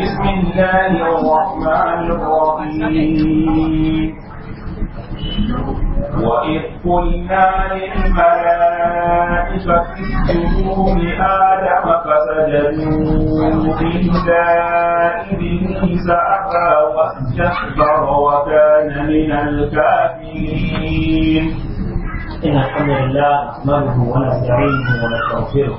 بسم الله الرحمن الرحيم وإذ قلنا للملائكة اسجدوا لآدم فسجدوا إلا إبليس أبى واستكبر وكان من الكافرين إن الحمد لله نحمده ونستعينه ونستغفره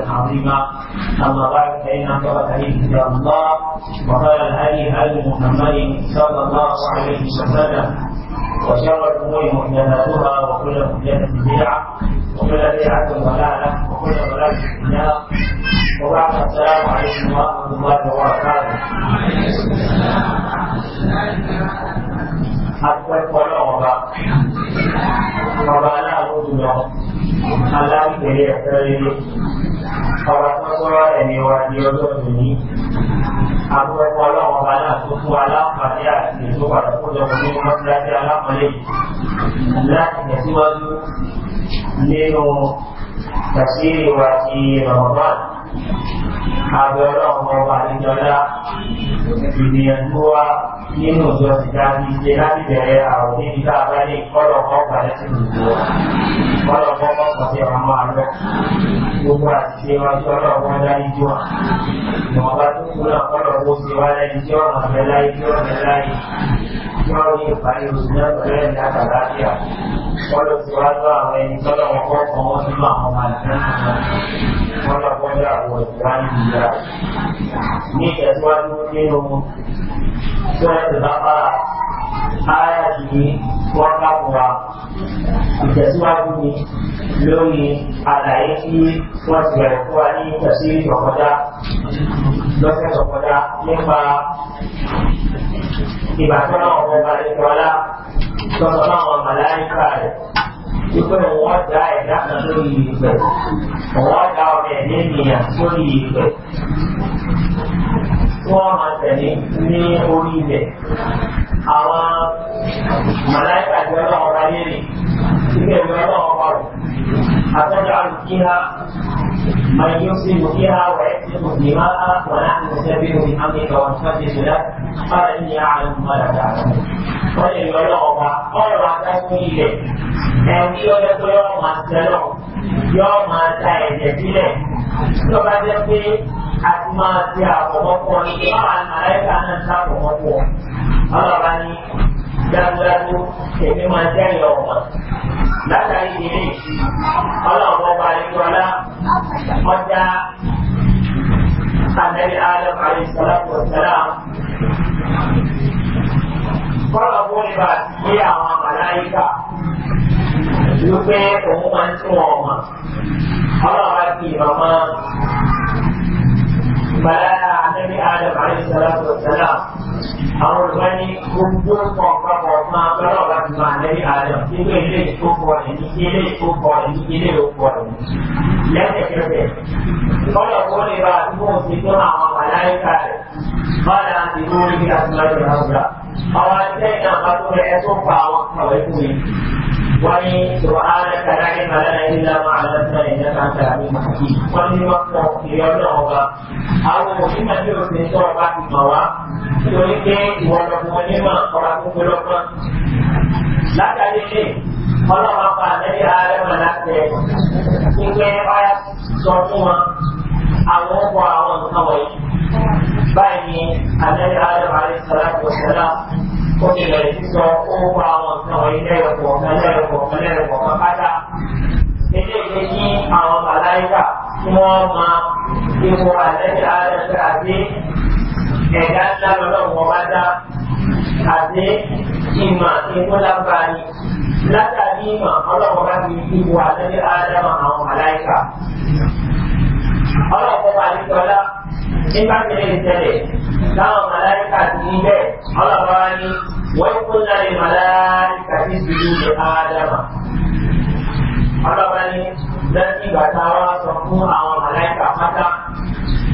عظيمة أما بعد فإن أنكر الحديث كتاب الله وقال الهدي هدي محمد صلى الله عليه وسلم وشر الأمور محدثاتها وكل محدثة بدعة وكل بدعة ضلالة وكل ضلالة في النار وبعد السلام عليكم ورحمة الله وبركاته. أكبر ولو أبا أبا لا أرد له alápẹ̀lẹ̀ ẹ̀fẹ́rẹ́lẹ́ ọ̀rọ̀ tó sọ́rọ̀ ẹ̀mí wa di ọjọ́ òní àbúrẹ́kọ́ ọlọ́run ọba náà tó fún aláǹfààní àti ètò padà kó jọ pẹ̀lú mọ́síláṣí alápọ̀lẹ̀ láti tẹ̀síwájú nínú tẹ̀síwájú abẹ́rẹ́ ọmọ ọba àdìjọ́lá ìgbìyànjúwa nínú ìjọ síta ti ṣe láti bẹ̀rẹ̀ àwọn níbi tá a bá lè kọ́lọ̀ kọ́ balẹ̀ sí gbogbo wa kọ́lọ̀ kọ́ kọ́kọ́ sí ọmọ máa lọ gbogbo àṣìṣe wa tí ọlọ́ wọn láyé jù wá ìwọ̀n bá tó kú náà kọ́lọ̀ owó ṣe wá lẹ́yìn ọmọ rẹ láyé ọmọ rẹ ní ìparí oṣù náà pẹ̀lú ẹ̀mí àtàlàáfíà kọ́lọ̀ síwájú àwọn ẹni tọ́lọ̀ wọn kọ́ àwọn ìdánilẹ́ra ní ìtẹ̀síwájú nínú sọ́ọ̀tì lápára ara yìí wọ́n kápọ̀ra ìtẹ̀síwájú ni lórí àlàyé tí wọ́n ti rẹ̀ fún wa ní ìtẹ̀sí ìtọ̀kọjá lọ́sẹ̀ ìtọ̀kọjá nípa ìbàtọ́nà ọ̀gbọ̀n balẹ̀ tọ́lá tọ́sọ̀ náà màláìkà rẹ̀ wípé wọ́n dá ẹ̀dá kan lórí ìpẹ́ wọ́n dá ọ̀rẹ́ lẹ́nìyàn lórí ìpẹ́ tí wọ́n máa tẹ̀lé ní orí ilẹ̀ àwọn màláìkà jẹ́ ọlọ́run ayé rè ìgbẹ́ ìgbẹ́ ọlọ́run ọ̀rọ̀. أتجعل فيها من يفسد فيها ويسفك دماءها ونحن نسبح بحمدك ونقدس لك قال إني أعلم ما لا تعلم wọ́n lè lọ́lọ́ ọba ọ̀rọ̀ adágún ilẹ̀ ẹ̀rí ọjọ́ tó yọ ọmọ àtẹlọ yọ ọmọ ata ẹ̀jẹ̀ sílẹ̀ tó bá jẹ́ pé a ti máa ti àbọ̀mọ́pọ̀ ní kí wọ́n máa màláìka náà ń sábọ̀mọ́pọ̀ ọlọ́ba ní dájúdájú èmi máa jẹ́ ìyọ̀ ọ̀mọ́ látàrí ilé ọlọ́run ọba àdéjọ́lá ọjà ànẹ́bí adam àdéjọ́lápọ̀ sẹ́lá kọ́lọ̀ bóni bá sí àwọn àmàláyíkà wípé òun máa ń tún wọn mọ̀ ọlọ́run bá fi ìmọ̀ mọ́ bàlá adam àdéjọ́lápọ̀ sẹ́lá àwọn olùkọ́ ní gbogbo kọ̀ọ̀kan kọ̀ọ̀kan abẹ́rẹ́ ọ̀la ti máa lẹ́yìn ààrẹ nínú ilé ìkókọ̀ rẹ̀ ní ilé ìkókọ̀ rẹ̀ ní ilé ìkókọ̀ rẹ̀ lẹ́sẹ̀kẹsẹ̀. kọ́lọ̀ kó lè bá àdúgbò ṣe tó àwọn àmàláyíká rẹ̀ bá dáa ti lórí àwọn àtẹ́yìn àpàtó rẹ̀ ẹ tó pa àwọn kàwé fún mi. wọ́n ní sùhánà kàdáyé màlára ìlà máa lọ́sọ̀ ìyá káńtà àbí màkì. wọ́n ní wọ́n pọ̀ ìyọ́ náà ọba. àwọn òfin náà yóò ṣe sọ̀rọ̀ bá ti mọ̀ wá. torí pé ìwọ lọ́kùnrin onímọ̀ ọ̀rọ̀ gbogbo lọ́kàn. látàrí ṣe ọlọ́mọ pa àtẹ́yìn ààrẹ mọ̀ láti ẹ̀ ìgbẹ́ ọ̀yà sọ fún wọn àwọn ọkọ̀ àwọn nǹkan wọ̀nyí báyìí ni àtẹ́lẹ́ adam alẹ́sọ̀láàtì ọ̀sẹ̀lá ó ti bẹ̀rẹ̀ sí sọ owó àwọn nǹkan wọ̀nyí lẹ́yọ̀kọ̀ọ̀kan lẹ́yọ̀kọ̀ọ̀kan lẹ́yọ̀kọ̀ọ̀kan pátá ilé ìwé ní àwọn màláìkà tí wọ́n máa ipò àtẹ́lẹ́ adam fẹ́ àti ẹ̀dá ńlá lọ́lọ́wọ́ bá dá àti ìmọ̀ ipò lágbára ni látàrí ìmọ̀ ọlọ́wọ́ bá fi ipò àtẹ́lẹ́ adam àwọn màláìkà ọlọ́pọ̀ bá ní sọlá nígbà tí lè tẹ̀lé láwọn màláìka ti ní bẹ́ẹ̀ ọlọ́pọ̀ wá ní wọ́n kó láyé màláìka ti ti ní ilé ádámà. ọlọ́pọ̀ ní lẹ́yìn ìgbà tá a wá sọ fún àwọn màláìka pátá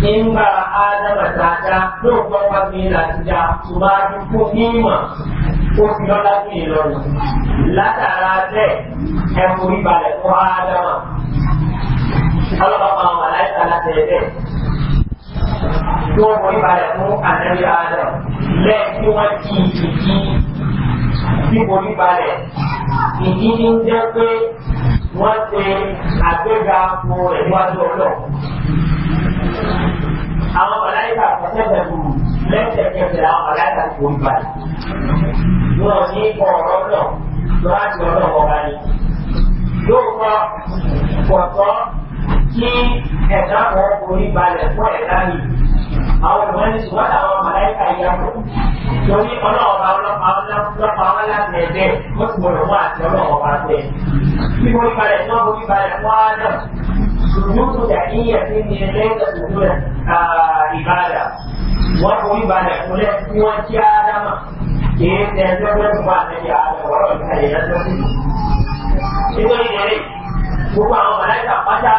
nígbà ádámà dáadáa yóò gbọ́ pàmì láti dá ṣùgbọ́n a ti kó nímọ̀ ó fi lọ́lá sí ìlọrin látara bẹ́ẹ̀ ẹ̀kú ìbàlẹ̀ fún ádámà ọlọ́pàá pa àwọn aláìsàn láti ẹgbẹ́ tí wọ́n mọ ìbàdàn fún àtẹ̀lé ààrẹ lẹ́yìn tí wọ́n ti ìdí bíbo ìbàdàn ìdí ní jẹ́ pé wọ́n ṣe àgbéga fún ẹ̀díwájú ọlọ́ àwọn aláìsàn àkọsẹ́fẹ̀ bù lẹ́sẹ̀kẹsẹ̀ àwọn aláìsàn kò ìbàdàn wọn ní ọ̀rọ̀ náà láti ọ̀dọ̀ ọ̀gá ni yóò kọ́ ọ̀tọ́ tí ẹ̀dá wọn orí balẹ̀ fún ẹ̀dá mi. Àwọn ìwọ̀n ní ṣùgbọ́n àwọn màláìka ìyá tó torí ọlọ́ọ̀bá ọlọ́pàá wọn láti ẹ̀dẹ́ ó sì gbọdọ̀ wọ́n àti ọlọ́ọ̀bá tẹ̀. Bí orí balẹ̀ tí wọ́n orí balẹ̀ fún Ádàm, ṣùgbọ́n ìyẹn ti ní ẹlẹ́gbẹ̀ẹ́ ṣùgbọ́n ìbàdà. Wọ́n orí balẹ̀ fún lẹ́ tí wọ́n jẹ́ Ádámà. Kì í ṣe ẹjọ́ mẹ́fù wà lẹ́yìn Ádàm ọ̀rọ̀ ìkàlẹ̀ lọ́sọ̀kù. Nítorí ìrẹ̀lẹ̀, gbogbo àwọn màláìka pátá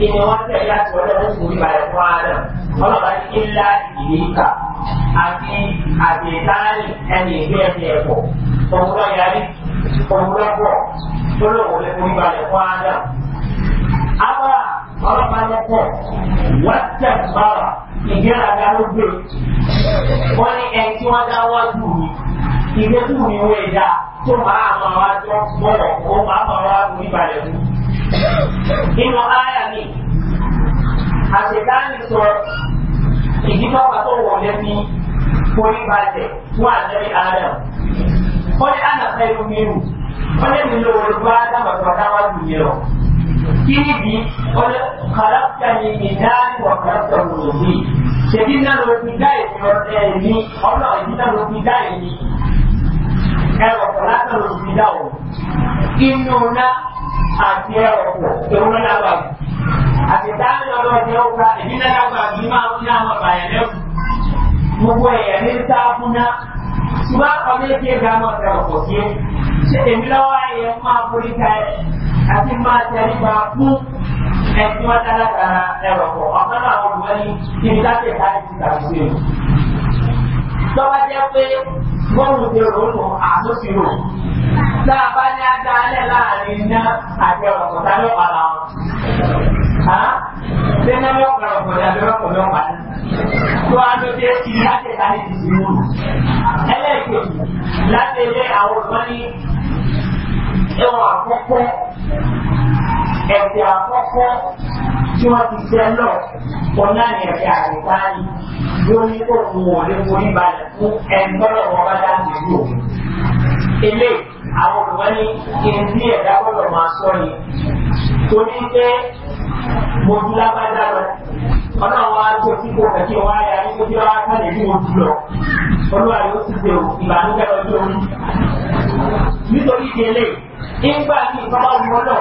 ìyẹn wá tẹ̀ láti wọ́n tẹ̀lé ìwé ìbàdàn fún adam ọlọ́ba ní ńlá ìdílé àti àtẹ̀tánì ẹni ìgbé ẹni ẹ̀kọ́ òwúrọ̀ yarí òwúrọ̀ pọ̀ tó lè wọlé ìwé ìbàdàn fún adam. abá ọlọ́ba ló pọ̀ wọ́n tẹ̀ bára ìgbéra ga ló gbé wọ́n ní ẹni tí wọ́n dá wájú mi ìgbésù mi wọ ìdá tó máa àwọn àjọ mọ̀ọ́ kó máa àwọn àjọ ìbàdàn fún. nínú ayé àṣetáni sọ ìdíkọ́ pàtó wọlé ní orí balẹ̀ fún àlẹ́rí adam wọ́n ní àná fẹ́ ló mírù wọ́n ní mi ló wọlé fún adam àtọ́ta wá jù mí lọ. kí ni bí wọ́n ní kàlàkùtà ní ìdáni wà kàlàkùtà wòlò bí ṣèdí náà ló fi dá èmi ọ̀rẹ́ mi ọ̀nà ìdí náà ló fi dá èmi ẹ̀rọ kàlàkùtà ló fi dá o inú náà àti ẹ̀rọ àti dáhùn lọ́dọ̀ ẹ̀jẹ̀ òkà èmi náà yàgbà kí máa ń ná àwọn àbàyàn lẹ́kù gbogbo ẹ̀yà ní sá fún ná ṣùgbọ́n àwọn méjì ẹ̀gá náà tẹ̀ ọ̀pọ̀ sí ṣe èmi lọ́wọ́ ayẹ máa forí ka ẹ̀ àti máa tẹ̀lé gbà fún ẹ̀sìn wọn dára ẹ̀rọ̀pọ̀ ọ̀kan náà wọ́n ní kí n dá tọ́wọ́ jẹ́ pé wọ́n mú ti rò nù àtúnṣirò tá a bá ní ajá alẹ́ láàrin iná àti ọ̀pọ̀ta ló padà wọn. ṣé iná ló pẹ̀lú ọ̀pọ̀ta ló rọ̀pọ̀ ló padà? tó a ló dé ti láti ẹ̀ka ní ti sùn mú. ẹlẹ́ẹ̀kejì láti ilé àwọn ìwọ́n ní ẹwọ̀n àkọ́kọ́ ẹ̀sẹ̀ àkọ́kọ́ tí wọ́n ti sẹ́ lọ ọ̀nà ni ẹ̀sẹ̀ àríwá ni yóò ní kó fún wọn lé forí balẹ̀ fún ẹ̀ńdọ́rọ̀ wọn bá dá nìlú òun. ilé àwọn olùwọ́ ní kí n bí ẹ̀dá gbọ́dọ̀ máa sọ ni torí pé mo dú lágbájá lọ ọlọ́run wa tó sí kó kẹ̀kẹ́ wọn á yà ní kó tí wọ́n á kálẹ̀ bí mo dú lọ olúwa yóò sì ṣe ìbànújẹ́ lọ́jọ́ orí nítorí ìdílé nígbà tí ìfọwọ́ wọn lọ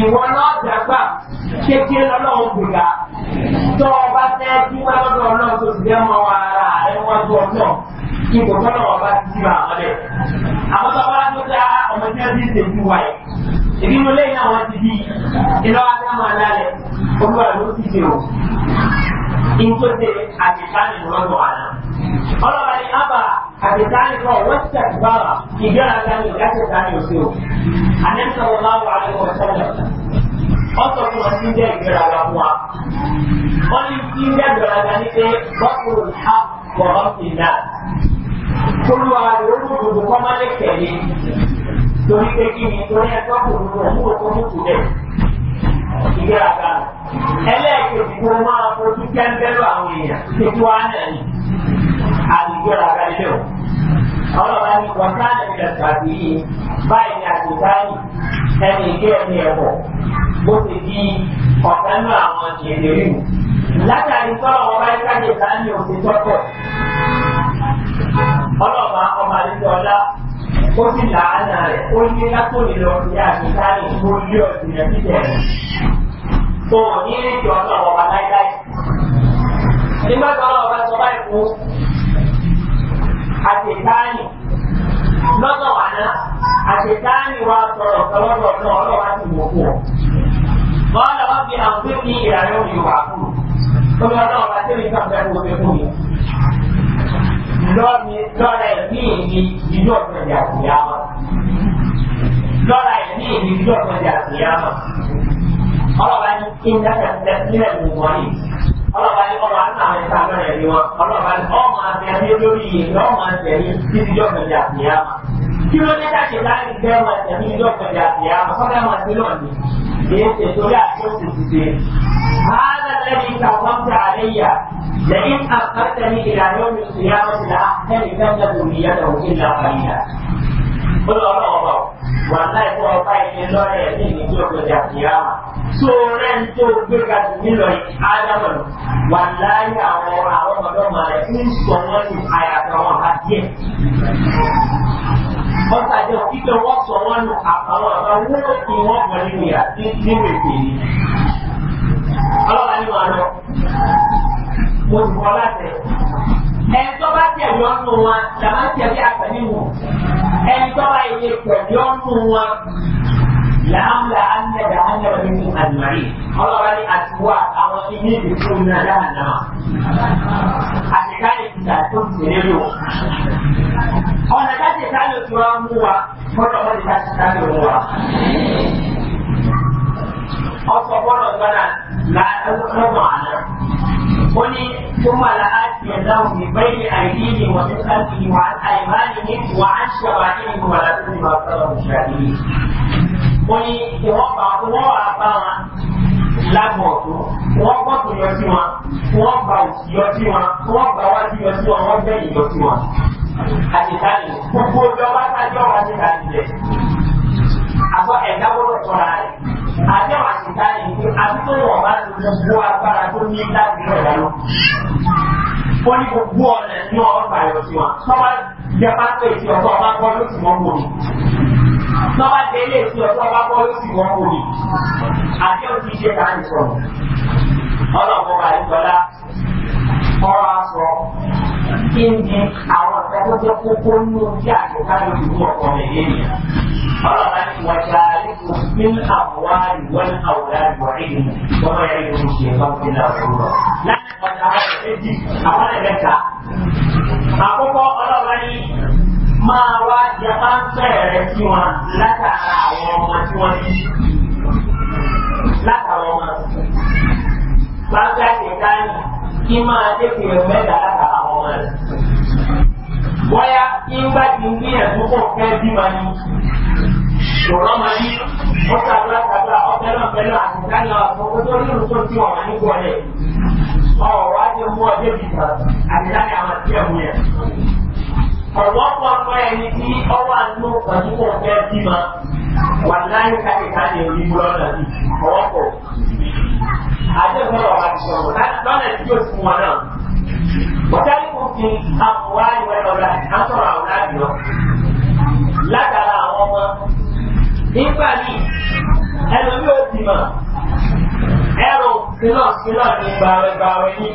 ìwọ náà dàgbà kékeré lọ́lọ́wọ́ kò dá tọ́ ọ bá fẹ́ dúpẹ́ lọ́dọ̀ ọlọ́run tó ti dẹ́mọ ara rẹ wọ́n tó ọjọ́ ipò tọ́lọ̀ ọba ti ti máa wọlé àwọn tó bá tó dá ọmọ tí wọ́n ti ń tẹ̀sí wa yìí ìdí mo lẹ́yìn àwọn ti bí iná wa fẹ́ máa lálẹ́ olúwa ló ti dè o nítorí àtìsáni wọn bọ̀ àná. ọlọ́ba ni ábà àtìsáni kọ́ wọ́sítà gbára ìgbéra sani ìdásẹ̀sáni òsè o. ànẹ́sọ̀ wọn bá wà ní ọ̀sẹ̀lẹ̀. ọ̀sọ̀ fún wọn ti ń jẹ́ ìgbéra wa fún wa. wọ́n ní kí ń jẹ́ ìgbéra sani pé bọ́kùrù ha wọ̀ ọ́ sí náà. Olúwa ló ń gbogbo kọ́mọ́lé tẹ̀lé torí pé kí ni torí ẹgbẹ́ òkùnkùn òkú òkú òkú bẹ́ẹ̀ ìgbéra kan ẹlẹ́ẹ̀kejì kó máa fojú kẹ́ńtẹ́lú àwọn èèyàn tó wá náà ní àdìgbéra kan lé o ọlọ́ba ní wàtánà ní ẹ̀sàbíyì báyìí ní àgbékáyì ẹni ìké ẹni ẹ̀bọ̀ bó ti di ọ̀tánú àwọn ìlérí látàrí sọ́ọ̀ wọn bá kájọ sáni òsè tọ́kọ̀ ọlọ́ba ọmọ ọlá ó sì làánà rẹ̀ ó ní látòlè lọ sí àgbékáyì tó lé ọ̀sìn ẹ̀ títẹ̀ rẹ̀. tó ní ìrètí ọlọ́wọ́ ọba láíláí. nígbà tó ọlọ́wọ́ sọ báyìí fún àṣetáàní lọ́dọ̀ wà náà àṣetáàní wa sọ̀rọ̀ kọlọ́dọ̀ náà ọlọ́wà ti wò fún ọ. Bọ́ọ̀lù wọn fi àwùjọ ní ìlànà òyìnbó àkùrù. Omi ọlọ́wọ́ bá tẹ́lẹ̀ nígbà tó ń gbé fún mi. Lọ́ọ̀ni lọ́ra ẹ̀mí mi ìlú ọ̀sán di àkùyámà. Lọ́ra ẹ̀mí mi ìlú ọ̀sán di àkùyámà. Ọlọ́ba ní kí n dákẹ́ sílẹ̀ nílẹ̀ ọlọ́ nǹkan lé lórí ìlú ọmọ àtẹ̀mí títí jọ̀gbọ̀n jà sí àmà. kí ló dé káṣe láti gbẹ́ ọmọ àtẹ̀mí jọ̀gbọ̀n jà sí àmà sọ́kẹ́ ọmọ sí náà ni èyí ṣe torí àti oṣù ṣiṣe. هذا الذي كرمت علي لئن أخرتني إلى يوم القيامة لأحتركن ذريته إلا قليلا. قل الله wàláì fún ọba ìpín lọ́rẹ̀ ẹ̀ lẹ́yìn tí òkè ọjà ti rà wà. so rẹ̀ ń tó gbé ga jù nílọ ádámọ̀ lọ wàláì àwọn àwọn ọmọdọ́mọ rẹ̀ ń sọ wọ́n ní àyàtọ̀ àwọn ọba díẹ̀. wọ́n sàjọ kíkẹ́ wọ́n sọ wọ́n nù àtàwọn ọba wúlò kí wọ́n bọ̀ nínú ìyá tí ní wèpè ni. ọlọ́wà ni màá lọ mo ti kọ́ láti ẹ̀ńtọ́ bá tẹ̀ yọ́nù wa làbá tẹ̀ bí àgbẹ̀ni wò ẹ̀ńtọ́ bá yẹ pẹ̀ yọ́nù wa làmúlà ànàdà ànàdà nínú àdìmárì ọlọ́wà ní àtiwá àwọn ilé ìdìbò náà dáhàdámà àtìká ìdìbò tó ti tẹ̀lé lò ọ̀nà láti ìtàlẹ̀ òtún wa mú wa gbọ́dọ̀ wọ́n ti ta ti tàbí òun wa ọ̀sọ̀ gbọ́dọ̀ gbọ́dọ̀ láàrín ọmọ àná wani ثم لآتينهم من بين أيديهم ومن خلفهم وعن أيمانهم وعن شمائلهم ولا تجد أكثرهم شاكرين. wọ́n ní wọ́n bá wọ́n wà bá wọn lágbọ̀n tó wọ́n gbọ́dọ̀ yọ sí wọn wọ́n gba òsì yọ sí wọn wọ́n gba wájú yọ sí wọn wọ́n gbẹ̀yìn yọ sí wọn. àtìkáyì gbogbo ọjọ́ bá tájọ́ wọn ti kà nílẹ̀. àbọ̀ ẹ̀dá gbọ́dọ̀ tọ́ra àbí àwọn àṣìká yìí pé àdúgbò wọn bá ti gbogbo agbára tó ní láti rẹ̀ lọ. wọ́n ní gbogbo ọ̀nà ní ọgbà yọ̀ sí wọn. tọ́wọ́ jẹba tó èsì ọ̀tọ̀ ọba kọ́ ló sì wọ́n kò ní. tọ́wọ́ jẹ ilé èsì ọ̀tọ̀ ọba kọ́ ló sì wọ́n kò ní. àbí òtí ṣe ká ń ọlọ́ọ̀kọ́ bá ń sọlá ọ̀rọ̀ aṣọ kí ni àwọn ọ̀sẹ̀ tó jẹ́ kókó ní ojú àjọká lórí ìlú ọ̀pọ̀ nàìjíríà. ọ̀rọ̀ bá ní wàjà àlékún ní àwòrán ìwọ́n àwòrán ìwọ̀rí ni wọ́n máa yẹ kó ṣe ẹ̀fọ́ fún ilé àwòrán. láti wàjà àwọn ẹ̀jì àwọn ẹ̀mẹ́ta. àkọ́kọ́ ọlọ́ba ní máa wá jẹ máa ń bẹ̀rẹ̀ sí ọmọ tí wọ́n ní. látara ọmọ. bá ń gbà kí máa dé fi ẹ̀rọ mẹ́ta látara àwọn ọmọ rẹ̀. bóyá kí n bá ti ń gbìyànjú kó fẹ́ bí ma ní. ṣòro ma ní ó ṣàdúrà ṣàdúrà ọ̀fẹ́ náà fẹ́ náà àti káyọ̀ ọ̀sán ó tó nínú tó ti wọ̀n ní gbọ́dẹ̀. ọ̀rọ̀ wá mú ọdẹ bìtàn àti láyé àwọn àti ẹ̀mú yẹn ọ̀wọ́n wà fún ẹni tí ọ wà nínú ọ̀tún kò fẹ́ bí ma wà láyé káyìíká ní orí búrọ́dà bí ọwọ́ pọ̀. àdéhùn ọ̀rọ̀ àti sọ̀rọ̀ lọ́nà tí yóò fún wọn náà. wọ́tálí kò fi àbúwá ìwé lọ́dà á sọ̀rọ̀ àwọn láti lọ. látara àwọn ọmọ nígbà míì ẹlòmíì ò bímọ ẹrù sílọ̀ sílọ̀ ní gbàwẹ̀gbàwẹ̀ yìí.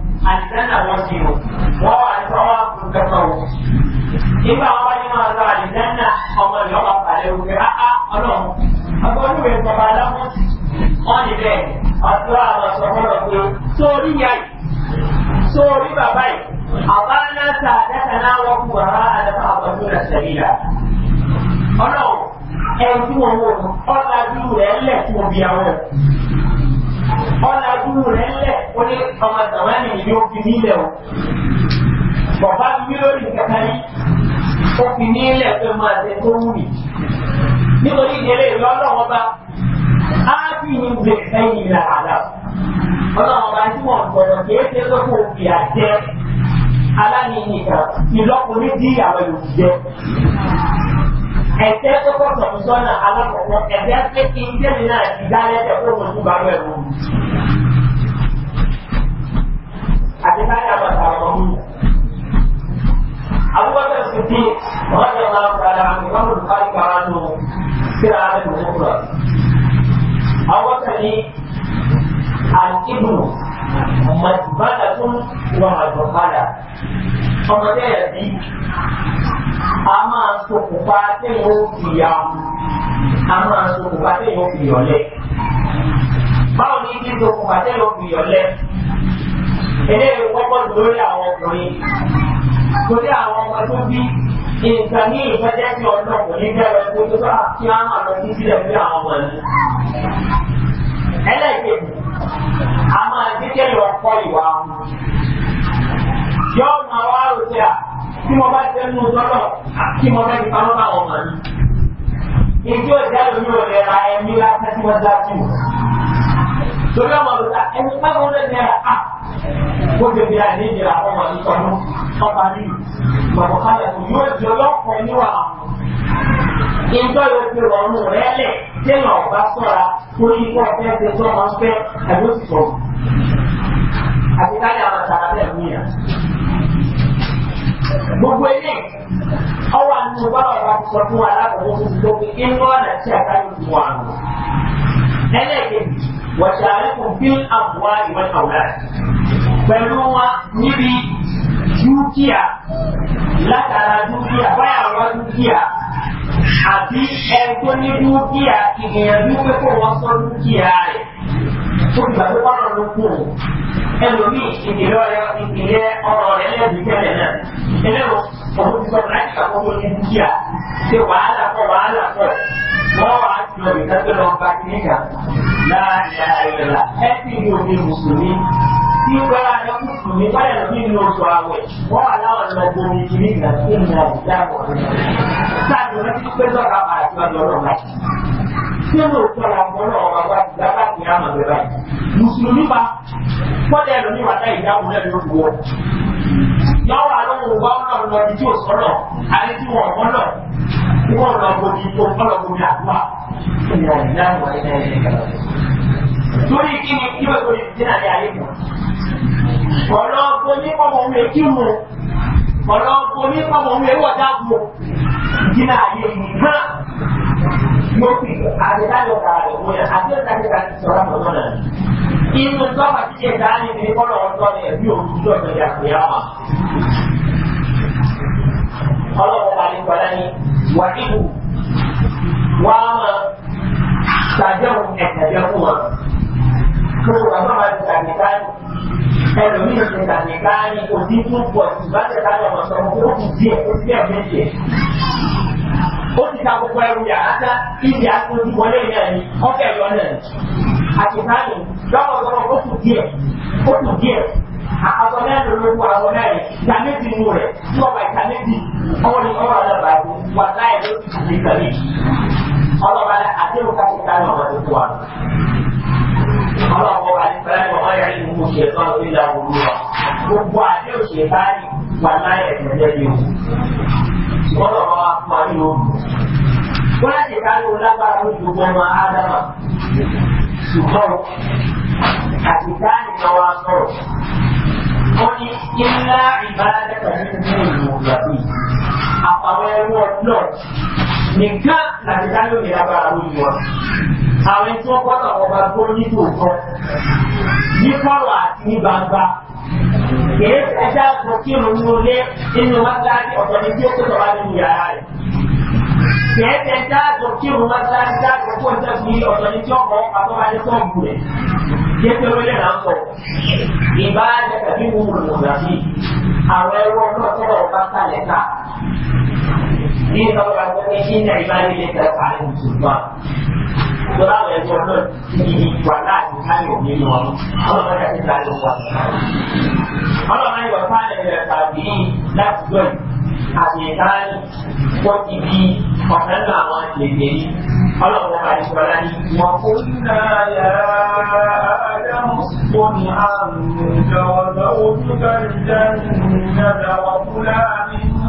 ìyàwó ọ̀làjú rẹ̀ ńlẹ̀ ó ní ọmọ zamani yóò fi nílẹ̀ o bàbá mi lórí kẹta ní ó fi nílẹ̀ pé máa ṣe tó wù mí nítorí ìdílé lọ́lọ́wọ́ bá á fi ní bèrè ẹ̀yìn ìlà àlà ọlọ́wọ́ bá tí wọ́n gbọ́dọ̀ kì í ṣe pé kò fi àjẹ aláníyìn kan ìlọ́kùnrin dí àwọn yòókù jẹ ẹ̀jẹ̀ tó kọ́ sọ̀tún sọ́nà alákọ̀ọ́kọ́ ẹ̀jẹ̀ pé kí n jẹ́mi náà ti dá lẹ́sẹ̀ fún òun tún bàbá ẹ̀rọ òun. àti káyà bàtà ọ̀rọ̀ mú. abúgbàtà sì bí wọ́n yẹ máa ń padà àmì wọ́n lù fáyì kára nù síra rẹ̀ ló ń rọ̀. àwọn kan ní àkíbù màtìbádà tún wà àjọ̀kadà ọmọdé yẹn bí a máa ṣokùnfà téèyàn ó fi yà á máa ṣokùnfà téèyàn ó fi yọ̀lẹ̀ báwo ni kí ṣokùnfà téèyàn ó fi yọ̀lẹ̀ eléyìí wọ́pọ̀ lórí àwọn ọkùnrin torí àwọn ọmọ tó bí nǹkan ní ìfẹ́jẹ́ sí ọdún ọkùnrin bẹ̀rẹ̀ kó tó bá kí á máa lọ sí sílẹ̀ fún àwọn ọmọ yìí. ẹlẹ́ẹ̀kejì a máa dídé ìwà kọ́ ìwà yọ máa wá rò pé à tí mo bá jẹ́ nínú sọ́dọ̀ kí mo bẹ́ẹ̀ nípa lọ́ba wọn mọ̀ ní. Ìjọ ìjà lómi ò lè ra ẹni lásán tí wọ́n dá sí wọn. Torí ọmọ òrùka ẹni pẹ́ẹ́mọ́ lè a ẹ̀rọ à kó tètè àìní ìjìnlá ọmọ yìí tọ́nu ọba ní bàbá kalẹ̀ kò yóò di ọlọ́pàá ẹni wà áwọn. Ìjọ yóò fi rọrùn rẹ lẹ̀ téèyàn ọ̀gá sọ̀ra torí ikọ́ ọ̀fẹ́ ti tọ́ ọmọ fẹ́ àbí ó sì sọ̀rọ̀ gbogbo ilé ọwọ́ àti mo bá ọ̀rọ̀ àti sọ́kún wa alákòókò tó ti tó fi kí n bọ́ ọ̀nà tí a ká yóò fún wa nù. ẹlẹ́ẹ̀kejì wàṣàlẹ́kùn bí àbúwá ìwé kàwé pẹ̀lú wa níbi dúkìá látara dúkìá báyà wá dúkìá àbí ẹ̀kọ́ ní dúkìá ìgbìyànjú pé kò wọ́n sọ dúkìá rẹ̀ fún ìgbà tó bá wọn ló kú o ẹlòmíì ìdílé ọyọ ìdílé ọrọ rẹ lẹbi tẹlẹ náà ẹlẹ́wọ̀ ọ̀hún ti sọ̀rọ̀ láti ṣàkóso ní dúkìá ṣe wàhálà pọ̀ wàhálà pọ̀ wọ́n wàá jọ ìdájọ́ lọ bá kí nígbà láàrin àìrẹ̀lá ẹ sì ní omi mùsùlùmí tí ó gbára lọ mùsùlùmí báyà lọ nínú oṣù àwẹ̀ wọ́n wà láwọn ọ̀nà gbomi kìíní ìgbà tó ń mọ ìjà àbọ̀ rẹ̀ ní wọ́n sẹ́wọ̀n òkúra ọ̀gbọ́n ọ̀gbà wa ti dábàá ti hàn àgbẹ̀ Mùsùlùmí wa kọ́dà ẹ̀rọ ní wàtá ìdáhùn náà ló wọ̀. Yọ̀ọ́ wa ló ń wá ọ̀nà lọ ní tí ò sọ́nà, àyè tí wọ́n mọ́ náà, wọ́n lọ gbomi tó kọ́lọ̀ gbomi àdúrà. Torí kí ni kí wọ́n gbòdì sí àlẹ́ ayé mọ̀? Ọ̀nà gbomi ọmọ mi kí mu, ọ̀nà gbomi ọmọ mi wọ̀ dáàbò, ìdí mofi ada tanya kali punya ada tanya kali seorang mana ini mentok pasti dia tanya ini kalau orang dia dia sudah banyak kiamat kalau kembali pada ni wajibu wama saja punya saja pun kerana masih tanyakan ẹlòmíì ò ṣe tàníkà ní òdìtú pọ̀ sí bá ṣe tàbí ọmọ sọ̀rọ̀ kó kù díẹ̀ kó díẹ̀ méje ó ti ta gbogbo ẹrù yàrá tá ibi àtúntò wọlé náà ni ọkẹ ẹyọ náà àtìkáyò lọ́wọ́ lọ́wọ́ ó kù díẹ̀ ó kù díẹ̀ àwọn náà ló lóko àwọn náà yẹ ìtàméjì nù rẹ̀ tí wọ́n bá ìtàméjì ọwọ́ ni ọwọ́ náà bá yẹ wà láyé ló ti kàlẹ́ ìtàméjì ọlọ́ba àdéhùn káfíńtà náà wà lóko wa. ọlọ́wọ́ wa ní pẹ́lẹ́ ọmọ yẹn ní mo ṣe tán ìlà òwúrọ̀ gbogbo àdéhùn ṣe báyìí wàláyé ẹ̀sìn jẹ́ bí o wọ́n lọ bá wa fún wa ní oògùn wọ́n láti kárí o lágbára lójú gbogbo ọmọ ádámà ṣùgbọ́n àti káàní náà wá sọ̀rọ̀ wọ́n ní ilá ìbáradẹ́gbẹ̀ẹ́ nínú ìlú ìgbàgbé àpàwọn ẹrú ọdún náà nìkan láti dáná ní agbára lórí wọn àwọn tí wọn gbọdọ ọba tó ní tòótọ́ ní kọ̀rọ̀ àti ní gbangba kìí ẹja gbọ kí mo ní olé nínú mọ́tíláṣí ọ̀tọ̀ ní tí ó kó tọ́ba nínú yàrá rẹ̀ kìí ẹja gbọ kí mo mọ́tíláṣí dágbọ kó n tẹ́ fi ọ̀tọ̀ ní tí ọkọ̀ àtọ́ba ní sọ́ọ̀bù rẹ̀ kìí pé wọlé náà sọ ìbá ẹ̀jẹ̀ tàbí wúwo lòdà sí àwọn ẹ̀rọ ọlọ́tọ́rọ̀ ọba kálẹ̀ ká ní ìtọ́ka tó ní ṣí ní àyíká nílé tẹ́ta ní ìtùgbà tó láwọn ẹ̀jọ́ náà di ìwà láti káyọ̀ nínú ọ̀rọ̀ ọlọ́mọ ẹ̀jẹ̀ ti ta ló wà. ọlọ́mọ ẹ̀jọ̀ fáàlẹ̀ rẹ̀ tàbí di ọ̀nà ńlá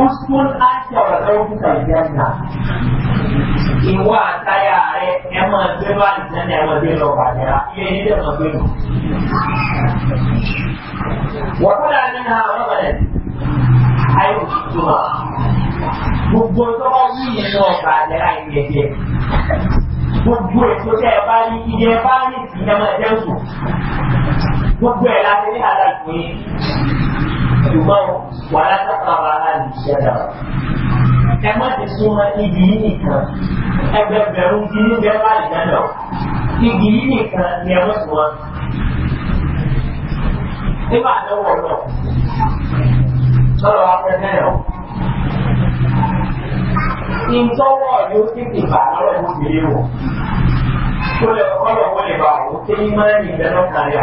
uskun àti ọ̀rọ̀ tó ń kúta ìjẹ́ta. Ìwọ àtayà rẹ ẹ máa gbé bá ìjẹ́ta ẹ máa gbé lọ bàjẹ́ra ilé yìí lè máa gbé lọ. Wọ́n kọ́ dáa nínú àwọn ọ̀rẹ́ ayé òtútù náà. Gbogbo tó bá wí yẹn lọ bàjẹ́ra ilé jẹ. Gbogbo ètò tẹ́ ẹ bá ní ilé ẹ bá ní ìdílé máa jẹ́ sùn. Gbogbo ẹ̀ láti ní àdàkùn yìí ṣùgbọ́n wàhálà kápá wa á lè ṣe dára. ẹ má ti súnmọ́ ibi yìí nìkan ẹgbẹgbẹ̀rún kí ní bẹ́ẹ̀ bá lè dáná ibi yìí nìkan ni ẹ mọ̀ súnmọ́. nígbà àdánwò náà lọ́rọ̀ wa fẹ́ náà ìtọ́wọ́ yóò tètè bà lọ́rọ̀ ló fi léwọ̀. Kó lè kọ́lọ̀ wọlé bá òun ní máa ń àyè.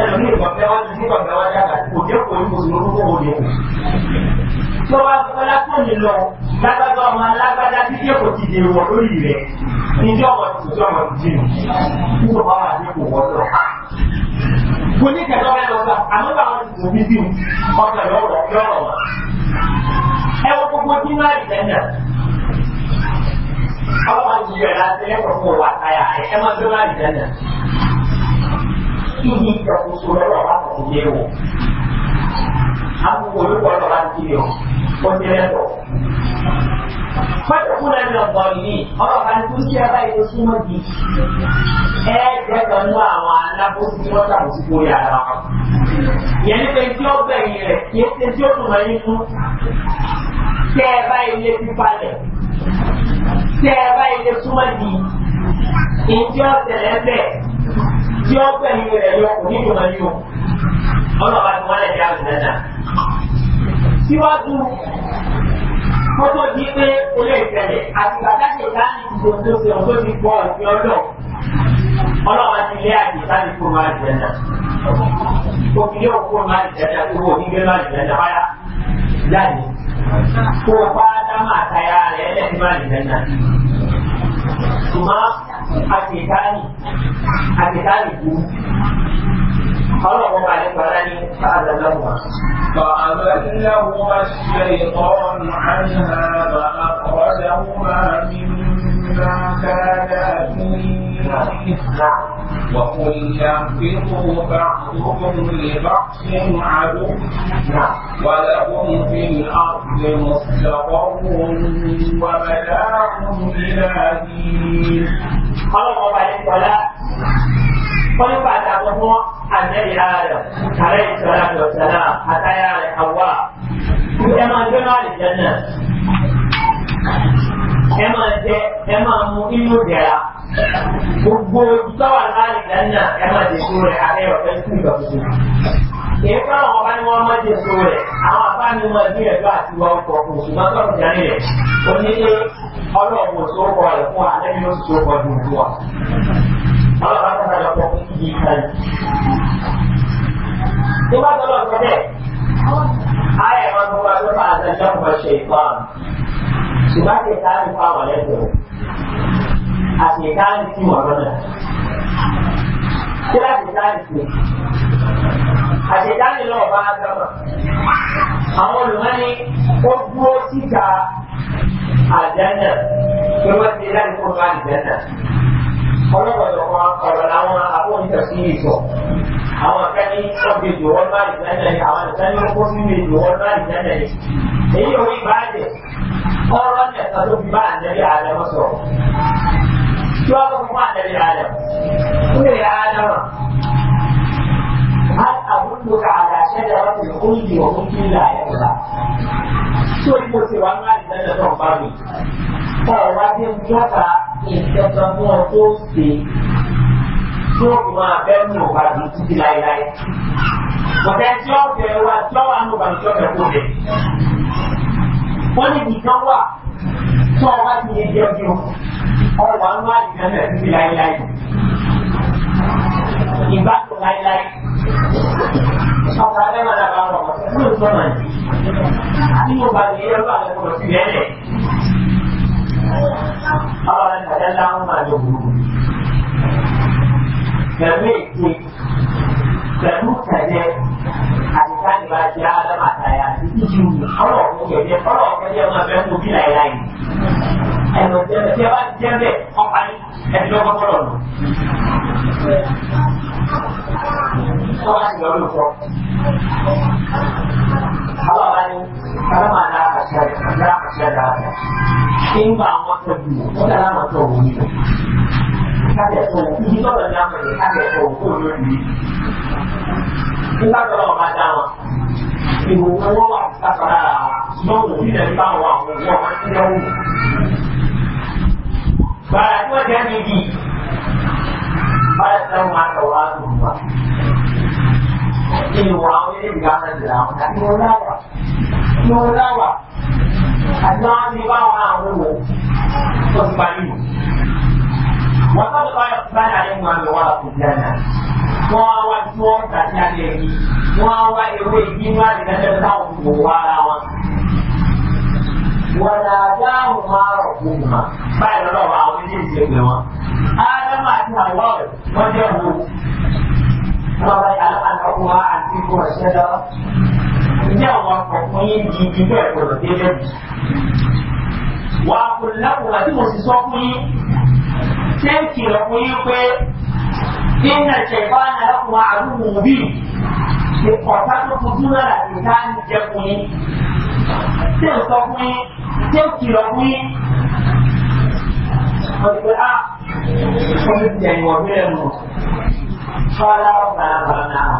ẹlòmí ìgbọ̀nfẹ́ wá sí ìgbọ̀nfẹ́ wá dàgbà òjò kò ní oṣù lórúkọ òjò. tó wá gbọ́dá tó ní lọ lágbàdo ọmọ alágbádá tí yẹ kò ti dèrò wọ lórí rẹ̀ níjọ́ ọmọ tuntun ọmọ tuntun nínú ọmọ àti kò wọ́n lọ. kò ní kẹtọ́ bẹ́ẹ̀ lọ sọ àmọ́ bá wọn ti tòbí sí ọkọ̀ lọ́wọ́ lọ́wọ́ wọn. ẹ wọ gbogbo tí máa rí tẹ́lẹ̀ ọlọ́wọ́ ti yọ̀ ẹ̀ láti ẹ̀ 你一条不出来，我把手机给我。他如果如果老板急了，我现在走。fata kuna nan bọ̀lì ọ̀rọ̀ kan tó ṣe ẹ̀bá ètò súnmọ́ di ẹ̀ẹ́dẹ́ pẹ̀lú àwọn alábòsí wọ́n ṣàkóso lórí ara wọn. yẹn ní pé tí ó gbẹ̀yìn rẹ̀ kì í ṣe tí ó tún lọ́yìn fún tẹ́ ẹ̀bá ilé pípalẹ̀ tẹ́ ẹ̀bá ilé súnmọ́ di ìjọ tẹ̀lé bẹ̀ tí ó pẹ̀ nínú rẹ̀ yọ kò ní ìjọba yìí o ọlọ́ba tí wọ́n lè dá òun dáadáa. síwájú kótó di pé olè ìtẹ̀lẹ̀ àti bàtàkì ìtàní gbogbo tó ṣe ọ̀tọ́ ti pọ̀ ọ̀sẹ̀ ọlọ́ ọlọ́ba ti lé àti ìtàní kó máa jẹ náà òkìlẹ̀ òkú máa jẹ náà kó nígbẹ́ máa jẹ náà báyà láàyè kó bá dá máa tayà rẹ̀ ẹ̀ ṣùgbọ́n àtẹ̀tánì àtẹ̀tánì kú ọlọ́wọ́ bá nípa láyé fàdàlọ́wọ́. فأذلهما الشيطان عنها فأخرجهما مما كادت وقل يهبطوا بعضكم لبعض عدو ولهم في الأرض مستقر وملاء إلى دين الله عليك ولا قل بعد أبوه النبي آدم عليه الصلاة والسلام حتى يا حواء كما جمع الجنة ẹ máa jẹ ẹ máa mu inú jẹra gbogbo sọ́wà láàrin lẹ́nà ẹ máa jẹ sóò rẹ̀ abẹ́ ọ̀fẹ́ sí ìgbà tuntun. èyí fáwọn ọba ni wọ́n máa jẹ sóò rẹ̀ àwọn afá ni wọ́n bí ẹ̀dọ́ àti wọ́n kọ̀ kò ṣùgbọ́n sọ̀rọ̀ jáde rẹ̀ onílé ọlọ́ọ̀bù tó kọ rẹ̀ fún alẹ́ ni ó sì tó kọ dùn fún wa. ọlọ́ọ̀bá tàbí ọkọ̀ fún kíkì ìkàlẹ̀. tó bá tọ́lọ̀ sọ bẹ́ẹ̀ ṣùgbọ́n ṣètánì fún àwọn lẹ́sẹ̀ àṣetánì sí wọn lọ́nà kí láṣetánì sí àṣetánì náà bá dábà àwọn olùmọ́ni ó dúró síta àjẹ́nà pé wọ́n ti láti kó bá àjẹ́nà ọlọ́pọ̀lọpọ̀ ọ̀rọ̀ làwọn afọ́nìtẹ̀sílẹ̀ sọ àwọn kan ní ọ̀gbìn ìjọwọ́ bá ìdáná ni àwọn kan ní ọkọ̀ sílẹ̀ ìjọwọ́ bá ìdáná ni èyí ò ní báyìí ọ̀rọ̀ nẹ̀ta tó fi bá àjẹrí àdàmọ́ sọ̀rọ̀ tí wọ́n kọ́ fún àjẹrí àdàmọ́ kúlẹ̀ àdàmọ́ هل أدلك على شجرة الخلد وملك لا يبلى سوري مسلمان لا يزال تنبغي فهو يمتلك ìkẹta fún ọ tó ṣe tó máa bẹ́ẹ̀ ní ọ̀gá yìí títí láéláé. Ọ̀tẹ̀ tí ó fẹ́ wá tí ó wà ní ọ̀gá tí ó fẹ́ kó bẹ̀. Wọ́n ní nìkan wà tí wọ́n bá ti lè jẹ́ bí o. Ọ̀wà ń wá ìgbà náà títí láéláé. Ìgbàdùn láéláé. Ọ̀gá ẹ̀rọ náà bá rọ̀ ọ̀gá tó ń sọ̀rọ̀ yìí. Àti mo bá lè yẹ lọ́wọ́ àlẹ́ kọ̀ọ̀ lẹ́lẹ̀ abadan kadan lahun ma da hudu yanzu ya ce da duka ne a cikin ba shi ya zama ta ya ci ji hawa ko ke ne hawa ko ke ma bayan mu bila ya yi ai mun kọ́ tí wọ́n jẹ́ níbi, bàrà tí wọ́n máa tọ̀ wá lù 这个王爷比较的子啊，还有那个，有那个，还拉你爸爸我我，我是管理。我到底把把哪里管理我了？不简单。我我做啥子样的？我我也会另外的那个让我服啊啦我。وناداهما ربهما بعد ربع ومن يجي يقول آدم أتى الله وجهه bàbá yàrá àtàkùnwá àti ikú ọ̀ṣẹ́ lọ. Ǹjẹ́ àwọn ọkùnrin yín di ilé ẹ̀kọ́ lọ délé bì? Wà á kò lákùnrin àti mo sì sọ fún yín. Ṣé ń kìlọ̀ fún yín pé nínú ìṣẹ̀fọ́ àtàkùnwá àrùn òbí ọ̀tá tó fojú náà láti ká ń jẹ fún yín. Ṣé ń sọ fún yín? Ṣé ń kìlọ̀ fún yín? wọ́n ti á wọ́n ti jẹ ìwọ̀n mílẹ̀ nù fọ́lá ọ̀gbà àgbà náà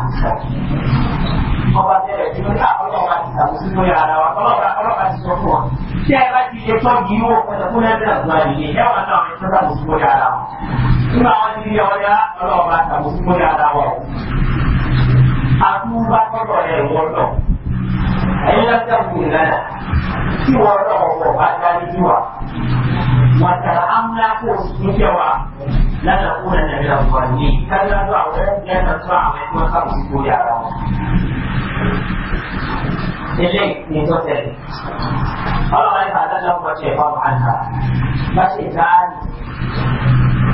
ọba tẹ̀lẹ̀ tí wọ́n ká ọlọ́ọ̀bá ti sàbò sínú yàrá wa ọlọ́ọ̀bá ọlọ́ọ̀bá ti sọ fún wa tí ẹ bá ti ṣe tọ́jú yóò pẹ̀lú fún ẹgbẹ́ àgbà yìí ẹ wà náà ẹ sọ́dọ̀ àbò sínú yàrá wa nínú àwọn ti rí ọjà ọlọ́ọ̀bá sàbò sínú yàrá wa o àtúbà tọ́jọ́ rẹ̀ wọ́dọ̀ ẹ̀yin lásìkò ìpínlẹ̀ náà tí wọ́n rọ̀ ọ̀pọ̀ bá dárí sí wa wọ́n tara amúlá kó o sì ń kẹ́ wa lánà kó nà nàbí la fún wa ní kájá tó àwọn ẹgbẹ́ náà tó àwọn ẹgbẹ́ wọn sábà sí kórè ara wọn. eléyìí ni tó tẹ̀lé ọlọ́run ẹ̀ka adájọ́ ń bọ̀ ṣe ẹ̀fọ́ àwọn àǹtà bá ṣe dáàrí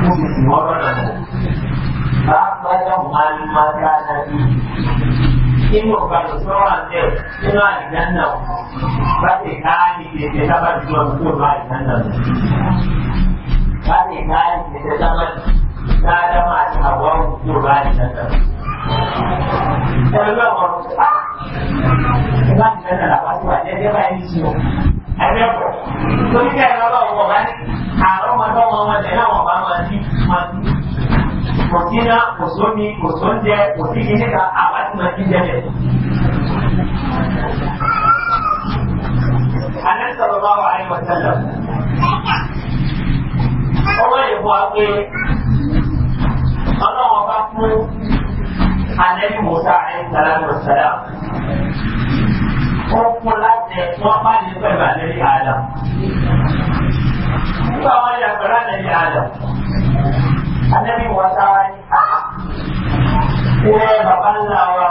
kó sì sì wọ́n lọ́nà náà bá bá dáhùn máa ń máa dáadáa nínú ọ̀gbàdàn tí wà nílẹ̀ nínú àdìgánná bá ti ká ìgbésẹ̀ sábà tí wọ́n tó bá àdìgánná lọ. bá ti ká sábà dáadáa máa ti àwọn tó bá àdìgánná lọ. ẹ̀rọ wọn rọ̀ á ìbá àdìgánná làwọn ti wà jẹ́jẹ́ báyìí sí o. ẹ̀rẹ́pọ̀ torí kẹ́rin ọlọ́run ọ̀bá ní àárọ̀ ọmọdé ọmọ wọn tẹ̀lé àwọn ọ̀bá wọn ní kò síná kò sómi kò sóúnjẹ kò sí kíní ka àbá tí wọn ti jẹ bẹ. alẹ́sọ̀rọ̀ bá wà ayé wọn sẹ́lẹ̀. ọwọ́ yìí wá pé ọlọ́wọ́n bá fún alẹ́bí musa ayélujára lọ sẹ́lẹ̀. ó fún láti wọ́n bá ní pẹ̀lú alẹ́bí àdá. nígbà wọn yà pẹ̀lú alẹ́bí àdá anabi wata ni a ilé bàbá ńlá wa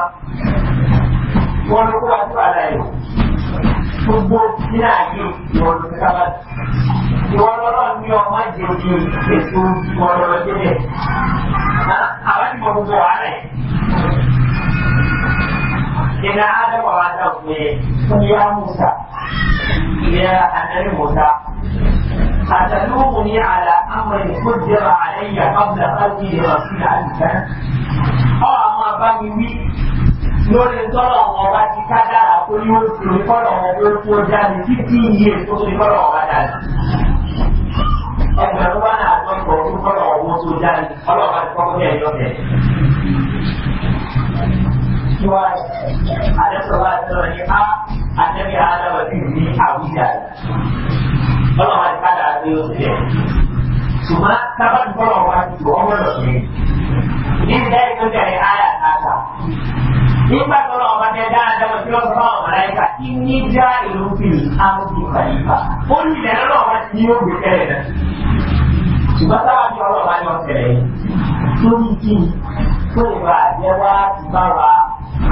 wọn ló kó àti wàhálà yìí gbogbo nínú àyè ìwọ ló ti sábà ìwọ lọ́rọ̀ ní ọmọ ìdíje ètò ìwọ lọ́rọ̀ débẹ̀ àwọn ìmọ̀ gbogbo wàhálà yìí. Ina Adamu wa Adamu ne, ya Musa, ya Anani Musa, أتلومني على أمر قدر علي قبل خلقي لرسول الله ọ̀rọ̀ àwọn abámi wí lórí tọ́lọ̀ ọba ti ká dára tó ní ó ti rí kọ́lọ̀ ọba ó tó jáde títí iye tó ti kọ́lọ̀ ọba jáde. ẹgbẹ̀rún wà náà tó ń tó kọ́lọ̀ ọba tó jáde ọlọ́ọ̀ba ti kọ́kọ́ bẹ́ẹ̀ yọ bẹ́ẹ̀. kí wàá adẹ́sọ̀rọ̀ àti ọ̀rọ̀ ní a àtẹ́bí adáwọ̀ sí ní àwùjá ọlọ́run àti káàdà àti oṣù jẹ ṣùgbọ́n sábà ń bọ́lọ̀ wá ju ọmọ lọ sí ní ìdáyé tó tẹ̀lé ayà àtà nígbà tó lọ́wọ́ bá tẹ dáadáa tí wọ́n fọ́ àwọn aláìka kí ní já ìlú fi àmójú kàlífà ó ní ìlẹ̀ lọ́wọ́ bá ti ní ògbé tẹ́lẹ̀ náà ṣùgbọ́n sábà ní ọlọ́wọ́ bá ní ọ̀tẹ̀lẹ̀ yìí tó ní kí ni tó lè bá àjẹ́ wá ti bá wa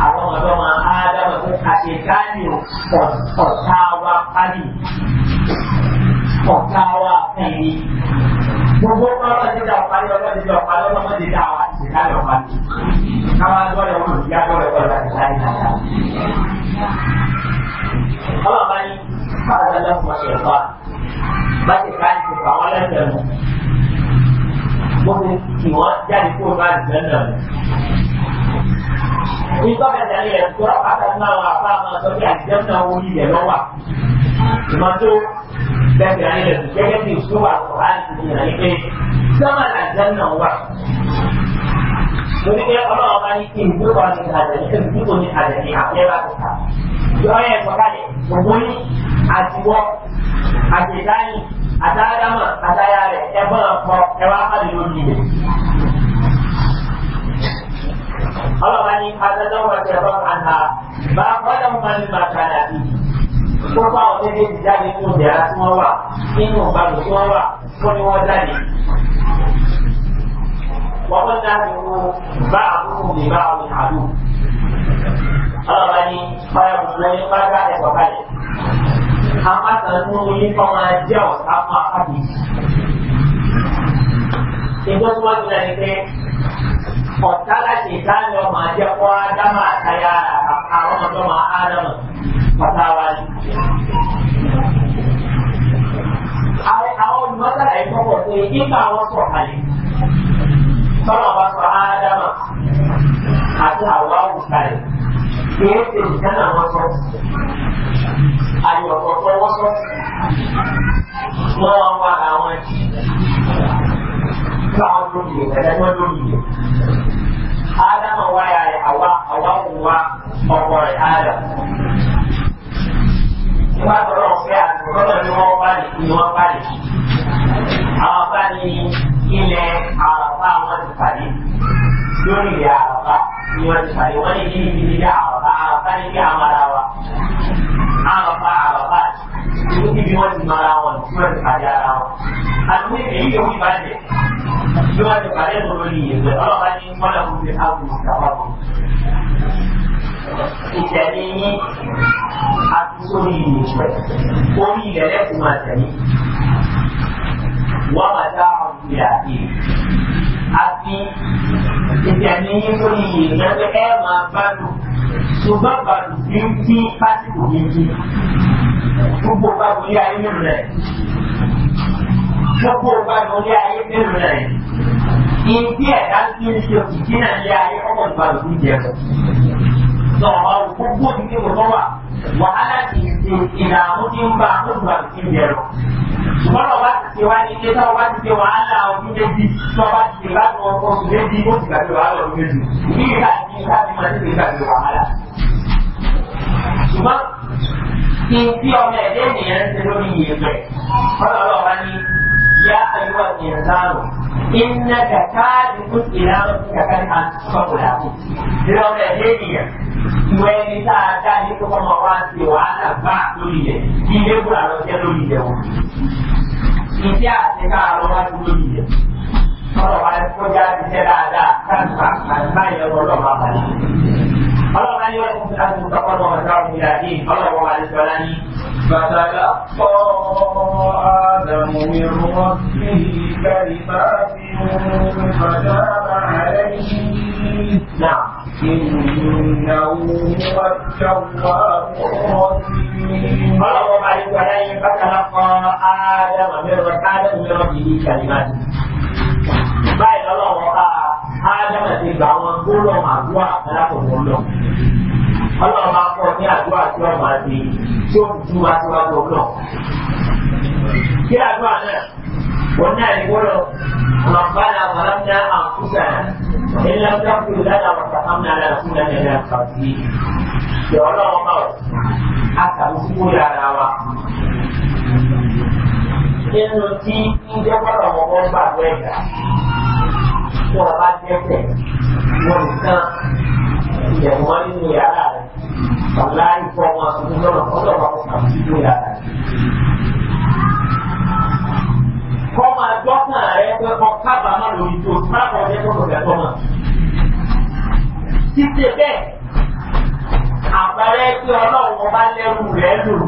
àwọn ọ̀dọ́ máa á dábàá pé àṣekáàdì ọ̀tá wa pálí ọ̀tá wa fún Gbogbo ọlọ́run ti dà ọ̀pá lọ́wọ́ ti dà ọ̀pá lọ́wọ́ ti dà wá ti dà lọ́wọ́ ti. Káwá gbọ́dọ̀ wọn ìyá gbọ́dọ̀ gbọ́dọ̀ àti láyé dáadáa. Ọlọ́run bá ní fáwọn ọlọ́run ọ̀ṣẹ̀ fún wa. Bá ti ká ìṣèkọ̀ àwọn ọlọ́run wọ́n ti kì wọ́n jáde kó bá jẹ́ náà. Nígbà bẹ̀rẹ̀ ní ẹ̀ tọ́ra pàtàkì náà wà fún àwọn àtọ́jú àtijọ́ náà wọ́n yí ẹ̀ lọ́wọ́. Ìmọ̀tó bẹ̀rẹ̀ ní ẹ̀ gẹ́gẹ́ bí ìṣòwò àkọ́rá ti ní ìrìn pé sọ́mà àjẹ́ náà wà. Torí pé ọlọ́run bá ní kí n gbé wa ní àjẹ̀ní kí n gbé wa ní àjẹ̀ní bá ti ta. Yọ̀ọ́ àtàyàmọ̀ àtàyà rẹ̀ ẹgbọ́n ọ̀pọ̀ ẹwà pàdé lórí rẹ̀. ọlọ́ba ní adájọ́ wọn ti ẹ̀rọ àná bá wọ́dọ̀ wọn ní màkà nàbí. gbogbo àwọn méjèèjì jáde nínú ìdára tí wọ́n wà nínú ìbálò tí wọ́n wà fún ni wọ́n jáde. wọ́n wọ́n náà ti wo bá àbúrò lè bá àwọn àdó. ọlọ́ba ní fáyà mùsùlùmí bá dá ẹ̀kọ́ kalẹ̀ apá kan nínú yín kọ́ máa jẹ́ ọ̀sá fún apá kejì. Ìgbọ́n tí wọ́n ti saya. ni pé ọ̀tá láti ìdáni ọmọ àjẹ́ kọ́ ádámà àtayá àwọn ọmọdé ọmọ ádámà pátá wa ni. Àwọn olùmọ́sára yìí kọ́kọ́ pé nípa àwọn sọ̀kalẹ̀ tọ́lọ̀ bá sọ ádámà ayọ̀kọ̀ tọwọ́ sọ́ọ̀tì wọ́n wá wá àwọn ẹ̀jẹ̀ nígbà wọn lórí rẹ̀ ẹ̀jẹ̀ wọn lórí rẹ̀ ádámà wáyà rẹ̀ àwa àwa kò wá ọkọ rẹ̀ ádà. Nígbà tó lọ fẹ́ àtúntò náà ni wọ́n bá lè ni wọ́n bá lè kí. Àwọn bá ní ilẹ̀ àràbá wọn ti pàdé lórí ilẹ̀ àràbá ni wọ́n ti pàdé wọ́n ní kí ni ibi ní àràbá àràbá ní kí àwọn ará wa. tí wọ́n ti mọ ara wọn tí wọ́n ti pàdé ara wọn. àdúgbò èyí yòówù ìbàjẹ́ bí wọ́n ti pàdé lórí ìyẹ̀wò ọlọ́pàá ní mọ́lẹ̀ kó fi ká wù ú ìtẹ̀lé ní àtúnṣórí ìyẹ̀wò orí ilẹ̀ lẹ́kùn máa tẹ̀lé wọ́n máa dá àwọn ìyàgbé àti ìtẹ̀mí lórí ìrẹ́lẹ́ ẹ máa bá lò ṣùgbọ́n bàlù ní tí pásítọ̀ méjì gbogbo bàbá orí ayé rẹ̀ gbogbo bàbá orí ayé rẹ̀ ìdí ẹ̀dá tí ń ṣe òkìkí náà lé ayé ọmọ ìbàlù ní jẹ́ sọ̀rọ̀ gbogbo ìdílé wọn lọ́wọ́ wàhálà ti ṣe ìdààmú tí ń bá àkóso àti ti bẹ̀ lọ. ṣùgbọ́n lọ́wọ́ ti ṣe wá ní ilé táwọn bá ti ṣe wàhálà ọdún méjì tí wọ́n bá ti ṣe láti wọn kọ́ oṣù méjì ó ti gbàgbé wàhálà ọdún méjì bí ìgbà tí ìgbà tí wọ́n ti ṣe gbàgbé wàhálà. ṣùgbọ́n kí n tí ọmọ ẹ̀dẹ́ ènìyàn ń ṣe lórí ìyẹ̀fẹ̀ ọlọ́ọ̀lọ́ يا أيها الإنسان إنك كاذب إلى ربك كرها فملاقيه لو لدينا وين تعتاد كما مرات وعلى بعض ليه يجب على كل ليه ìṣe àtẹ̀ká àwọn wájú lórí rẹ̀. Ọ̀rọ̀ wa kọjá ti ṣẹ́ dáadáa, káàkiri àti báyìí ọmọ ọlọ́run àbálẹ̀ ọlọ́ọ̀bá ní wọ́n ti láti kọ́kọ́ lọ ọ̀dá òun ìlà dín ọlọ́wọ́ wa ní sọlá ní. bàtàlà kọ́ ádámù mi rọ́ sí ìkàrí bá fi ń bàtà àárẹ̀ yìí. nà ìnáwó wà jáwá kọ́ sí. ọlọ́wọ́ ádámà ti gbà wọn gbólọ̀ àdúrà alákọ̀ọ́mọ́ lọ. ọlọ́run máa kọ́ ní àdúrà tí wọ́n máa ti tí ó ju aṣíwájú ọlọ́. kí àdúrà náà wọ́n náà ní gbọ́dọ̀ ربنا ظلمنا أنفسنا إن لم تغفر لنا وارحمنا لنكونن من الخاسرين. يا الله àtàlùkù yàrá wa. Nínú tí ń jẹ́ gbọ́dọ̀ wọ́n tí wọn bá dẹ́sẹ̀ wọn nìkan ìyẹ̀wò wọn nínú yàrá rẹ̀ ọ̀la ìfọ̀ wọn àtúntò lọ́nà ọ̀dọ̀ wọn kò kà sí nínú yàrá rẹ̀. kọ́ máa gbọ́kàn rẹ pé kọ́ kábàámà lórí tó sábà ọjọ́ tó kọ̀ọ̀kẹ́ tó mọ̀. títí bẹ́ẹ̀ àpẹẹrẹ pé ọlọ́run ọba lẹ́rù rẹ̀ lòlù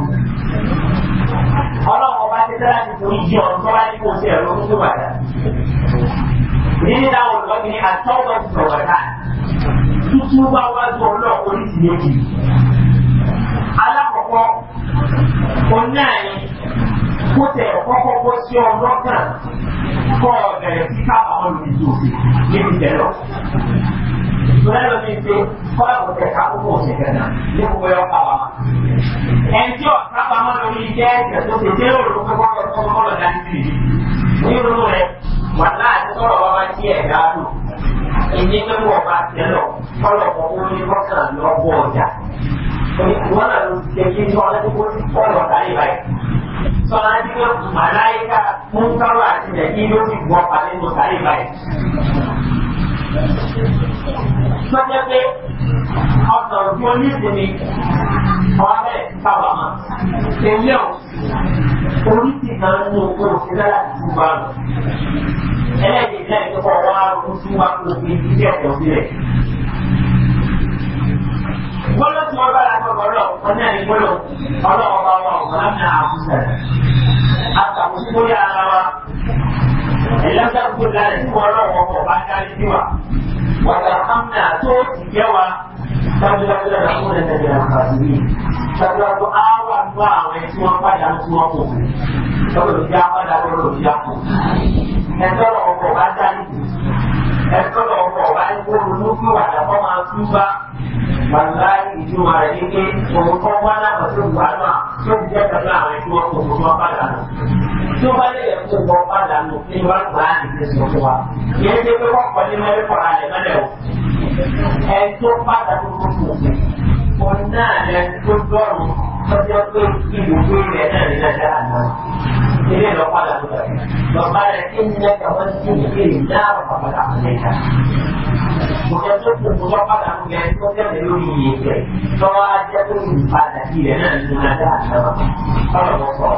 ọlọ́run ọba ti tẹ́lá ti torí jí ọ̀run tó bá ní kó o ẹ̀rọ tó tó padà nílá ọ̀dọ́ ni àtọ́wọ́ sọ̀rọ̀ náà tútù bá wájú ọlọ́ọ̀kọ́ ní ti méjì. alákọ̀ọ́kọ́ onáàyè kó tẹ̀ kọ́kọ́ bọ́ sí ọlọ́gàn kọ́ ọ̀bẹ̀rẹ̀ sí kábàámọ̀ lórí tòsí níbi tẹ̀lọ́. ìgbọ́n lọ bí pé kọ́lá kò tẹ̀ ká kókó òsè kẹ́nà ní gbogbo ẹ̀ kábàámọ̀. ẹnjọ́ kábàámọ̀ lórí jẹ́ ẹ̀jẹ̀ tó ṣe dé òrùn kọ́kọ́ lọ́dọ̀ sí ẹ̀dá dùn ìní pé wọ́n bá tẹ lọ kọ́lọ̀ kan ó ní kọ́kàn lọ́gbọ́ ọjà wọ́n náà ló ti tẹ̀lé ní ọlọ́dún tó ti kọ́lọ̀ láyé báyìí sọlá ní pé màláyíká mú káwá àti nàìjíríà ló ti gbọ́ pa nínú láyé báyìí sọ́jà pé ọ̀sán tí wọ́n ọ̀rẹ́ bàbá ma ọ̀ orí ti kan ní oko òṣèlú láti tún bá lọ. ẹlẹ́dẹ̀ẹ́ náà ti kọ́ wá ronú tún wá kó fi ìdílé ẹ̀kọ́ sílẹ̀. gbọ́dọ̀ tí wọ́n bá la gbọ́ bọ́lọ̀ ọ̀nà ìgbọ́dọ̀ ọlọ́wọ́ bá wà ọ̀gá náà àbúṣe. àtàkùn tó yára wa ìlànà kúrò tí wọn náà wọn kọ̀ bá dárí sí wa wàtà hamna tó ti yẹ wa sábúlábúlá náà kúrò tẹ̀lé àkàtúwì sábúlábú áwà nù àwọn ẹni tí wọn padà tí wọn kò fún lọ́wọ́ lòdì apádà lọ́wọ́ lòdì apò ẹ̀ńtọ́rọ̀ ọkọ̀ bá dárí sí ẹgbẹ́tọ̀ ọkọ̀ ọba ní kó ronú fún wàdà kọ́ máa tún bá wàlá ìjùmọ̀ rẹ̀ ní pé òun kọ́ wá lábà tó wà náà tó ń jẹ́ pẹ̀lú àwọn ẹgbẹ́ ọkọ̀ tó wọ́n padà nù. tí ó bá lè yẹ kó wọ́n padà nù ní wọ́n gbà á nìkan sí fún wa. yẹn ti pé wọ́n kọ́ ní mẹ́rin kọ́ra rẹ̀ mẹ́rẹ̀ o. ẹ̀ tó padà tó tó kù òun náà rẹ tó dọ́rùn lọ́jọ́ pé ibùgbé rẹ̀ náà rí lọ́jọ́ àná. Ilé ìlọ́pàá làbúrò rẹ̀. Bàbá rẹ̀ kí ni lẹ́ka wọ́n sí ìgbé ìdáàbò bàbá àmàlẹ́ka. Bùkẹ́ tó kù kú lọ́pàá làbúrò rẹ̀ tó tẹ̀lé lórí iye rẹ̀. Lọ́wọ́ ajẹ́ tó ní ìpadà sí rẹ̀ náà rí lọ́jọ́ àná. Ọlọ́wọ́ sọ.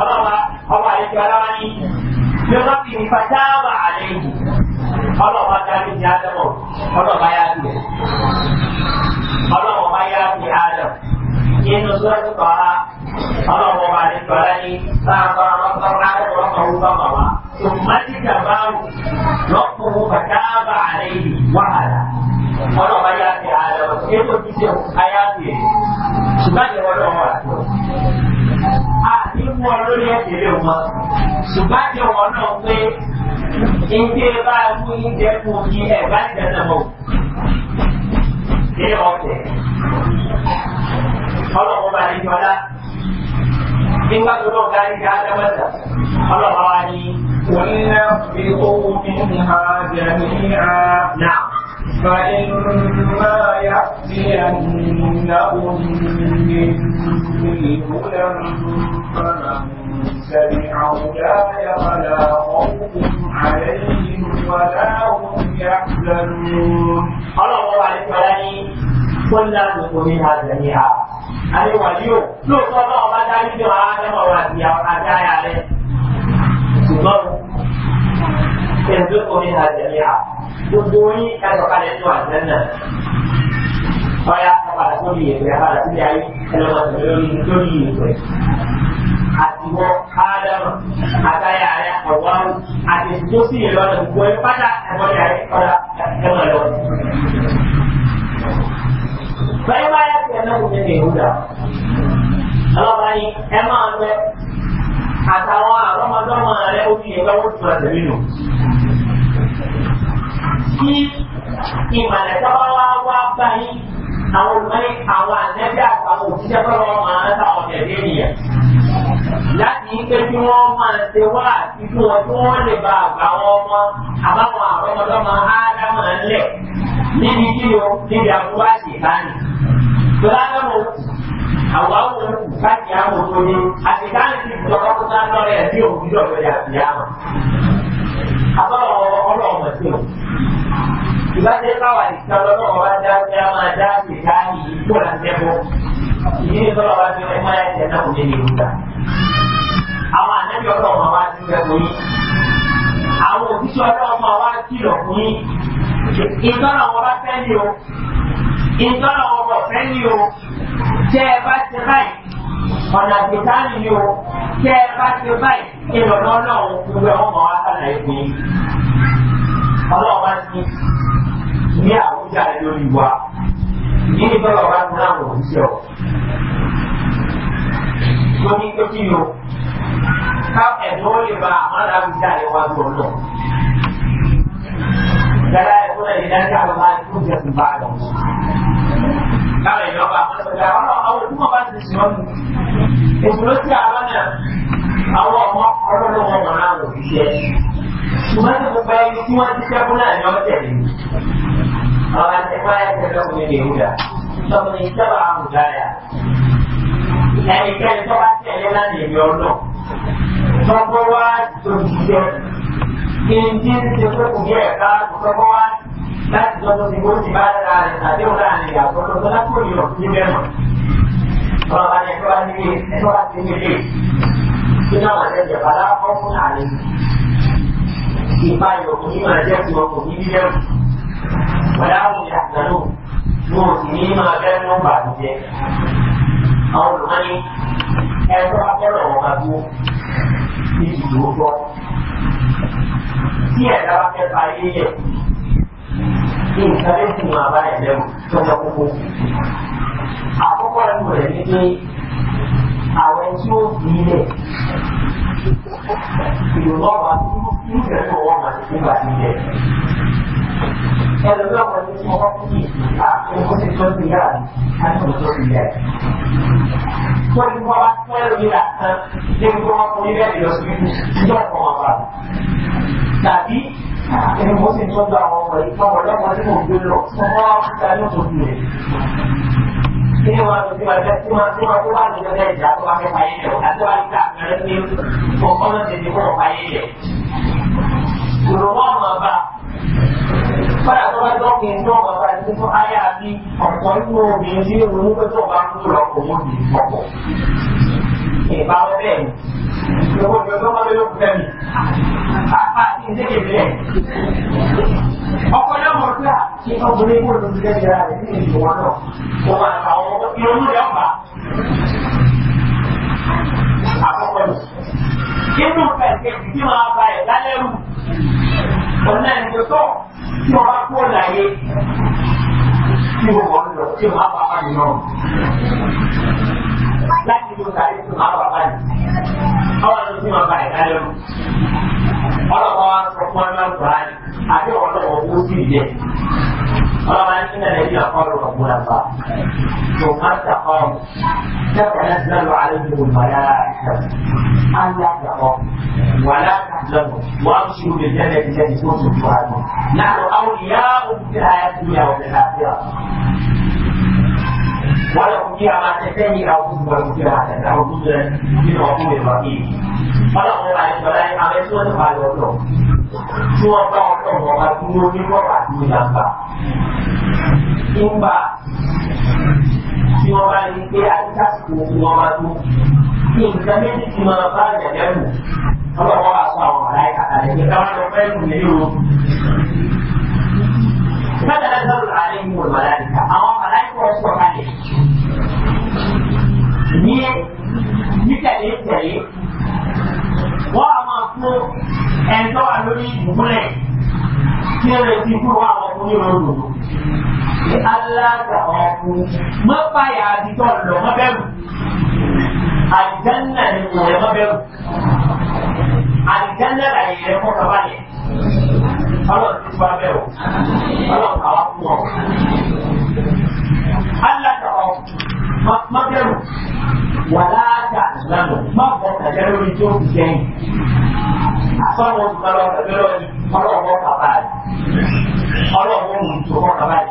Ọlọ́wọ́ ọba àlejò aláwa ní. Bí wọ́n fi ìfajáwà àlejò. Ọlọ́wọ́ ọlọ́wọ́ bá yá sí adam nínú sọ́ọ́sì bàrà ọlọ́wọ́ bá ní bàrà ní sáàbà ọlọ́wọ́ adàmọ́ ọ̀hún bàbà wa tòmátì jàmbáwò lọ́kùnrin bàtàbà àlẹ́ ẹ̀ bá mú ìdẹ́kùn ní ọ̀pẹ̀. ọlọ́wọ́ bá ní jọlá nígbà tó lọ́ọ̀ dárí ká dámọ́tà ọlọ́wọ́ wa ní. wọ́n ní náà fi owó ní ìhà jẹ̀mí náà. فإما يأتينهم مني هدى فمن سمع هداي فلا خوف عليهم ولا هم يحزنون قال الله عليه وسلم قلنا ادخلوا منها جميعا أي وليو لو صلى الله عليه وسلم آدم وأتيا وأتيا عليه ينفق منها جميعا يبدوني كذا قال عنده الجنة Ọ̀yá padà sórí ìyẹ̀pẹ̀ padà sílé ayé ẹlọ́mọ lórí lórí ìyẹ̀pẹ̀. Àtiwọ́ Ádámù àtàyà ayá ọ̀wọ́n àti tó sì yẹ lọ́dọ̀ gbogbo ẹ pátá ẹ̀mọ́ ni. ayé ọ̀dà ẹ̀mọ́ lọ. Bẹ́ẹ̀ bá yá sí ẹ̀mọ́ kò ní ní ìhúdà. Ọlọ́ba ni ẹ máa ń bẹ́ àtàwọn àrọ́mọdọ́mọ rẹ obìnrin lọ́wọ́ tó rẹ̀ tẹ̀lé nù. Kí ìmọ̀lẹ̀ tọ́wọ́ wá wá báyìí àwọn olùmọ̀lẹ́ àwọn ànẹ́bí àtàwọn òṣìṣẹ́ fọ́lọ́ wọn máa ń táwọn tẹ̀lé nìyẹn. Láti ní pé kí wọ́n máa ṣe wá àti kí wọ́n tí wọ́n lè ba àgbà wọn ọmọ àbáwọn àrọ́mọdọ́mọ ádámọ̀ ńlẹ̀ àwa wo káàkiri àwọn ọmọ ní àtìkáàlì ti jọ ọkọta lọrẹ ní òbí lọrẹ àti àwọn. àbáwọ ọlọmọ sí o ìbáṣe báwa ìta lọ́wọ́ wa dá sí a máa dá sí ká yìí kó la jẹ bọ́ ìdí ni sọ́wọ́ wa fi máa ń jẹ náà òde ní ìlúta. àwọn ànábi ọlọ́wọ́ wa ti bẹ̀ fún yín àwọn òṣìṣẹ́ ọlọ́wọ́ wa kìlọ̀ fún yín ìtọ́nà wọn bá fẹ́ ni o ìtọ́nà wọn fẹ́ ni o tẹ́ ẹ bá ti báyìí ọ̀nà àgbẹ̀ká nìyí o tẹ́ ẹ bá ti báyìí ìlànà ọlọ́run gbogbo ẹ̀ wọ́n mọ̀ wá sálà ẹ̀kún yìí ọlọ́run bá ti ní àwùjá rẹ lórí wa ní ìbọ̀lọ̀ bá ti láwọn òṣìṣẹ́ o wọ́n ní pé kí o ká ẹ̀dùn ó lè ba àwọn àwùjá rẹ wá lọ lọ. Yàrá ẹ̀kọ́ náà ní dájú àwọn máa ń kó jẹ̀sùn bá a lọ kala yọ ba da wọn lọ àwọn òkú bá ti sọ mu òṣèlú tí a bá nà àwọn ọmọ ọlọ́dọ̀ wọn wọn náà wò fi ṣe ṣùgbọ́n tí gbogbo ẹni tí ni wọ́n tẹ̀lé àwọn àtẹ̀kọ́ ẹ̀ṣẹ̀ lọ́kùnrin lè wúdà lọ́kùnrin ìjọba àwọn ọ̀gá yà ẹnikẹ́ni tó bá tẹ̀lé lánàá èmi ọ̀nà tọ́gbọ́ wá tó ti ṣe kí n ti ṣe pé kò ẹ̀ka tọ́gbọ́ wá láti lọ bó ti kó ti bá dára rẹ̀ tàbí òun láàrin ìyá àkọ́kọ́ tó lápò yàn níbẹ̀ mọ̀. ọ̀rọ̀ bá ní ẹjọ́ bá ní ẹjọ́ bá ti ní ilé tí náà wà lẹ́jẹ̀ bá lápò fún àárín. ìpayọ̀ kò ní máa jẹ́ ti wọn kò ní níbẹ̀ mọ̀. wọ́n á wùn ìyàgbẹ́nu wọn ò sì ní máa bẹ́ẹ̀ bí nǹkan lè fi máa bá ẹ̀ lẹ́rù tó yẹ kókó. àkọ́kọ́ ẹnu rẹ̀ ni pé àwọn tí ó fi ilẹ̀ ìrọ̀lọ́wà irúfẹ́ tó wọ́n máa ti fún bàtí ilẹ̀. ẹlòmí ọkọ̀ ní tí wọ́n fi àkókò sí tó ti yára láti ọ̀dọ́ sí ilẹ̀. wọ́n ti wọ́n bá tún ẹlòmí làtàn lẹ́yìn tó wọ́n fún ìjọba ọmọ àbá tàbí ẹni mo sì ń tọ́jú àwọn ọmọ yìí ọmọ ọlọ́mọ tí mo gbé lọ sọ wọ́n á kúta ní òtòkù rẹ̀. Kí wọ́n lọ sí ọjọ́ tí wọ́n tí wọ́n tó wà lójú ọjọ́ ìjà tó wà fẹ́ fàyè lẹ̀ àti wà níta àpẹẹrẹ ní ọkọ náà tètè kó wọ́n fàyè lẹ̀. Ìrọ̀wọ́ ọmọ ọba Fọ́nà tó bá dọ́kìn tó ọmọ ọba ti fún ayé àbí ọ̀pọ̀ nínú obìnrin tí ó ronú pé tó bá ń lọ ìbáwọ́ bẹ́ẹ̀ ni gbogbo ìjọba ọmọdé ló kú bẹ́ẹ̀ ni apá àti ìdíje bẹ́ẹ̀ ọkọ náà mọ̀ pé àti ọkùnrin kò ló ń gbé ìyá rẹ̀ ní ìlú wọn náà wọn máa ta àwọn ọmọ ìrònú rẹ̀ ọ̀pá àkọ́kọ́ ni nínú pẹ̀lú tí máa ba ẹ̀ lálẹ́rù ọ̀nà ìgbésọ̀ tí wọ́n bá kú ọ̀nà yé tí wọ́n lọ tí wọ́n bá bá mi náà láti inú sàárè tó máa wà báyìí àwọn àti tí wọn bá ẹ̀ka lẹ́nu ọlọ́pàá wa sọ fún ọlọ́pàá kura ni àti ọlọ́pàá owó sì rí dẹ ọlọ́pàá ní sílẹ̀ lẹ́yìn àkọọ́lù ọ̀gbọ́n àgbà tó máa sàkọ́ọ̀mù dábàá náà sílẹ̀ lọ àlẹ́ ìlú ìmọ̀lá àlẹ́ àgbàkọ́ wàlá àgbàkọ́ wà á ṣe òde jẹ́lẹ̀ ìjẹ́ ìtòsùn fún àgbọ̀ náà àwọn ìyá òkúta ayé wala kutia mateseni au kuzibakia matendo au kuze kino kule makini wala kwa wala amesoma bali wote tu ambao kwa watu ni kwa watu namba imba tí wọ́n bá rí pé àtìkásìkò tí wọ́n máa tó ní nǹkan méjì tí wọ́n bá rẹ̀ lẹ́rù ọlọ́wọ́ wà sọ àwọn ọ̀rá ìkàtà rẹ̀ pé káwọn lọ fẹ́ lù lérò. Mẹ́ta lẹ́sọ̀rọ̀ àárín ìwọ̀n màláìka, àwọn kọ́kọ́ kalẹ̀ ní nítẹ̀lé tẹ̀lé wọ́n á máa fún ẹ̀ńtọ́ wa lórí ìgbúnlẹ̀ kí ẹ lè ti fún àwọn ọkùnrin lòdò ní alága ọkùnrin mọ́ fàyà àdìtọ́ lọ mọ́ bẹ̀rù àdìjánná ni kò rẹ̀ mọ́ bẹ̀rù àdìjánná là rẹ̀ fún kabalẹ̀ ọlọ́run ti fún abẹ́ o ọlọ́run kà fún ọ. Allah ka ọ má bẹ̀rù wàlá dà lánà má bọ̀ kàjẹ́ lórí tó kù sẹ́yìn. Àsọ̀rọ̀ ti máa lọ kàjẹ́ lórí ọlọ́wọ́ kàbáyé. Ọlọ́wọ́ mú tó kọ́ kàbáyé.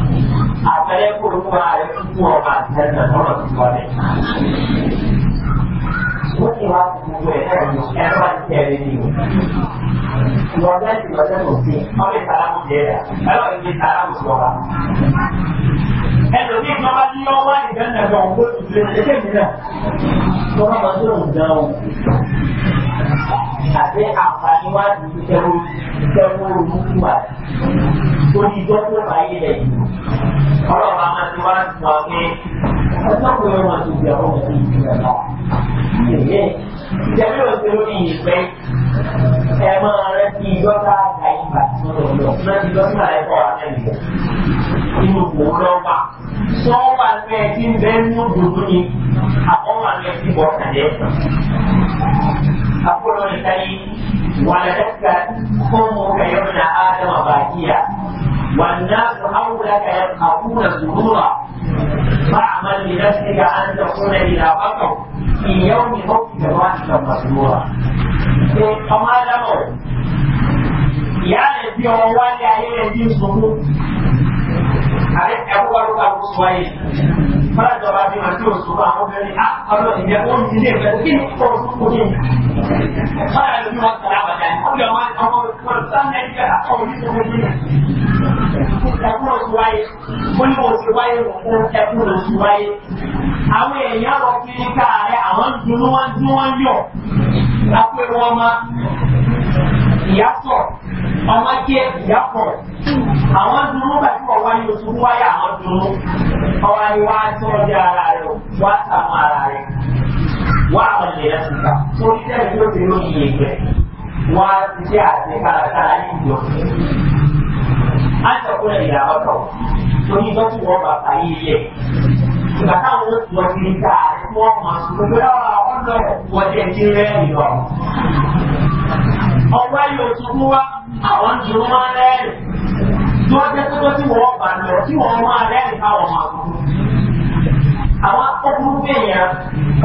àtẹ̀lẹ́ kò ló wá rẹ̀ fún ọba àtẹ̀lẹ́ lọ́rọ̀ tí wọ́n lẹ̀. Wọ́n ti wá gbogbo ẹ̀ náà ẹ̀rọ máa ń o. Ìwọ̀n ti lọ sẹ́nu sí ọmọ ìsàlámù jẹ́ rẹ̀, ẹ̀rọ ìgbé ìsàlámù sí ọba. Ẹlòmíì kan bá ní ọwọ́ àdìgbẹ́ nàgbà òun kó tù lé ẹgbẹ́ mi máa ń tó òun dáhùn àti àǹfààní wá dùdú tẹ́wọ́ tẹ́wọ́ ronú fún wa torí ìjọ tó bá yé lẹ̀ yìí ọ̀rọ̀ bá máa ti wá fún wa pé ọjọ́ kò yẹ wọn ti gbà wọn sí ìjìnlẹ̀ náà ìyẹ́ ìjẹ́bí ò ṣe lórí ìpẹ́ ẹ máa rẹ sí ìjọ tá a gbà yín bá tí wọ́n lọ náà ti lọ sílẹ̀ ẹ̀kọ́ àmì inú kò lọ́wọ́ sọ́wọ́ àti ẹ̀ ti ń bẹ́ẹ̀ ní òdòdó ni àkọ́wọ́ أقول لسني ولدتك أمك يا ابن آدم باكيا والناس حولك يرقبون سرورا فاعمل لنفسك أن تكون إلى بقر في يوم موتك واحدا مسرورا فما له يا الذي هو والي عليه الدين ale ẹ̀kọ́ ló ka kó sọ yìí fúnra jọba bí wọn tí o sọ àwọn obìnrin a ọlọ́ ìyá ó ní ilé ìfẹ́ kí ni kò tó kó yìí fúnra yẹn ló ní wọn sọ̀rọ̀ àbàjá yìí wọn bí wọn ọmọ wọn sáńdà yìí kà kọ́ òní tó kó yìí ẹ̀kọ́ ló ti wáyé ó ní wọn ti wáyé wọn kó ẹ̀kọ́ ló ti wáyé àwọn èèyàn lọ sí káàárẹ̀ àwọn dunu wọn dún wọn yọ lápẹ́ wọn ma ìyá sọ̀rọ̀ ọmọ jẹ ìyàpọ̀ àwọn dunu bàtí wọ́n wáyé oṣù wáyé àwọn dunu ọwọ́ ni wàá tí wọ́n jẹ ara rẹ o wàá sàmú ara rẹ wàá àwọn ènìyàn ti ta tó sẹ́yìn tó ti ló yẹ gbẹ wàá ti jẹ àti kárakára ní ìjọ. àtọkùn ẹ̀yà ọ̀tọ̀ torí dọ́tí wọ́n bàtà yìí yẹ ìgbà táwọn ó ti lọ sí ìta àti wọ́n mọ̀ sí gbogbo ọ̀dọ́ wọ́n jẹ́ ti rẹ́ ọwọ́ yóò tuntun wá àwọn jù ú máa lẹ́rìn tí wọ́n jẹ́ pípọ́ tí wọ́n bá lọ tí wọ́n máa lẹ́rìn káwọn máa kú. àwọn akọ́kùnrin fèèyàn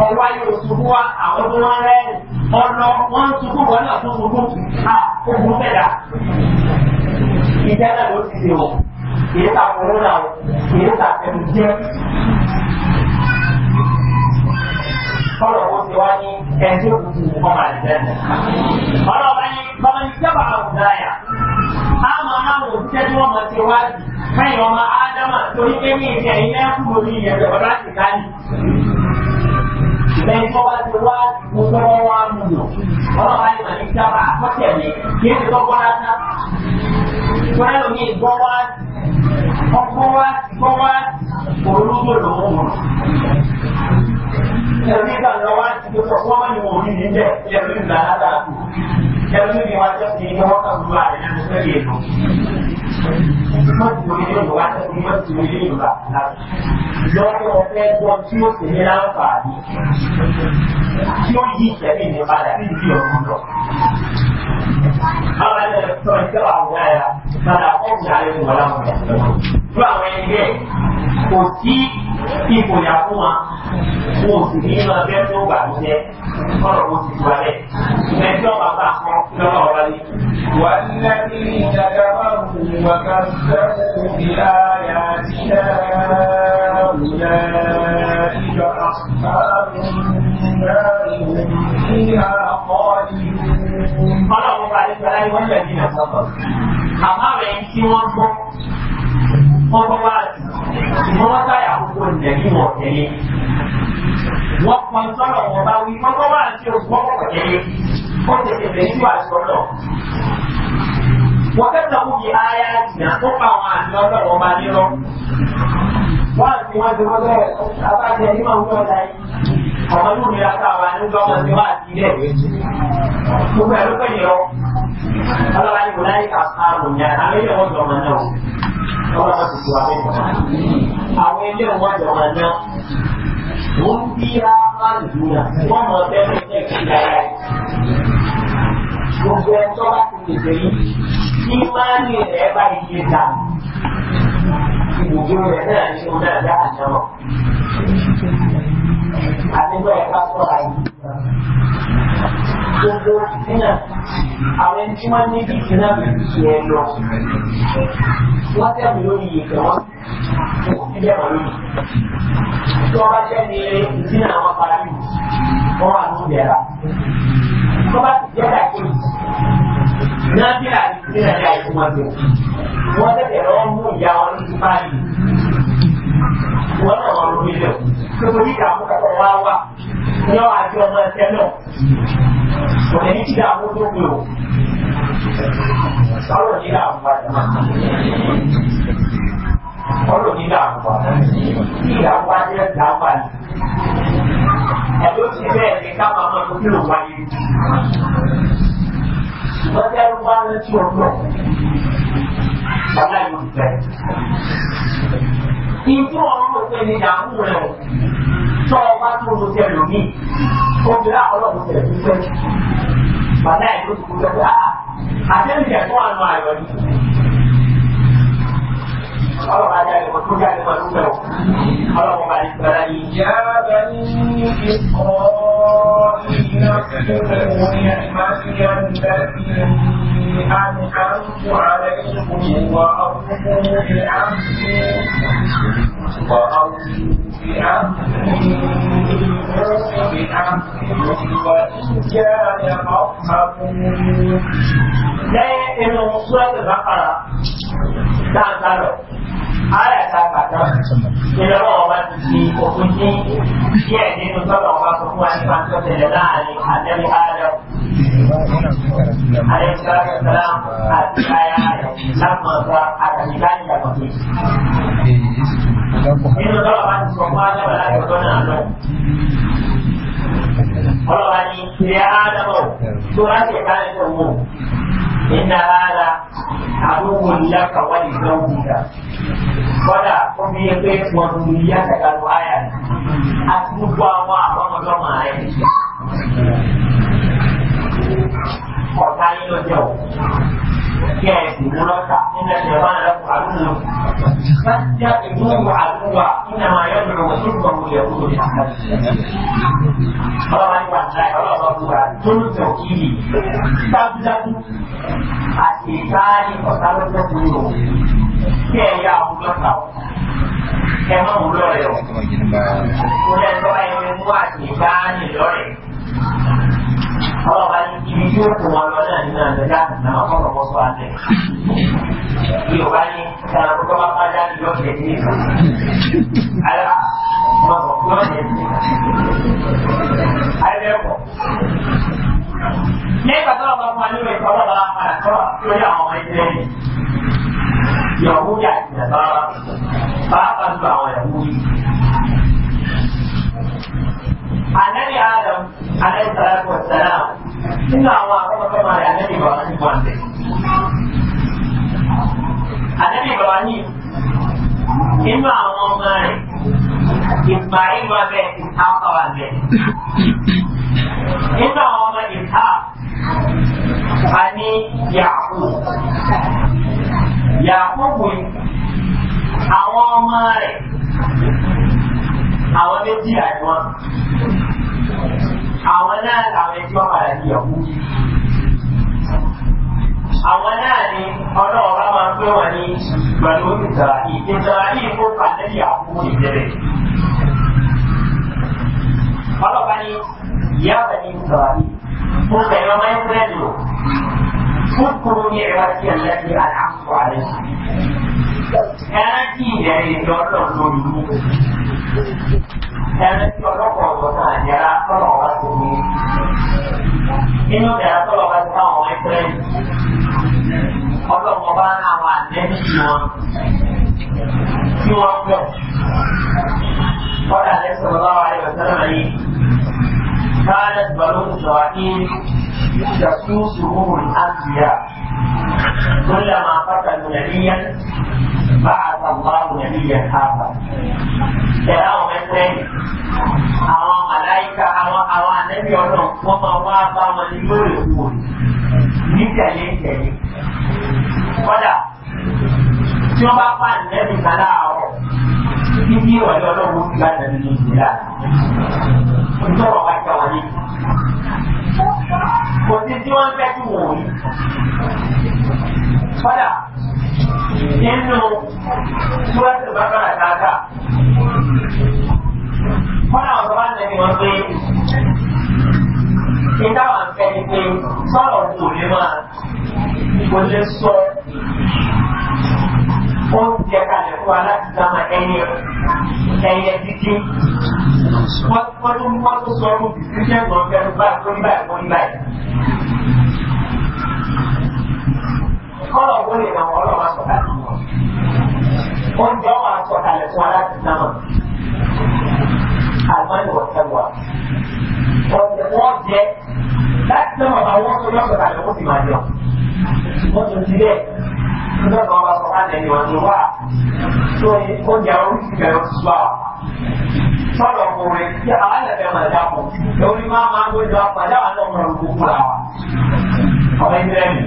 ọwọ́ yóò tuntun wá àwọn tó máa lẹ́rìn ọlọ wọn tuntun wọn náà tó tuntun a kókun fẹ̀dá. ìjà náà ló ti dè o kì í ta kòrónà o kì í ta tẹ̀lé jẹ́ bọ́lá owó ti wá ní ẹ̀ńtí òkùnkùn ní kọ́ máa dìbẹ́ nù. bọ́lá ọba ní bọ́lá ní sábà àwùjá yà á máa náwó òṣìṣẹ́ tí wọ́n máa ti wá sí káyìn ọmọ ádámà torí pé ní ìṣe ẹ̀yìn náà kú lórí ìyẹ̀dẹ̀ ọ̀dọ́ àti káyì. lẹ́yìn tó bá ti wá gbogbo wọn wá mú lò bọ́lá ọba ní màní sábà àkọ́tẹ̀ mi kì í ti tọ́ ọgbọ́wá gbọ́wá olóńgbò lòún mọ̀. Ẹ̀rí ìgbà lọ́wọ́ ti sọ fún ọmọ ìwọ̀n orí níbẹ̀ ẹ̀rí ìgbà látàkù. Ẹ̀rí ìgbà wájú sí ìwọ́n kàwé wà nínú sẹ́yìn èlò mọ́tòrí yóò wá sí mọ́tòrí yóò bá lọ́wọ́ ọ̀fẹ́ gbọ́ tí ó sì ní láǹfààní tí ó yí ìṣẹ̀lẹ̀ ìní padà sí ìdí ọ̀run lọ. Àwọn ẹ̀rọ sọ ìṣẹ́ àwọn ẹ̀rọ padà ọ̀gbìn alẹ́ ìwọ̀n láwọn ẹ̀rọ. Fún àwọn ẹgbẹ́ kò sí ìbòyà fún wa kó o sì ní máa bẹ́ẹ̀ tó gbà ló jẹ́ kọ́nà kó o sì tó alẹ́. Ìgbẹ́jọ́ bàbá kan lọ́wọ́ wa ní. Wàá ní láti ní ìdájọ́ bá wù ú وكذبوا بآياتنا أولئك أصحاب النار هم فيها خالدون قالوا بعد الكلام والذين كفروا أما بإنسي وانتم ọgbọ́n bá ti wọ́n wá táyà àkókò ìjẹ́ kí wọ́n tẹ̀lé wọ́n pọ̀ sọ́rọ̀ wọn bá wí ọgbọ́n bá ti wọ́n pọ̀ tẹ̀lé wọ́n tẹ̀lé pẹ̀lú àṣọ náà wákàtàkù bí ayá jìnnà tó pa àwọn àmì ọlọ́run ọba nírọ. wọ́n àti wọ́n ti wọ́n bẹ̀rẹ̀ abájẹ ní màá wúlọ̀ láyé ọmọ inú mi láta wà ní gbọ́mọ tí wọ́n àti ilé gbogbo ẹ̀ ló pè yẹ ọ. ọlọ́run àti wọ́n láyé kà sáà ní àná lóye wọ́n jọ ọmọ náà ọlọ́run àti tiwa bẹ́ẹ̀ kọ́ àwọn ilé wọn jọ ọmọ náà wọ́n bí ra máa ń dùn náà wọ́n mọ̀ ọ́ gbogbo ẹjọ́ bá ti tètè yìí ní máa ń rìn bá iye dà ibùdó rẹ̀ náà ní òun náà àjọ àti bẹ́ẹ̀ ká sọ̀rọ̀ àyè gbogbo fìtínà àwọn ẹni tí wọ́n ní fìtínà yẹn lọ wọ́n tẹ̀lé lórí ìgbà wọn kò sí bẹ́ẹ̀ wọ́n lórí tí wọ́n bá jẹ́ ní fìtínà àwọn parí wọ́n wà ní ìbẹ̀rẹ̀ tó bá ti jẹ́ dàkejì náà bí àti fìtínà ní àìsí wọn jẹ wọ́n tẹ̀lé lọ́wọ́ mú ìyá wọn ní ti parí wọ́n náà wọ́n lórí ilẹ̀ kò tó ní ọ̀rọ̀ àti ọmọ ẹ̀fẹ́ náà kò ní ti dà tó pé o ọ̀rọ̀ ní dààmú padà ọ̀rọ̀ ní dààmú padà ní dààmú padà ní padà ẹ̀dọ́ ti bẹ́ẹ̀ ní ká máa mọ ìlú ló wáyé wọ́n jẹ́ ló wá létí ọ̀pọ̀ ọ̀la yóò fẹ́ ìfún ọ̀rọ̀ òfin ní dààmú rẹ̀ o tọ́ bá tó oṣù tẹ̀lé mi obìnrin àkọlọ́ọ̀kù tẹ̀lé mi fẹ́ bàtà ìlú tó kú fẹ́ fẹ́ àtẹ́lẹ̀ ẹ̀kọ́ àyọ̀ ni. أرعى ذلك وكجع لما نوبه اللهم عليك بلاني يا بني إسرائيل اذكروا نعمتي التي أنعمت عليكم وأوفوا بأمري وأوفوا بأمري أوفوا بأمري وإياي فارهبون. لا إنه سورة البقرة. لا تعرف. ara ẹ̀ka pàtó nínú ọba ti fi òfin ní díẹ̀ nínú tọ́lọ̀ ọba tó fún wa ní pàtó tẹ̀lé láàrin àdẹ́mí ààrẹ àdẹ́mísàlá àti àyà lámọ̀ọ́gbà àtàlíkàní àkọ́kẹ́. nínú tọ́lọ̀ ọba ti sọ fún wa lẹ́wọ̀n láti ọ̀dọ́ náà lọ. ọlọ́wà ni ìrẹ́ àádọ́rọ̀ tó láti ẹ̀ka ẹ̀ṣẹ̀ wò. إن هذا عدو لك ولزوجك kọ́dà ó fi yẹ pé wọ́n tún yí àtàkàlù àyà rẹ̀ àti gbogbo àwọn àwọn ọmọdé ọmọ rẹ̀ ọ̀tá yín ló jẹ́ o. Kí ẹ sì mú lọ́tà nínú ẹ̀sìn ọ̀bá rẹ̀ kó àdúgbò. Sátíá ìdúró àdúgbò iná máa yọ lọ́wọ́ tó ń bọ̀ wọ kúrò ní àná. Ọlọ́wà nípa ìlà ọlọ́wà búra tó ń tẹ̀ kí ni. àti ìtaari ọ̀tá ló fẹ́ kúrò lò. Kí ẹ yá àwọn lọ́tà o. Ẹ má wù lọ́rẹ̀ o. Mo lẹ́nu tó mú àti ìtaari lọ́rẹ̀ ọlọ́run bá ní ibi tí ó kù wọn lọ náà nínú àgbẹ̀dá náà kọ́kọ́ bọ́ sọ àgbẹ̀. yorùbá ní sara kókó bá bá dá ní lọ́kẹ̀ ní ìlú. ara wọn sọ fún ọ̀nà ẹ̀sìn. ayẹyẹpọ̀. lẹ́yìn pàtó ọ̀gá fún wa nínú ìtọ́ ọ̀gá bá padà sọ́wọ́ lórí àwọn ọmọ ẹgbẹ́ rẹ̀. yọ̀wú yà ìjàmbá bá bá tó àwọn ẹ̀wú yìí annabi adam alaihi salatu wassalam nínú àwọn akọ́kọ́kọ́ rẹ̀ annabi ibrahim wà ní annabi ibrahim nínú àwọn ọmọ rẹ̀ ìgbàyí wà bẹ́ẹ̀ ìtàkọ̀ wà bẹ́ẹ̀ nínú àwọn ọmọ ìta a ní yàkú yàkú àwọn ọmọ àwọn méjì àìmọ́ àwọn náà làwọn ẹjọ́ padà di ìyàwó àwọn náà ni ọlọ́wọ́ bá máa ń pè wọ́n ní pẹ̀lú ìtàlàyé ìtàlàyé kó kàdébí àkókò ìbẹ̀rẹ̀ ọlọ́ba ni ìyá bẹ̀rẹ̀ ìtàlàyé mo fẹ̀yọ́ máa ń fẹ́ lò fún kúrú ní ẹ̀rọ sí ẹ̀lẹ́sìn àdáhùn àlẹ́ gáràjì rẹ̀ ìjọ ọlọ́run lórí mú. Ẹni tí ọlọ́pàá ọ̀dọ́ náà yára tọ́lọ̀ wá sí mi. Nínú ìdára tọ́lọ̀ wá sí táwọn ọmọ ẹgbẹ́ ọlọ́run ọba náà wà lẹ́nu wọn tí wọ́n pẹ̀. Kọ́dà lẹ́sọ̀ lọ́wọ́ àríwẹ̀sẹ̀ náà yìí. كانت بنو إسرائيل تسوسهم الأنبياء كلما قتلوا نبيا بعث الله نبيا آخر كلام مثل àwọn màláìka àwọn àwọn ànábì ọ̀nà wọ́n máa wá bá wọn ní lóòrèkóòrè ní tẹ̀lé tẹ̀lé kọ́dà tí wọ́n bá pa ànábì kan láàárọ̀ títí ìrọ̀lẹ́ ọlọ́run ti bá ànábì ní ìlú láàárọ̀ nítorí ọ̀pá ìjà wọlé kò sí tí wọ́n fẹ́ kí wò Fọ́dà nínú túwẹ́sì bàbára kàkà. Fọ́dà wọn bá nà ní wọn pé ìdá wà ń fẹ́ ni pé sọ̀rọ̀ kò lè máa kò lè sọ oúnjẹ kalẹ̀ fún wa láti dáma ẹyẹ ẹyẹ títí wọ́n tún wọ́n tún sọ fún bìtìtì ẹ̀gbọ́n fẹ́rù báyìí tó ní báyìí tó ní báyìí. kọ́lọ̀ wo lè náà ọlọ́ máa sọ̀tà sí wọn oúnjẹ wọn máa sọ̀tà lẹ̀ fún wa láti dáma àgbọn ìwọ̀n tẹ̀wọ̀ oúnjẹ wọ́n jẹ́ láti náà bàbá wọn tó lọ́sọ̀ tàbí wọ́n sì máa jọ. wọ́n tún ti bẹ́ẹ̀ nígbà tó bá sọ fáńdẹ̀ ni wọ́n ti wá tó ní oúnjẹ àwọn oríṣiríṣi ẹ̀rọ ti sọ sọ́dọ̀ ọkùnrin tí àwọn ẹ̀fẹ̀ máa dáko lórí máa máa ń gbọ́dọ̀ àpàdé àwọn ọmọ rẹ̀ gbogbo la wa. ọmọ ìbílẹ̀ mi.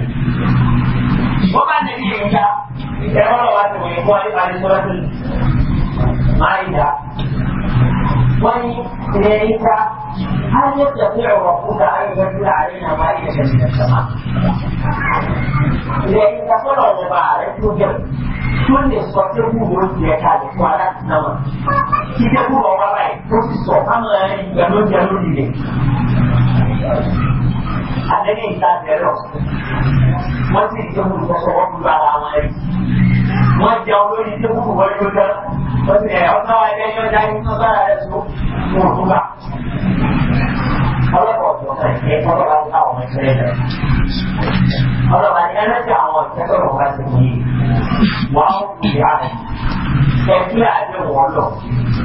wọ́n bá ní ìyẹn ìjà ẹ̀rọ lọ́wọ́ àti òye fún wani da ita har ya tafi a waku da an yi tura a rina ba ya tafi da sama da ita fara da ba a rikto kyau tun da su kwace kubo su ya kare kuma da su nama ta kubo ba bai ko su so kama gano gano ne a dane ta da yau wani ne ta hudu ta shawar ba a amari wọ́n jẹ olórí tí kúrò wọlé ló dá wọ́n ti ẹ̀ ọ́n ẹgbẹ́ yọ dá iná sára rẹ̀ tó mú un bá. ọlọ́pàá ọ̀dọ́ kan ẹ̀ kọ́kọ́ bá ká ọmọ ìṣẹ̀lẹ̀ rẹ̀. ọlọ́pàá ní ẹlẹ́sẹ̀ àwọn ìṣẹ́kọ̀ ló bá ti wọ̀nyí wà á kú ìyá rẹ̀. ẹ̀kúlẹ̀ àdéhùn ọlọ́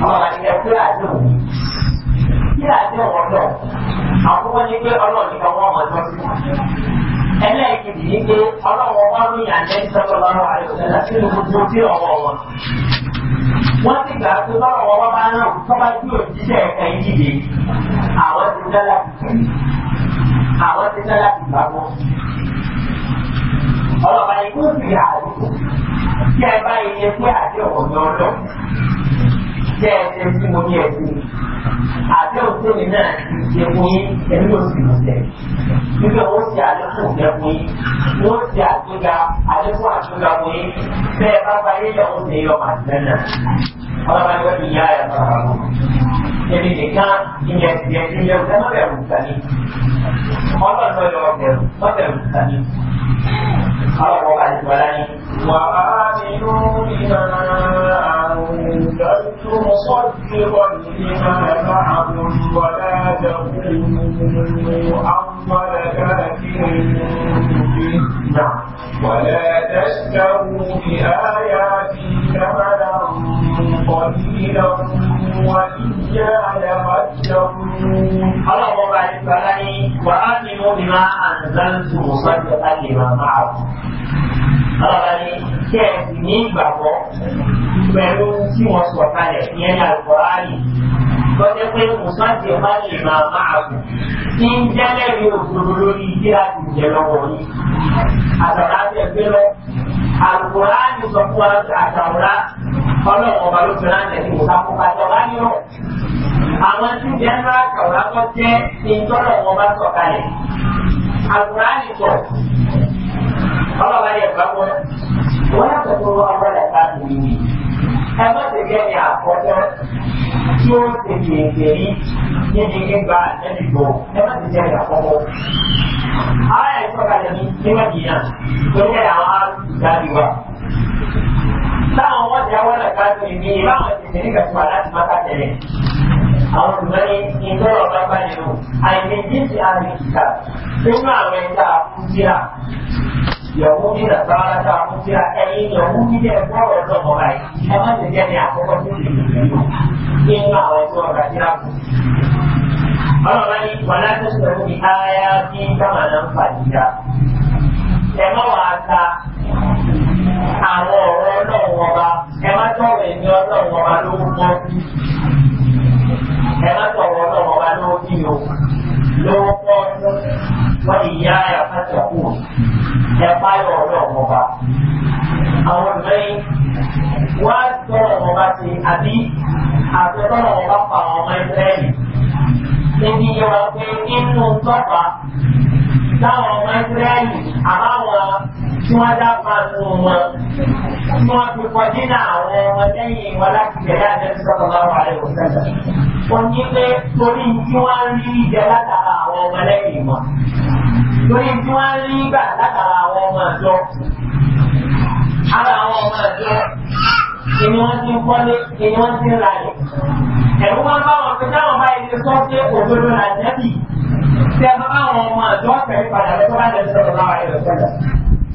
ọlọ́pàá ní ẹ̀kúlẹ̀ àdéhùn kí àdéhùn ọlọ́ àkọ́kọ́ ẹlẹ́ẹ̀kejì ní pé ọlọ́wọ́ bá lóyún àjẹ́ sọ́kọ̀lọ́rọ̀ àìsọ̀lá sínú gbogbo tí ọwọ́ wọn. wọ́n ti gbà pé bọ́lọ̀wọ́ bá bá náà tó bá bí òjíṣẹ́ ẹ̀ka yìí dìde àwọn ti dá láti pẹ̀lú àwọn ti dá láti gbàgbọ́. ọlọ́ba yìí kó sì yà á lò kí ẹ bá yẹ pé àdé ọ̀gbọ̀n lọ bẹ́ẹ̀ ṣe tí mo ní ẹ̀sìn àdéhùn tó ní náà ti ṣe yín ẹni yóò sì lọ́sẹ̀ nígbà wọ́n ṣe àlékún ìfẹ́ yín wọ́n ṣe àgbéga àlékún àgbéga fún yín bẹ́ẹ̀ bá bá yé ìyàwó ṣe yọ màdìlẹ́ náà ọlọ́run ẹgbẹ́ mi yá ẹ̀ bàbá wọn. èmi nìkan ìyẹn ti yẹ ti yẹ ọ̀sẹ̀ lọ́bẹ̀ rùsà ni ọlọ́run lọ́yọ̀ ọ̀sẹ̀ lọ́bẹ̀ rùsà ni ọlọ́run ọba àti wàlá ni. wàá bá mi nú ìmọ̀ مصدقا لما معهم ولا تكونوا أول كافر به ولا تشتروا بآياتي ثمنا قليلا وإياي فاتقون قال الله بعد وآمنوا بما أنزلت مصدقا لما معكم alábàáni kí ẹ sì ní ìgbàgbọ́ pẹ̀lú tí wọ́n sọ kalẹ̀ ìyẹn ní àlùkòránì lọ́jọ́ pé mùsùlùmí ọba lè máa máa kù kí ń jẹ́lẹ̀ ní òdodo lórí kí láti jẹ lọ́wọ́ yìí àtàrà tẹ gbé lọ àlùkòránì sọ fún wa àtàrà ọlọ́run ọba ló fi ránṣẹ́ sí mùsàkópa àtàrà ní rọ̀ àwọn tí jẹ́nra àtàrà tó jẹ́ ìtọ́lọ̀ wọn bá sọ kalẹ̀ àlùkòránì sọ ọlọ́ba yẹ gbàgbọ́ wọ́n yà pẹ̀lú ọgbọ́n ẹ̀ka tèmi ni ẹ má ti gẹ́ ní àkọ́kọ́ tí ó ti di èkèrí níbi gbígba ẹ̀dìgbò ẹ má ti jẹ́ ní àkọ́kọ́. ara ẹ̀ sọ̀kalẹ̀ ní níwájú yẹn lórí ẹ̀ àwọn àgbàdì wa táwọn wọ́n ti àwọn ẹ̀ka tèmi ni báwọn ti tẹ̀lé kẹ̀tùwà láti má ká tẹ̀lé àwọn olùmọ̀lẹ́ ìtọ́rọ̀ bábá nínú àìlèjì ti àrùn ìkà nínú àwọn ẹ̀ka yahudi da tsara ta kun kira kai yahudi da kowa da kowa amma da ke ne akwai wani in ba wai so da kira ku Allah bani wala ta shi da wani aya ki kama nan fadida ẹ má wàá ta àwọn ọ̀rọ̀ ọlọ́run ọba ẹ má tọrọ èmi ọlọ́run ọba lówó ẹ má tọrọ ọlọ́run ọba lówó lọ́wọ́kọ́ wọ́n ti yá ẹ̀ fàtẹ̀kù ẹ̀ báyọ̀ ọ̀rọ̀ ọ̀mọba. Àwọn ìlẹ́yìn wá tọ̀rọ̀ ọ̀mọba ti àbí àtẹ̀tọ̀rọ̀ ọ̀mọba pa àwọn ọmọ ìsírẹ́lì. Ebi yẹ wá pé inú tọ́pa táwọn ọmọ ìsírẹ́lì àbáwọn tí wọ́n dá pàtó wọn tí wọ́n fi kọjú náà àwọn ọmọ lẹ́yìn wọn láti tẹ̀lé àjẹsí sọ́kàn bá wà lẹ́wọ̀ sẹ́sẹ̀. ó ní pé torí tí wọ́n rí jẹ látara àwọn ọmọ lẹ́yìn wọn torí tí wọ́n rí gbà látara àwọn ọmọ àjọ ara àwọn ọmọ àjọ ìní wọ́n ti ń kọ́lé ìní wọ́n ẹ̀rú wọn bá wọn pé táwọn bá ilé sọ pé òdodo là jẹ́bi tí bá bá ọmọ àjọ ọ̀sẹ̀ padà lẹ́tọ́ bá lẹ́sọ̀rọ̀ báwa ẹ̀rọ sẹ́sẹ̀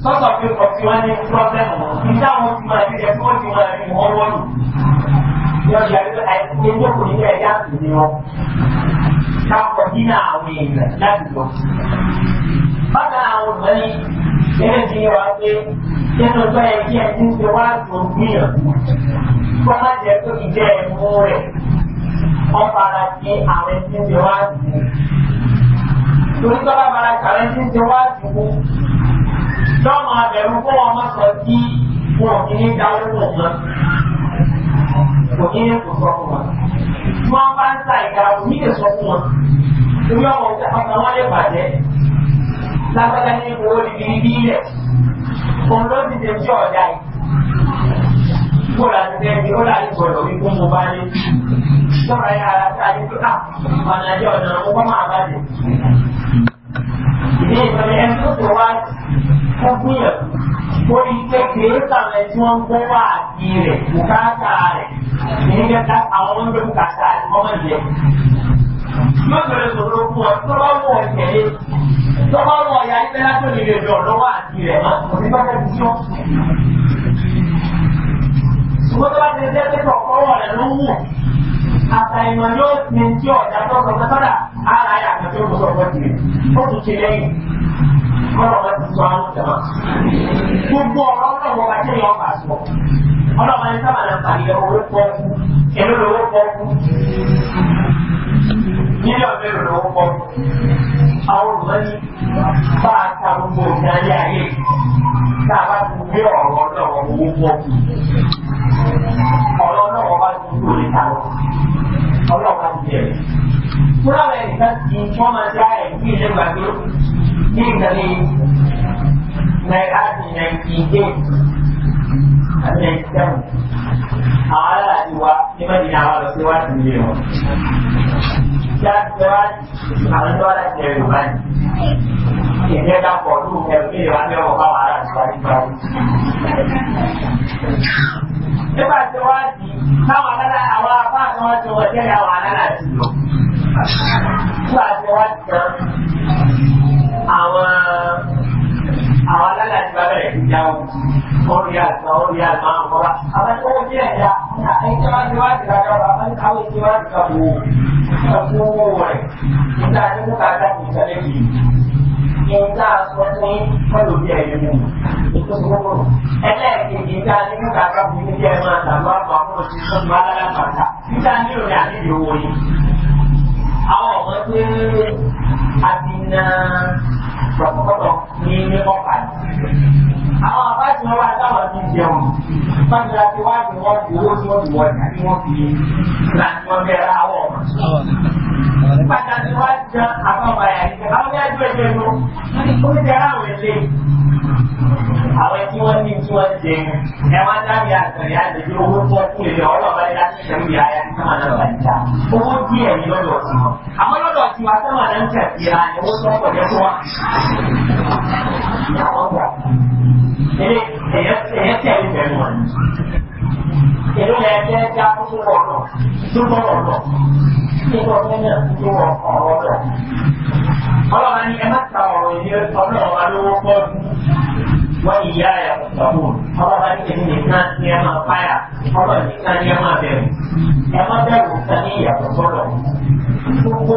sọ́sọ̀ pé kò tí wọ́n ní pírọ́blẹ́mù wọn ní táwọn ti máa rí ẹ̀ tí wọ́n ti máa rí wọn wọ́n lù. yọ ìyàrá pé àìsí ewé kò ní bẹ́ẹ̀ yá sí ni wọn. káàkó dínà àwọn èèyàn láti lọ. bákan àwọn olùmọ̀ ní ẹgbẹ́ ti yẹ wá pé nínú tó yẹ kí ẹ ti ń ṣe wá sùn gbìyànjú. kó má jẹ́ tó fi jẹ́ ẹ̀mú rẹ̀. wọ́n fara sí àwọn ẹni tí ń ṣe wá sùn. torí tọ́lá fara sí àwọn ẹni tí ń ṣe wá sùn dọ́mọ abẹ̀rù kó wọn má sọ sí wọn kì í dáwọ́ pọ̀ mọ́ kò ní ní kò sọ fún wọn. Wọ́n bá ń sa ìka òní lè sọ fún wọn. Orí ọmọ ọ̀sán wọn lè bàjẹ́. Lágbádá ní owó níbi ibi ilẹ̀. Òun ló ti ṣe tí ọ̀dà yìí. Kó láti fẹ́ di ó láti gbọ̀dọ̀ wí fún mo bá ní. Sọ̀rọ̀ yà ara ta ní pé ọ̀nà àjọ ọ̀nà mo bá máa bàjẹ́. Ìdí ìtọ́ni ẹni tó tó wá fún fúnyàn torí pé kìí sàlẹ̀ tí wọ́n ń gbọ́ wà ní rẹ̀ bùkátà rẹ̀ ní kẹta àwọn oúnjẹ bùkátà rẹ̀ mọ́mọ́ ìjẹ. yóò bẹ̀rẹ̀ sọ̀rọ̀ fún ọ tó bá wù ọ tẹ̀lé tó bá wù ọ yà ẹgbẹ́ látò lè lè dọ̀ lọ́wọ́ àti rẹ̀ mọ́ òní bá tẹ̀ sí ọ. ṣùgbọ́n tó bá ti ṣe pé kọ̀ọ̀kọ́ wọ̀ rẹ̀ ló wù àtàìmọ̀ yóò ti ti ọ̀dà tó sọ bọ́lá Gbogbo ọ̀rọ̀ náà wọ́n yọ ọ̀bà sọ. Ọlọ́mọ ní sábà náà pàdé yẹ owó pọ́ọ́kú, ẹ̀rọ lówó pọ́ọ́kú. Mílíọ̀nù mélòó lówó pọ́ọ́kú àwọn mọ́ni bá a ta gbogbo nǹkan ayé tá a bá ti gbé ọ̀rọ̀ náà owó pọ̀ kù. ọ̀rọ̀ náà bá ti kúrò ní ta lọ. ọlọ́run bá ti bẹ̀rẹ̀. fúnra rẹ̀ nìkan ti wọ́n máa dá ẹ̀ ní ilé gbàgbé ní ìgbàlè náírà ti náírà àti àwọn àwọn alálàájú bá bẹ̀rẹ̀ sí jáwọ́ orí àgbà orí àgbà àkọ́wá àwọn tí wọ́n jẹ́ ẹ̀yà ẹ̀yìn wájú wájú wájú àwọn ní káwé tí wájú kan wò ẹ̀kún owó rẹ̀ nígbà tí mo kàá dáàbò ìtọ́lẹ̀ yìí nígbà sọ ní pẹ̀lú bí ẹ̀yẹ mú ìtòsí gbogbo ẹlẹ́ẹ̀kejì nígbà tí mo kàá dáàbò ìtọ́lẹ̀ yẹn máa tàbí àpò àkókò tí ó tún alálàpàtà nígbà nílò ní àlejò owó yìí àwọn ọmọ pé àbínà gbọ́dọ̀ ní ọ̀pá àwọn àbá tí wọ́n wá sáwọn ti jẹun pàtàkì àti wá ní wọ́n ti owó tí wọ́n ti wọ̀ ní àti wọ́n fi láti wọ́n bẹ̀rẹ̀ àwọ̀ pàtàkì wá jẹ àbáwọ̀ àyà ìjẹ àwọn yá jẹ jẹ lọ ó ti jẹ àwọn ilé àwọn tí wọ́n ní tí wọ́n jẹ ẹ wá dábìá àgbẹ̀rẹ̀ àgbẹ̀rẹ̀ owó tí wọ́n kú lè ọlọ́ọ̀bá ní láti ṣẹ̀rù yà á yà ní sọ́mà náà bàjá owó díẹ̀ ní lọ́dọ̀ tiwọn àwọn lọ́dọ̀ tiwọn sọ́mà náà ń tẹ̀síra owó tó pọ̀ jẹ́ fún wa èyẹ ọlọ́run ni ẹ má ta ọ̀rọ̀ yìí ọlọ́run alówó pọ́ọ̀dù wọ́n ìyá ẹ̀ ọ̀pọ̀ ọlọ́ba ní èmi nìkan ní ẹ máa fáyà ọlọ́ nìkan ní ẹ máa bẹ̀rù ẹ má bẹ̀rù nǹkan ní ìyàtọ̀ sọ́lọ̀ gbogbo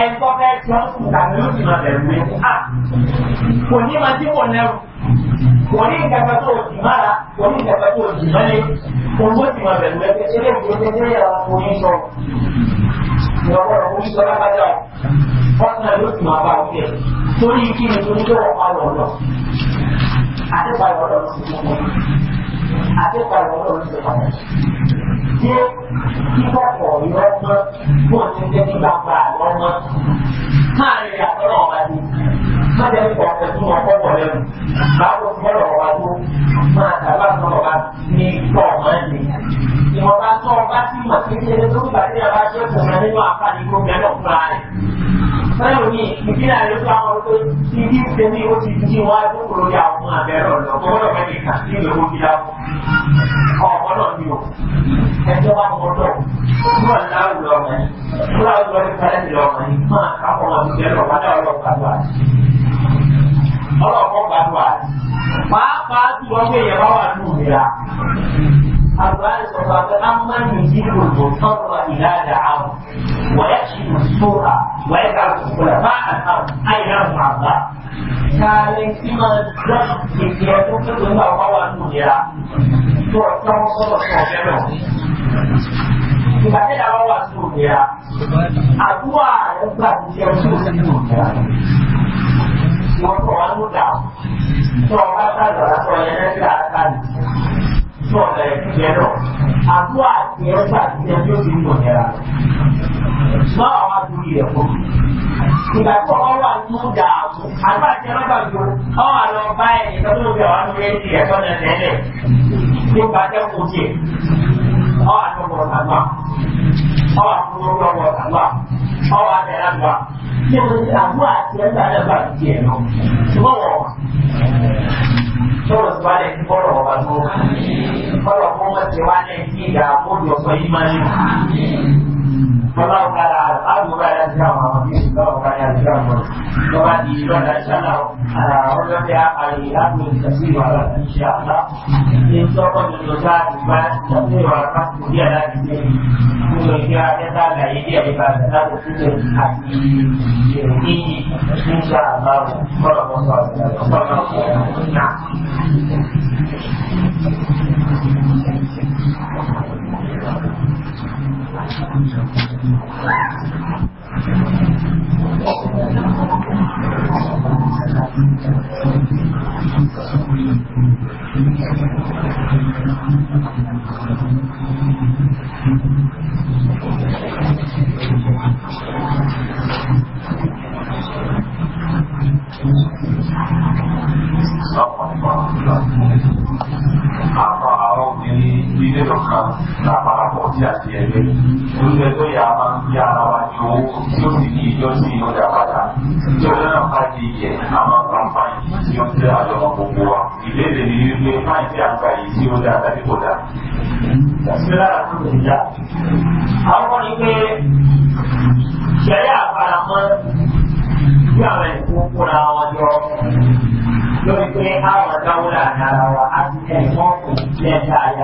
ẹ̀ńtọ́ fẹ́ tí wọ́n kù tàbí ló sì máa bẹ̀rù mi. kò ní ma tí kò nẹ́rù kò ní ìgbàgbọ́ tó òdì mára kò ní ìgbàgbọ́ tó òdì mọ́lé kò ló sì máa bẹ̀rù ẹgbẹ́ ṣẹlẹ̀ ìgbésẹ̀ ṣẹlẹ̀ yàrá kò ní sọ. ìrọ̀pọ̀ rẹ̀ kò ní sọ lápájá ọ̀sán ló sì máa bá a wúlẹ̀ torí kí ni torí tó wọ́n pa lọ lọ. àti pa ìwọ́lọ́ ló ti mú àti pa ìwọ́lọ́ ló ti pàtàkì jẹ́ kíkọ̀kọ̀ lọ́gbọ́n bó ti jẹ́ kí bàbá lọ́gbọ́n máa rìn àtọ́nà ọba dé má jẹ́ nípa ọ̀sẹ̀ tí wọ́n kọ́kọ́ lẹ́nu báwo ti bọ́lọ̀ ọba tó máa dàgbà tó ọba ìjẹ́ lọ́wọ́ náà lọ́wọ́ gbàdúrà. ọlọ́ọ̀kọ́ gbàdúrà pàápàá tí wọ́n gbé yẹn bá wà ní òmìnira. àgbà ìsọ̀rọ̀ àti amáyé yìí gbogbo tọ́lọ̀ ìlà àdá àwọn wọ́yá ṣì ń sóra wọ́yá ká kúkúrẹ̀ bá àtàwọn àyà ń àgbà. Kàlẹ́ sí máa dá ìgbìyànjú tó kéde nígbà wọ́n wà ní òmìnira ìgbà tí ìdáwọ́ wà sí òmìnira àdúrà rẹ̀ gbà ní ṣe sí òmìnira wọ́n tọ̀ wá ló dà tọ̀ wá sálọ̀ látọ̀ yẹn lẹ́gbẹ̀ẹ́ àtàlì tọ̀ lẹ̀ yẹn lọ àdúrà yẹn gbà ní ṣe sí òmìnira ṣùgbọ́n àwọn adúlù yẹn kọ́ ìgbà tí wọ́n wà ní ọjà àbò àgbà tí wọ́n bá gbó ọ̀hún àlọ́ bá ẹ̀ ìtọ́jú òbí àwọn ọmọ yẹn ti ẹ̀kọ́ náà tẹ́lẹ̀ yóò bá jẹ́ kó tiẹ̀ aw a tɔn kɔrɔ tan aw a tɔn kɔrɔ kɔrɔ tan aw a tɛra ba ne ko a ko a tiɲɛ ta ne ba tiɲɛ nɔ tuma wɔɔrɔ sɔrɔ suba de ti kɔrɔ wɔɔrɔ ko kɔrɔ ko ma se wa ne ti ka ko jɔ fɔ i ma ne. والله تعالى اعلم ارجو بعد ان تكرم وفيه الله بعد ان تكرم وبعد بعد ان شاء الله ارجو في عقلي ارجو التسليم على ان شاء الله ان سوق النساء بعد التسليم على قصد هي لا تسليم كل فيها كذا لا يجي عباده لا تسليم حكيم ان شاء الله صلى الله عليه وسلم نعم Thank you. 啥方法？lọ́kàn náà parapọ̀ tí a ti ẹgbẹ́ oúnjẹ tó yà máa ń yá ara wa ní owó tí ó sì ní ìjọ sí ìyọjà padà tí ó náà bá di ìyẹ àwọn pàmpáì tí ó ń tẹ àjọ gbogbo wa ìbéèrè ni wípé máì tí a ń gbà yìí tí ó dáa tàbí kò dáa. ìṣẹ́lá àtúntò ìjà àwọn ni pé ṣẹ̀yà àparamọ́ bí àwọn ẹ̀kọ́ kóra wọn jọ lórí pé àwọn dáwọ́lá àdára wa á ti ẹ̀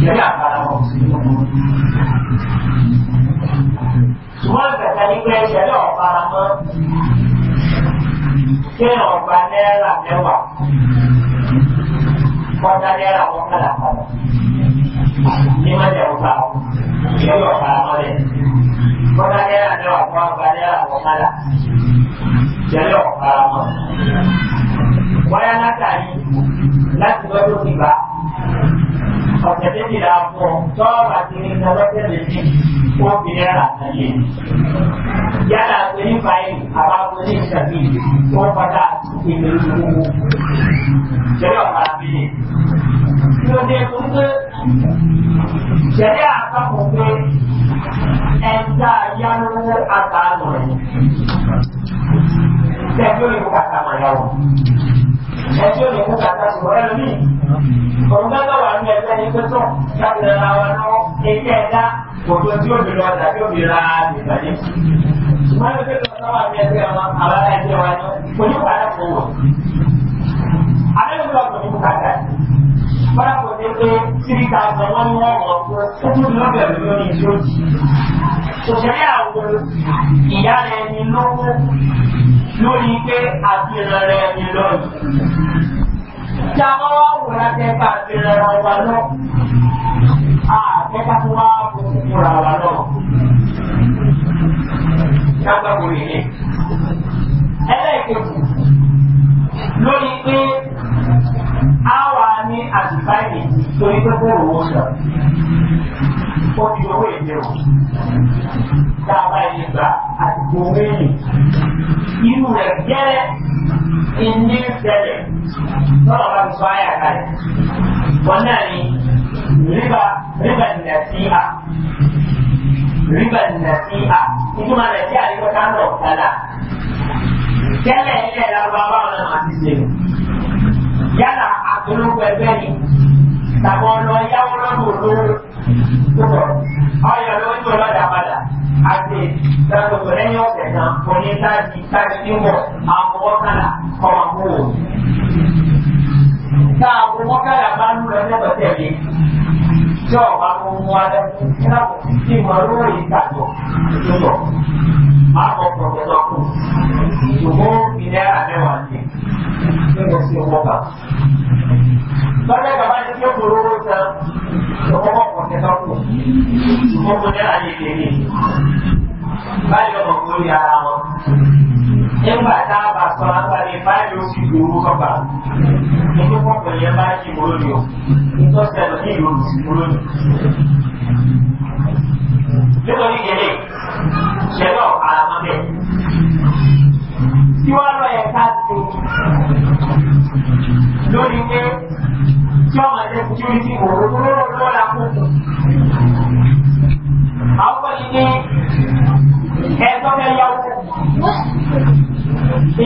ìṣẹ̀lẹ̀ àgbàdo àwọn òṣèlú ọ̀hún. ṣùgbọ́n ìgbẹ̀sẹ̀ ní pé ìṣẹ̀lẹ̀ ọ̀bára mọ́ kí ọ̀gbà náírà mẹ́wàá kọ́dá náírà mọ́kànlá padà ní mọ́jẹ̀ ọ̀gbà ìṣẹ̀lẹ̀ ọ̀bára mọ́lẹ̀ kọ́dá náírà mẹ́wàá kọ́ ọ̀gbà náírà mọ́kànlá ìṣẹ̀lẹ̀ ọ̀bára mọ́. wáyá látàrí láti lọ́dún ìgbà ọ̀sẹ̀ tó ti rà fún tọ́ọ̀bà ti ní lọ́sẹ̀ méjì wọ́n fi rẹ́rà àtàyè. yálà tó ní fàáyì àbáwọ̀ ní ìṣàbí wọ́n padà ìlú ìlú jẹ́rẹ́ ọ̀pá abílẹ̀. kí ló dé tó ń gbé jẹ́rẹ́ àpapọ̀ pé ẹ̀ńtà yánú àtàlọ́ rẹ̀ tẹ̀gbọ́n ìwọ̀n kàtàmọ̀ yàwó ẹjọ́ ní kó kàtà sọ̀rọ̀ ẹ̀mí. Òun gbọ́dọ̀ wà ní ẹgbẹ́ ní pé tán láti rẹ̀ ra wa lọ́wọ́ ẹgbẹ́ ẹ̀dá gbogbo tí òbí lọ tàbí òbí ra ìbàdí. Ṣùgbọ́n ẹgbẹ́ tó sọ wà ní ẹgbẹ́ ọmọ àbára ẹgbẹ́ wa ní onípàdé kò wọ̀. Adé ń lọ bọ́lá kò dé pé tírí ta sọ wọ́n ní wọ́n wọ̀ fún ó tún lọ́ọ́ bẹ̀rù Òṣèré àwọn ìyá rẹ̀ ni lówó lórí pé àfihàn rẹ̀ ni lọ́ọ̀yì. Tí a bá wá wò láti ẹ̀ka àfihàn rẹ̀ wà lọ, àtẹ́ká tó wá fojú fúnra wà lọ. Yàgbàgbọ́ yìí. Ẹlẹ́ẹ̀kejì lórí pé àwọn ní àtìgbà yìí torí pé kó òwò sọ ó di owó èlé o tá a bá yìí gbà àtìgbò méjì inú rẹ gẹ́rẹ́ ìní sẹlẹ̀ lọ́wọ́ bá ti sọ àyà kalẹ̀ wọn náà ni rìbá rìbá nìyà sí a rìbá nìyà sí a ìtumọ̀ rẹ̀ sí àríwá sáńdọ̀ ọ̀tá la tẹ́lẹ̀ ẹ̀ẹ́dẹ́gbẹ̀rún bá wà lọ́nà àti sèlú yálà àtolóko ẹgbẹ́ ni tàbí ọlọ yáwó lọ́dún olówó tó bọ̀ ọyọ lójú ọlọ́dà padà àti ìdàgbàsọ lẹ́yìn ọ̀sẹ̀ kan òní láti láti tí ń bọ̀ àkọ́kọ́ kàlà kọ́mọ kú wò. tá àkọ́kọ́ kàlà bá lù ẹ́ lẹ́gbẹ̀ẹ́ tẹ̀lé tí ọba tó mú wa dẹ́kun kí lápò tí kí n mọ lórí ìgbàgbọ́ tó lọ. Má bọ̀ pọ̀tẹ́tọ̀ kù. Ṣùgbọ́n ilé àmẹ́wàá ni ṣé mo ṣe wọ́n kà. Lọ́jọ́ bàbá ni kí ó kó lówó san ọkọ̀ pọ̀tẹ́tọ̀ kù. Ṣùgbọ́n mo ní àyè ìlérí. Báyọ̀ mọ̀ kó yára wọn nígbà tá a bá sọ agbára báyìí ó sì dúró kọ́ba nínú pọ̀pọ̀ yẹn bá yí mo lónìí o nítorí sẹ́lẹ̀ ní ìlú òsì mo lónìí. nítorí gèlè ṣẹlẹ̀ àmọ́ bẹ́ẹ̀ tí wọ́n lọ yẹ ká ti lórí pé tí wọ́n máa jẹ́ security òwò tó lọ́wọ́ lọ́wọ́ la kó. àwọn kan ẹ̀tọ́ fẹ́ yáwó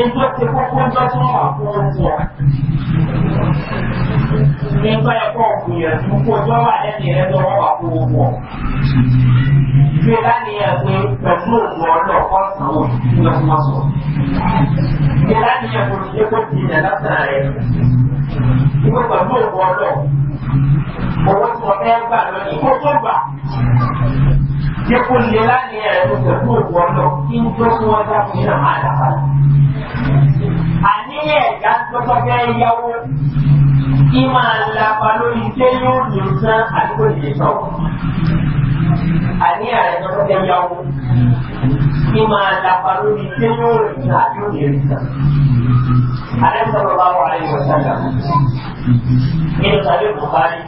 ìjọ ti kókó ń tọ́jú wọn wà fún ọjọ́ nígbà ẹ̀kọ́ ògbìyànjú kó ọjọ́ wà lẹ́nu rẹ̀ lọ́wọ́ wà fún owó gbé lánìyàn pé pẹ̀lú òògùn ọlọ́ ọ̀sán òògùn nígbà tí wọ́n sọ gbé lánìyàn pé epo ti ìjà lásán rẹ̀ ìwé pẹ̀lú òògùn ọlọ́ owó tí wọ́n fẹ́ gbà lọ́nà ìkó tó gbà jẹ́ kó lè láti ẹ̀rẹ́ tó tẹ̀ fún òkú ọ̀nà kí n tó fún ọjà fún yín máa dà padà. àníyàn ẹ̀dá tọ́tọ́ fẹ́ yáwó kí máa lapa lórí ṣé yóò ní sán àdúgbò lè sọ. àníyàn rẹ̀ tọ́tọ́ fẹ́ yáwó kí máa lapa lórí ṣé yóò ní sán àdúgbò lè sàn. alẹ́ sọ̀rọ̀ bá wà lẹ́yìn ọ̀sán gà. nínú sàlẹ̀ bùkárí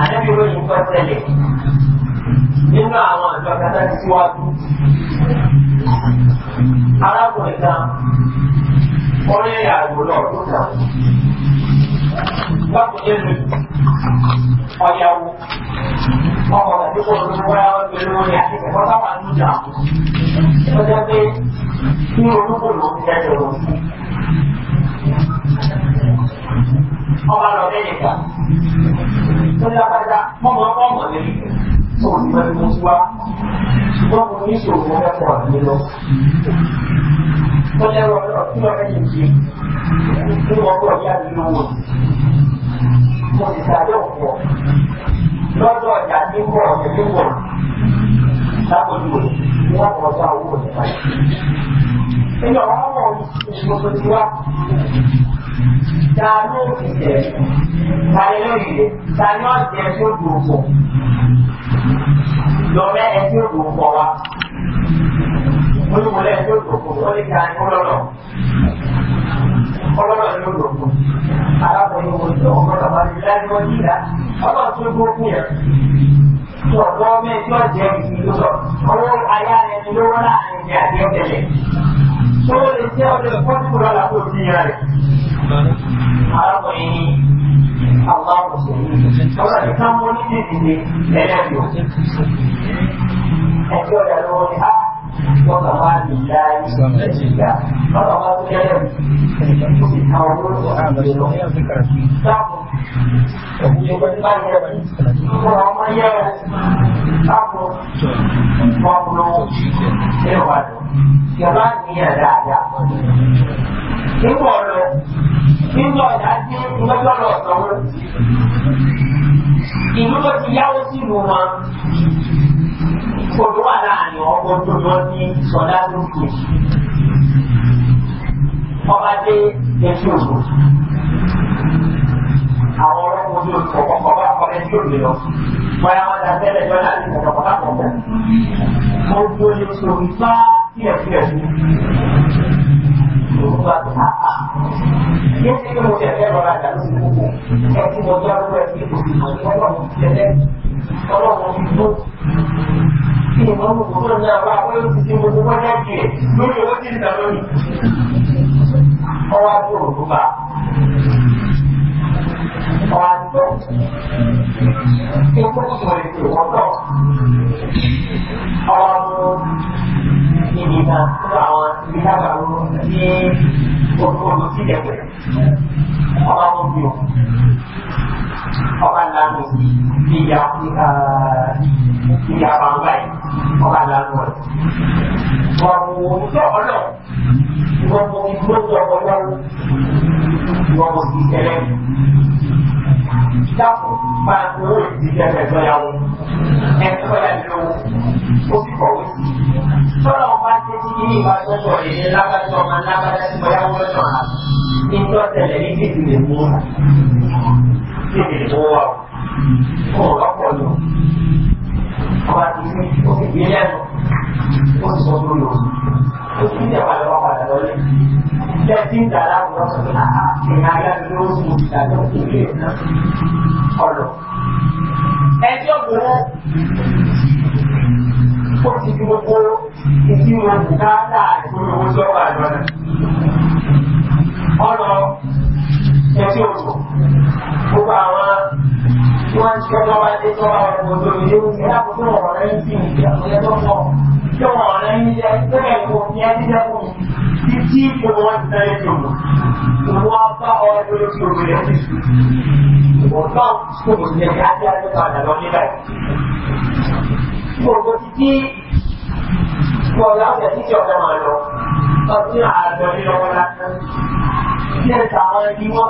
alẹ́ bí wọ́n yìí tọ́ nínú àwọn àjọ akátá ti síwájú. arákùnrin kan ọrẹ ìyàwó lọ tó ta bákùnrin mi ọyàwó ọkọ tàbí kò ló wá pẹ̀lú orin akẹ́kọ̀ọ́ táwọn àlùjá ó jẹ́ pé ní olúkò ló ń tẹ́lẹ̀ lọ ọba lọ bẹ́ẹ̀ nìkan tó lápájá mọ́mọ́ mọ́mọ́ lẹ́yìn. 送你们东西吧，如不我退休，我还要送你们。我今天我这个主要的业绩，比我做任务多，做一下任务，我做业务多，业务做，三个业务，两个做五块钱。nínú àwọn ọmọ òṣìṣẹ́ tó ti wá ta ló ti tẹ̀ ta ni ló yẹ ta ni ọ̀sẹ̀ ẹ̀ tó dùn pọ̀ lọ́rẹ́ ẹ̀ tó dùn pọ̀ wa olùmọ̀lẹ́ ẹ̀ tó dùn pọ̀ wọ́n lè ta ni ó lọ́rọ̀ ọlọ́rọ̀ ni ó dùn pọ̀ arákùnrin wo ni ọgbọ́dọ̀ wá ní láti wọ́n yíra ọlọ́run tó gbó fún yẹn tó ọ̀dọ́ mẹ́jọ jẹ́ ìdílé lọ́wọ́ ayá rẹ̀ ni lówó láàrin ìgbà àti ọ̀tẹ̀lẹ̀ sóòlè tí ọdẹ fọ́nùkù lọ́la kò sí ìyá rẹ̀. arákùnrin àwọn mùsùlùmí ọ̀rọ̀ nìkan mọ́ ní ìdíje ẹ̀ẹ́dẹ́gbẹ̀ọ́ ẹ̀jọ́ ìyàlọ́wọ́ ni á ว่าสามารถดีได้ไม่ดีอ่ะเพราะเราว่าแค่ผู้สิทธิ์เขารู้ตัวเองตรงนี้ต้องผมอยู่บนบ้านเลยพวกเราไม่แย่ต้องมองลงเรียกว่าเกี่ยวกับนี้อะไรอย่างนี้ถึงบอกเลยถึงบอกนะที่ไม่ต้องรอสองอีกเมื่อที่ยาวที่รู้มา ipò tó wà láàrin ọkọ̀ tó lọ ní sọ̀dá lókè ọba dé etí òkú àwọn ọlọ́pàá ojú òkú ọkọ̀ bá kọ́ ẹ tí òkè lọ wọ́n yà wọ́n dà jọ láti ọ̀dọ̀ kọ́lá kọ̀ọ̀kan mo dúró lè sòrí bá díẹ̀ díẹ̀ sí òkú àti àpá yóò ṣe pé mo tẹ̀lé ọ̀rọ̀ àjà lóṣù kókó ẹ̀ tí mo jẹ́ ọ̀rọ̀ ẹ̀ tí kò sì mọ̀ ní ọ̀rọ̀ mi tẹ̀lé ọlọ́wọ́ ọwọ́ àti òòlù bá ọwọ́ àti tó kí n kó ọwọ́ àti ní ibi kan nínú àwọn ibi lágbàrú ní olùkóòlù sí ìdẹ̀pẹ̀ ọba tó bí o ọba lánà ní ìyá ìyá bàbá yìí ọba lánà rẹ̀ wọ́n mú oníṣẹ́ ọ̀nà wọ́n mú ìdúró ní ọkọ̀ lọ́wọ́ wọ́n mú sí ìṣẹ̀lẹ̀ dákun máa ń owó ìdíje ẹgbẹ̀jọ́ yàwó ẹ̀ ń tọ́jà ìlú ó sì kọ̀wé sí i bá dé sí kí ní ìbáṣọ́ṣọ́ ìdílé lágbájọ́ máa lágbájá sí bóyá wọ́n lọ́sọ̀ á ní tó tẹ̀lé ní títì lè mú wa títì lè mú wa o kò lọ́pọ̀ lò ọba ti fi òfin yé lẹ́nu ó sì sọ fún lò ó sì tẹ̀ wá lọ́wọ́ padà lọ́lé tẹ́tí ń dàrá àbúrò sọ pé àá ìyá ayá mi ló ń mú ìdájọ́ ìgbé náà ọ̀lọ́ ẹjọ́ bùrọ̀ ó ti fi gbogbo ìdí wọn bùkátà àti owó tí ó wà lọ́nà. ọ̀nà etí òjò gbogbo àwọn tí wọ́n ti kẹ́kọ̀ọ́ bá dé tọ́ba ọ̀rọ̀ òjò ìdí òjò ìdí àkókò ọ̀rọ̀ rẹ̀ ń fi ìyàwó tó pọ̀ tí ọ̀rọ̀ rẹ̀ jẹ́ bẹ́ẹ̀ kò ní ẹni dẹ́kun títí ìfowó wọn ti sáré ti òjò. Wọ́n bá ọ̀rọ̀ lórí òjò rẹ̀ ti sùn. Ìwọ̀n náà kò ní ẹ̀ka gbogbo títí wọ́n láti ẹ̀ títí ọ̀dọ́ máa lọ ọdún àádọ́rin lọ́wọ́ lásán díẹ̀ táwọn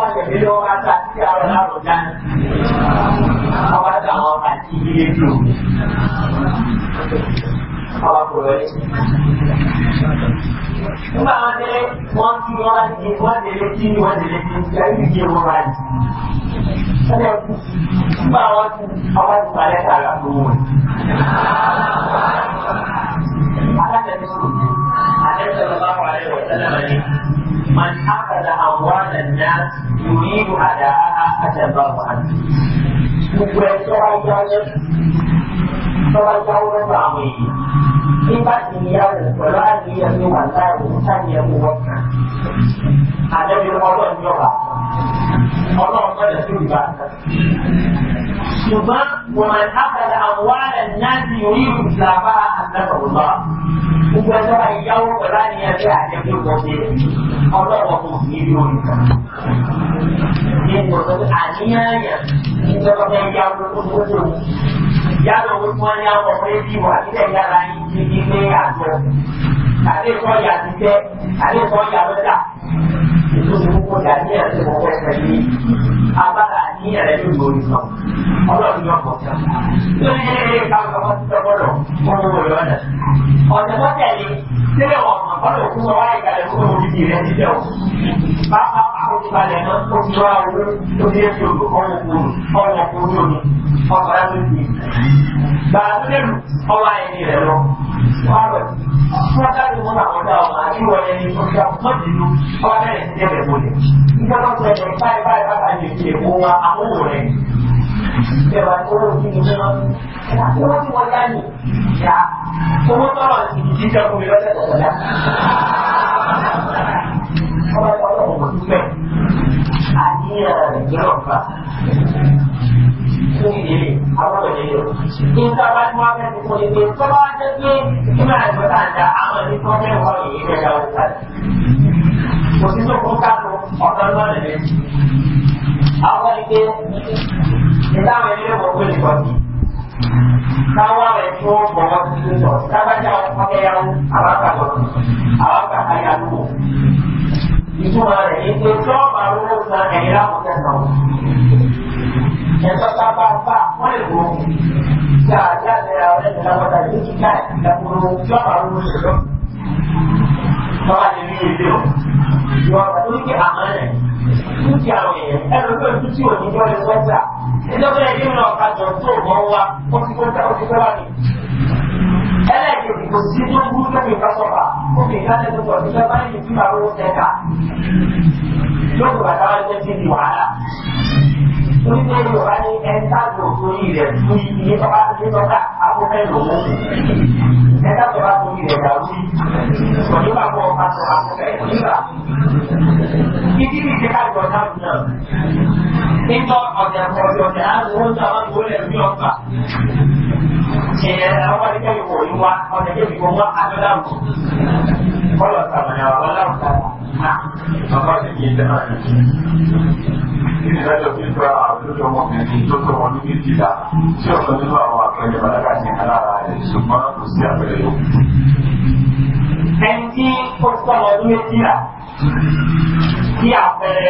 من أخذ أموال الناس يريد أداءها أتى الله عنه tọ́ba jáwó lọ́dọ̀ àwọn èèyàn bí bá ti níyàwó pẹ̀lú àníyàn ní wà láì wò sáyẹn wò wọ́n kan àdẹ́bí ọlọ́run ní ọ̀rọ̀ ọlọ́run gbọ́dọ̀ sí ìgbà kan. ṣùgbọ́n wọ́n máa ń hákàlà àwọn àrẹ̀ náà ti rí ìlàbá àtàkọ̀lọ́ gbogbo ẹjọ́ bá yáwó pẹ̀lú àníyàn bí àdẹ́bí ọ̀gbẹ́ ọlọ́run kò sí ní orí kan. ní ìgbọ̀nsẹ̀ àníyàn yẹn ìjọba fẹ́ yáwó lóṣooṣù yálò wípé wọ́n ní akọ̀pọ̀ ẹbí wà nílẹ̀ yára yìí ti ní ilé àgbọ̀ àbí sọ́ọ̀yà títẹ́ àbí sọ́ọ̀yà lọ́jà ìtòsí púpọ̀ yà ní ẹ̀rọ ìwọ̀n pẹ̀lú ní abala ní ẹ̀rọ ìlú ìsọ̀ ọlọ́run ní ọkọ̀ sí ọ̀la. lórí ẹ̀rẹ́ ìkàwé ọkọ̀ títọ́ bọ́lọ̀ wọ́n mú wọlé ọ̀nà. ọ̀sẹ̀ tó tẹ̀lé sílẹ̀ ọ̀mà bọ́lọ̀ òkú wọn wáyé kalẹ̀ fún òun níbi rẹ̀ sílẹ̀ o. bàbá àwọn ìbalẹ̀ náà ó ti wá owó tó ní ètò ọ̀nà kúrò ọ̀nà kúrò láti mú àwọn ọ̀dọ́ àwọn àdúgbò ẹni tó ṣe àpọ́jìlú ọ̀dọ́ ẹ̀ ti dẹ̀bẹ̀ wọlé. ìjọba sọ ẹ̀jẹ̀ báyìí báyìí bàbá mi fi èkó wa àwọn òwò rẹ̀. ìjọba tó ló kí ni náà kí wọ́n ti wọ́n dání yá owó tọrọ ti di jíjẹ fún mi lọ́sẹ̀ tọ̀tọ̀dá. ọba ìpàdé ọ̀pọ̀ fún ìdílé àwọn òdìlé nígbà bá tí wọn fẹẹ fi fún ìdílé tó bá jẹ pé nígbà tí wọn kàn dá àwọn ẹni tó fẹẹ wọ èyí rẹ dá òkú àti kò sí tó fún káàkó ọ̀dọ́ lọ́rẹ̀ rẹ àwọn ìgbé ìdáwọn ẹni lè wọ pé lè bọ́sí táwọn rẹ̀ tó bọ̀wọ́ sí lè sọ tábàjá ọkẹ́yàwó àwọn àgbàdo àwọn àgbàdo ayàlúwò ìtumọ̀ rẹ̀ ní pé tọ́ọ̀bù àwọn olóògùn ẹ̀yìn láwọn kẹsàn-án ẹ̀sọ́ sábà bá wọ́n lè wọ́n gbà jáde àwọn ẹ̀yìn lápáta ní kíkà ìdàkúrò yọ̀ọ̀bà ló ń sọ̀rọ̀ lọ́wọ́ àti ní ìlú yọ̀ọ̀bà tó ní kí àmọ́ rẹ̀ dúkì àwọn èèyàn ẹ̀rọ pé ojú tí òní jọ lè wẹ́jà nítorí ẹ̀yìn náà kájọ tó mọ́ wa ó ti kó tẹ́wọ́ ti tẹ́wọ́ ni. ẹlẹ́ẹ̀kejì kò sí tó burú lórí ìfọsọ́fà ó fi ìdájọ́ tó tọ̀ nígbà bá yìí tí màá lówó sẹ́ka lókùnrin àtàwọn ẹgbẹ́ ti di wàhálà nígbà yóò wá ní ẹ̀ńtà tó torí rẹ̀ tú iye tọ́ka iye tọ́ka afẹ́fẹ́ lòún ẹ̀ńtà tó bá torí rẹ̀ dàrú òní bá bọ̀ ọba tó afẹ́fẹ́ nígbà. Ibi mi ti ká jọ náà náà. Nígbà ọ̀dẹ̀ ọ̀dẹ̀ ọ̀dẹ̀ á lówó tí a máa ń gbólẹ̀ ní tiɲɛ aw ka kɛ o ye wa aw ka kɛ bi ko wa a bɛ da ko fɔlɔ samaya wala ka na a ba de ye dama ye ni yɛrɛ dɔ bi fɛ a bɛ dɔ mɔ mɛ ni dɔ tɔ mɔ ni bi ti la si o fɛn b'a wa fɛn de bala ka ɲɛ ala la yɛrɛ suma o si a bɛrɛ ye. ɛn ti ko sɔrɔ ni bi ti la tí àpẹẹrẹ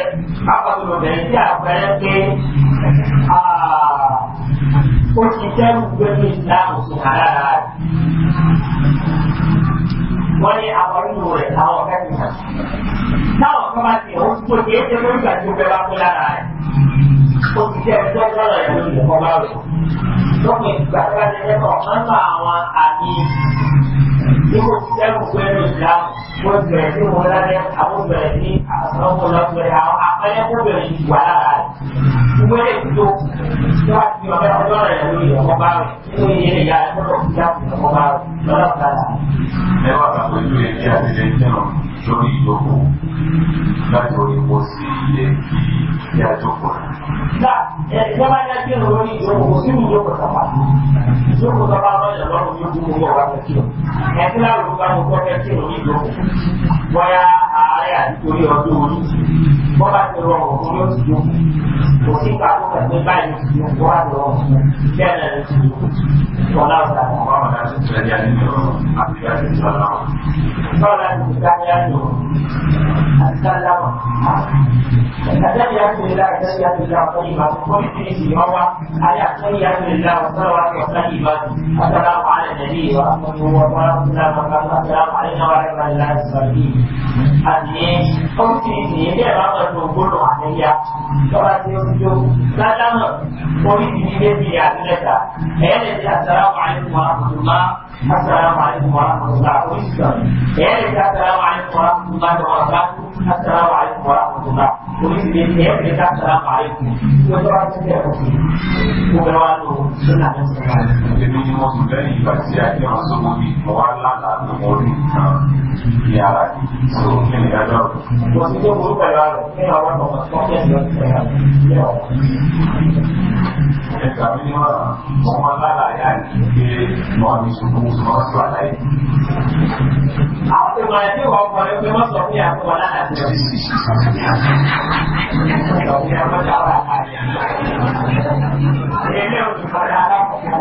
apàtúmọ̀tẹ̀ tí àpẹẹrẹ pé ó ti dẹ́rù gbẹ́gbẹ́ ìsìláàmù sí àdára rẹ̀. wọ́n ní àwọn inú rẹ̀ táwọn ọ̀fẹ́ ti hàn. táwọn ọ̀fẹ́ bá ti hàn ó ti kó tiẹ̀ ṣe lórí ìgbàjú bẹ́ẹ̀ bá kó lára rẹ̀. ó ti dẹ́rù gbẹ́gbẹ́ lọ́rọ̀ ẹ̀ lórí ìkọ́gbá rẹ̀. lópin ìgbà tí wọ́n ti dẹ́kọ̀ yóò dẹ́rù pẹ̀lú ìlà wọ́n bẹ̀rẹ̀ sí wọn lálẹ́ àwọn bẹ̀rẹ̀ sí àwọn ọlọ́pẹ̀rẹ̀ àwọn apẹ́lẹ́ kó bẹ̀rẹ̀ sí wà lára rẹ̀. Gbogbo ẹ̀ tó tó a ti ọ̀bẹ ọjọ́ rẹ̀ lórí ọmọ bá rẹ̀ nínú iye ìyá ẹ̀ gbọ́dọ̀ fi dá ọmọ bá rẹ̀ lọ́dọ̀ kàdà. Ẹ wá pàtó ìlú yẹn kí àtẹlẹ jẹun lórí ìdókòwò láti orí mo sì yẹ kí ìyá jókòó. Gbà ẹ̀ ìjọba yá kí ẹ̀rọ lórí ìdókòwò sí ìdókòwò sọ̀pá. Ìdókòwò sọ̀pá lọ́yẹ̀ lọ́rùn yóò kú láwùjọ bá wọn kọ́ fẹ́ kí òní lọ bọ́yá ààrẹ àdìtorí ọdún orí wọ́n bá ti rọrùn fún yóò ti jó kò sí ipa tó kàn pé báyìí ti jó wọ́n á rọrùn fún bẹ́ẹ̀ náà ló ti jó wọn láwùjọ àwọn ọmọ wọn láti tẹ̀lé ní àdìyẹ àbíyá ti sọ náà. báwo la ti dá ní àjò àti sáńdà ọ̀sán makaranta da a yi na wani ran lantarki a ne kwamfani ne ya ba ga dogoro a da ya gaba ta yi fito na damar kwamfani ne ne ya fi daga a yana da assalamu alaikum wa rahmatullah assalamu alaikum wa rahmatullah wa islam a yana da assalamu alaikum wa rahmatullah wa barakatuh assalamu alaikum wa rahmatullah wa islam a yana da assalamu alaikum wa rahmatullah wa barakatuh suna nan suna da àlàbò orí kan kí ara so kí ni dájọ́. Wọ́n ti tó burú pẹ̀lú àrùn ní àwọn ọmọ tó ń tẹ̀lé ọ̀sẹ̀ àti ọ̀hún. Ẹ̀ka mi wà ọmọ lára ìyá yìí pé wọ́n mi ṣubú wọ́n sọ àlàyé. Àwọn ìmọ̀ràn tí wọ́n kọ́ ẹ pé wọ́n sọ fún ìyàwó wọn lára àti ọ̀sẹ̀. Ẹ̀mí ọ̀dùnkọ̀dá alákọ̀ọ́kọ́.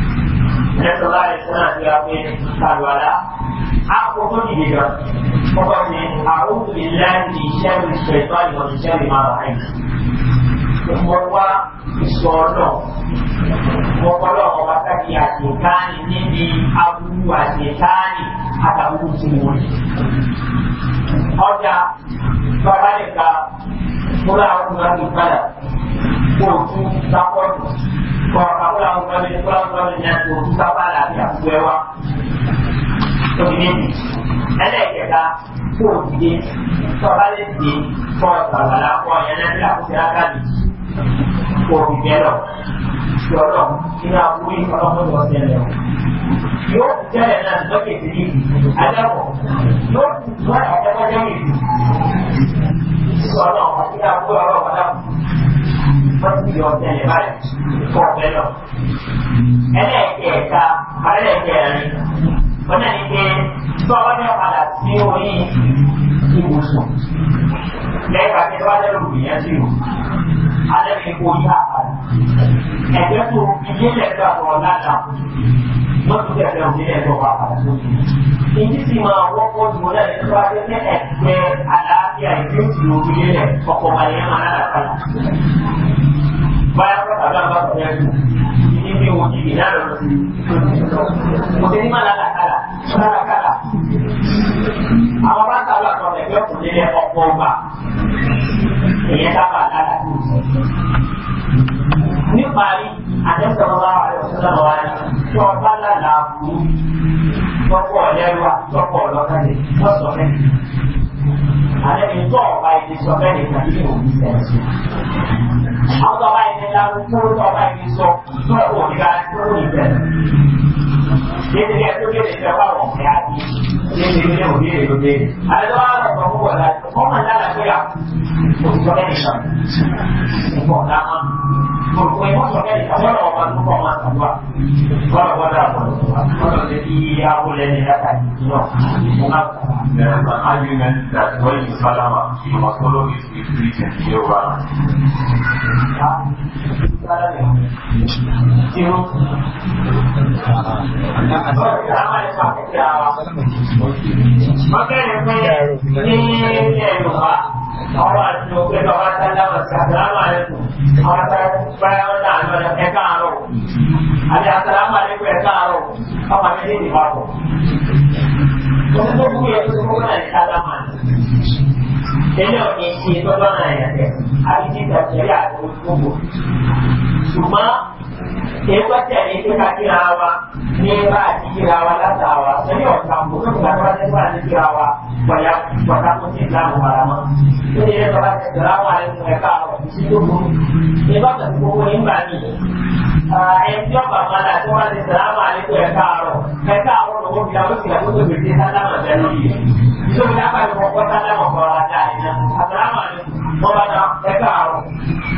lẹ́sọ̀lá ìṣúná ti ra pé àlùwàlá àkókò dìde gan. Ọkọ̀ ni àwọn òbí láti iṣẹ́ ìṣẹ́ ìtọ́ ìmọ̀ ìṣẹ́ ìmọ̀ àbáyé. Mo wá ìṣọ̀ náà. Mo kọ́lọ́ ọba sábì àṣekáni níbi aburú àṣekáni àtàwọn ohun tí mo rí. Ọjà bàbá nìkan mura kuma ni fara ko tu ta ko ko ka mura kuma ni fara kuma ni ya ko tu ta fara ya kuwa to ni ele ke ga ko ti ko ba le ti ko ta bala òòrùn yẹn lọ sí ọlọ́run nínú àbúrò yìí ọlọ́run lọ sí ẹlẹ́wọ̀n. yóò kú jẹ́lẹ̀ náà lọ́kẹ̀ sí ní adẹ́wọ̀n yóò kú wá àdẹ́wọ́jẹ́ mi sí ọlọ́run àti àbúrò ọlọ́run ọlọ́run wọ́n ti yọ ọ̀tẹ̀lẹ̀ báyìí fún ọ̀bẹ lọ. ẹlẹ́ẹ̀kẹ̀ẹ́ta alẹ́ẹ̀kẹ̀ẹ́rin ọ̀nà ni pé tọ́wọ́ ní ọ̀padà sí orí sí ìwòsàn lẹ́yìn àti ẹwà lẹ́rù ìyẹn sí ìwòsàn alẹ́ fi kó yá àpàdé ẹ̀jẹ̀ tó ilé lẹ́gbẹ̀ẹ́ àtọ̀rọ̀ láta wọ́n tún tẹ̀lé òní ẹ̀jọ̀ wà pàdé sókè ìdí sì máa wọ́pọ̀ jù wọ́n lẹ́yìn tó wá dé ní ẹ̀gbẹ́ àlàáfíà ìdí òsì òkú lélẹ̀ ọkọ̀ wà ní ẹ̀mọ́ bayan àdẹ́sọ̀rọ̀ àdẹ́sọ̀rọ̀ wa tí wọ́n bá lànà àbúrú lọ́pọ̀ lẹ́rù àtọ́pọ̀ lọ́kàlẹ̀ wọ́n sọ fẹ́. Àlẹ́ mi tọ́ ọ̀pá ibi sọ fẹ́ nìkan tí mo fi sẹ̀ sí. Àwọn ọba ẹni lánàá kúrò tó ọba ibi sọ tó ẹ̀wọ̀n nígbà tó ní ìfẹ́. Yéèdè kẹ́ tó béèrè fẹ́ wà wọ̀ fẹ́ àbí. Yéèdè kẹ́ ò béèrè ló béèrè. Àlẹ́ tó wà lọ sọ fún wọ̀lá ọmọ ìdára pé à kò sọ fẹ́ nìkan. Ìfọ̀ ọ̀dà mọ́. Kò ọ̀rọ̀ ọ̀kan tó kọ̀ máa sàdúrà bọ́lá bọ́lá ọ̀rọ̀ lè fi aago lẹ́nu látàrí ìjọ mo máa sàdúrà. There is an argument that when you salama, you must follow his spirit and the yoga. Mọ̀kẹ́rẹ̀ pé ní ilé Yorùbá àwọn àti ọgbẹ́ bàbá sálámà sàlámà lẹ́kùn àwọn àtàkùnfẹ́ ọ̀dà àlọ́dà ẹ̀ka àárọ̀ àti àsàlámà lẹ́kùn ẹ̀ka àárọ̀ ọmọ àmì ní ìbáfọ̀. Wọ́n tó kú yẹ kó tó náà sálámà ní. Ẹlẹ́ ọ̀nà ìṣe tọ́jọ́ náà yàtẹ̀ àbí ti tàbí àti gbogbo. Ṣùgbọ́n èèwọ̀ tẹ̀ ní pé ká kíra wa ní bá àti kíra wa látàwa. Sọ baya bata ko ce la ko mara ma to ne ba ka dara ma ne ko ka shi to ko ne ba ka ko ko in ba ni a en jo ba ma da ko ma dara ma ne ko ka ro ka ka ro ko bi da ko sila ko bi ta da ma da ni to da ba ko ko ta da ma ko ra da ni na dara yang ne Kau ba da ka ka ro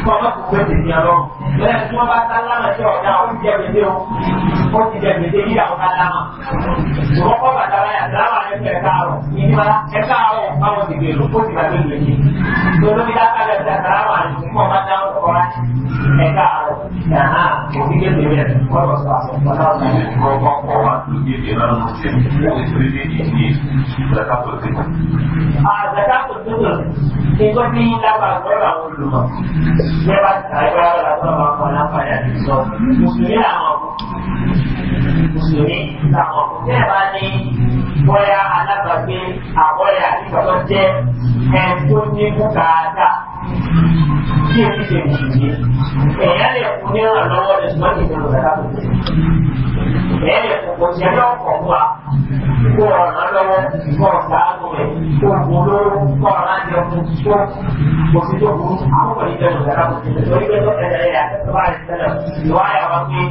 ko ma ko ko ti ya ro ne ko ba ta la ma ko da o ti ya be o o ti ya be ni ẹ káàárọ̀ báwọn ti gbèrú kó ti gbàgbé gbèjì lórí lápẹ̀lẹ̀ ìdàgbàrà wà ní mọ̀ bá dáhùn ọ̀rọ̀ láti ẹ káàárọ̀ nàá òbí gbèjì rẹ̀ wọ́n sọ àṣẹ̀kọ́ náà ní ọgbọ́n kọ́ wa ní gbèjì náà lọ sí ìwé ìdí ìdàkàtọ̀tì. àdàkàtọ̀tì ẹgbẹ́ ní lágbàá lọ́rọ̀ àwọn olùmọ̀ lẹ́bà tàìwá lọ́rọ̀ àwọn aláǹfààní àti ìsọ mùsùlùmí làwọn mùsùlùmí làwọn tẹ́ẹ̀ bá ní bọ́yá alábàágbé à àkọọ́lẹ̀ àti ìgbàgbọ́ jẹ́ ẹ̀ tó ní bùkátà tí èyí ṣe mùsùlùmí èèyàn lè fún ní ìrànlọ́wọ́ rẹ̀ ṣùgbọ́n kì í ṣe lọ́sàkà tó kù èèyàn lè fún kò sí ẹjọ́ ọkọ̀ fún wa kó ọ̀ràn lọ́wọ́ kó ọ̀sàánù rẹ̀ kó gbóló kó ọ̀ràn jẹ fún kó kò sí tó kù àwọn kò ní bẹ̀rù lọ́sàkà tó kù torí pé lọ́sẹ̀ rẹ̀ àtẹ́sọ́wá rẹ̀ sẹ́lẹ̀ ìwáyà wa pé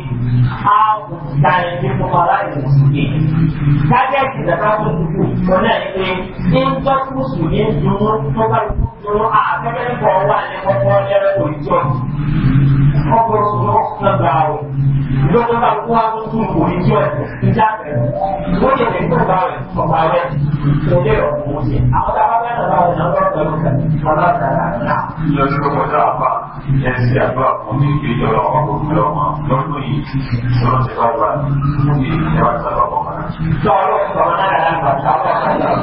a kò sí ta ẹni fún ọlá ìwòsàn ní bá kúrò sùn ní ẹ̀sìn tó bá kú so àtẹ́kẹ́ bọ̀ wà ní ọkọ̀ ọjọ́ ìjọ ọkọ̀ òṣùwọ̀n ọ̀gbà rẹ̀ lọ́jọ́ bá kó wá tó tún kò ìjọ ìjà rẹ̀ wọ́n yẹ̀ lẹ́yìn ọ̀gbà rẹ̀ ọ̀gbà rẹ̀ tó lé ọ̀gbọ̀n ṣe àwọn tá a bá bẹ́ẹ̀ lọ́gbà rẹ̀ lọ́gbà rẹ̀ lọ́gbà rẹ̀ náà. lọ́jọ́ kọjá àbá ẹ̀sìn àbá fún mi pé ìjọba ọkọ̀ òkúlẹ̀ ọmọ lọ́dún yìí lọ́dún ti bá wà fún mi ìjọba ìjọba ọkọ̀ náà. lọ́wọ́ lọ́wọ́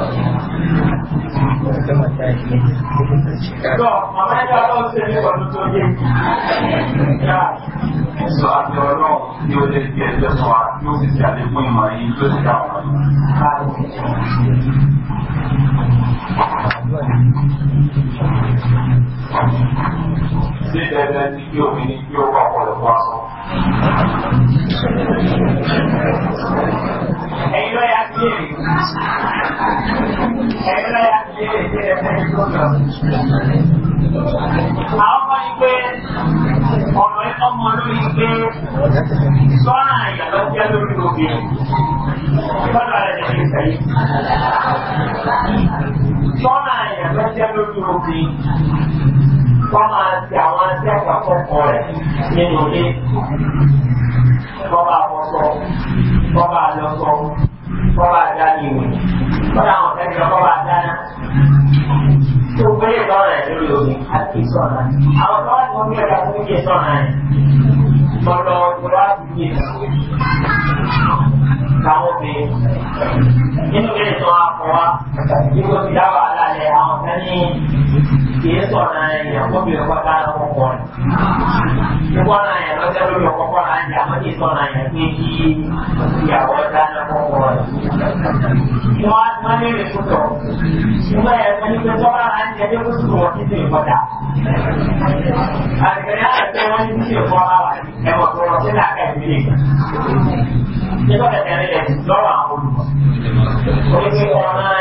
sọ̀rọ̀ náà No, ma me la cosa consiglio quando sono in Sono io del chiesto, sono ah, non si sta di cui mai in due scavano. Se deve di più, mi di più, poco lo posso. E io è a chiedi. E io è a chiedi, che è il contrasto. àwọn kan ní pé ọ̀rọ̀ ẹ̀ ọmọ lórí pé sọ́nà ìyàlọ́ jẹ́ lórí obìnrin sọ́nà rẹ̀ ti sẹ́yìn sọ́nà ìyàlọ́ jẹ́ lórí obìnrin wọ́n máa ti àwọn akẹ́kọ̀ọ́ àkọ́kọ́ rẹ̀ nínú ilé bọ́bá àkọ́sọ bọ́bá àlọ́sọ bọ́bá àdáni ìwé kọ́lá àwọn ọ̀fẹ́ ìjọba wa dáná. Tó gbélé ìtọ́nà rẹ̀ lórí omi àti ìsọ̀nà. Àwọn ọ̀dọ́ wa ti wọ́n gbé ẹ̀ka fún ìdí ìsọ̀nà Mọ̀lọ́ ìgbọ́dọ̀ á ti di èsì. Káwọn fi nínú ilé ìtọ́ àkọ́wá, ìgbòsí dáwà alálẹ̀ àwọn ọ̀fẹ́ ní kìí sọ̀rọ̀ ẹ̀yàn kọ́bìnrin kọ́ta lọ́kọ̀ọ́kọ́ rẹ̀. Ìkọ́nà ẹ̀yàn lọ́jọ́ lórí ọkọ̀ọ́kọ́ rẹ̀ ajá wọ́n ti sọ̀rọ̀ ẹ̀yàn pé kí ìyàwó ọjà lọ́kọ̀ọ́kọ́ rẹ̀. Wọ́n á ti máa ń lè sọ̀tọ̀. Ìgbà yẹn wọ́n ní pé sọ́kà rẹ̀ ajá yẹ kó sùn wọ́n títí ìkọ́ta. Àgbẹ̀rẹ̀ àgbẹ̀ wọ́n ní títí ìkọ́ ẹ̀wọ̀ tó rọ̀ sí làákà ìbílẹ̀. Ìjọba ẹ̀rẹ̀ lọ́rọ̀ àwọn olùkọ́. Oníṣẹ́ ọ̀nà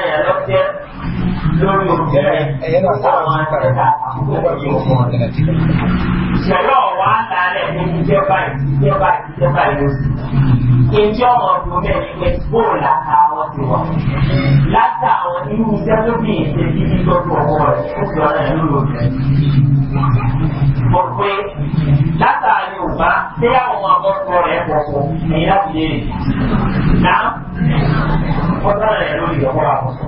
lórí obìnrin ẹ̀yẹ́ náà sábà máa ń kàrẹ̀ kó wà yóò fún ọ̀rẹ́ àti ìlú. Ìṣẹ̀lẹ̀ ọ̀wá lálẹ́ ní ìjẹ́ báyìí, ìjẹ́ báyìí, ìjẹ́ báyìí ló sì. Ìjẹ́ ọmọ ọdún mẹ́rin pé bóò láta àwọn ti wà. Láta àwọn irú iṣẹ́ tó bí ìṣe bí bí tọ́jú ọwọ́ rẹ̀ ó fi ọ̀rẹ́ ìlú obìnrin. Mo pe láta Yorùbá tí àwọn akọ́kọ́ rẹ̀ pọ̀pọ̀ ní láti lè rìn. Náà, ọ̀dọ́ rẹ̀ lórí ọ̀pọ̀ àkọ́kọ́.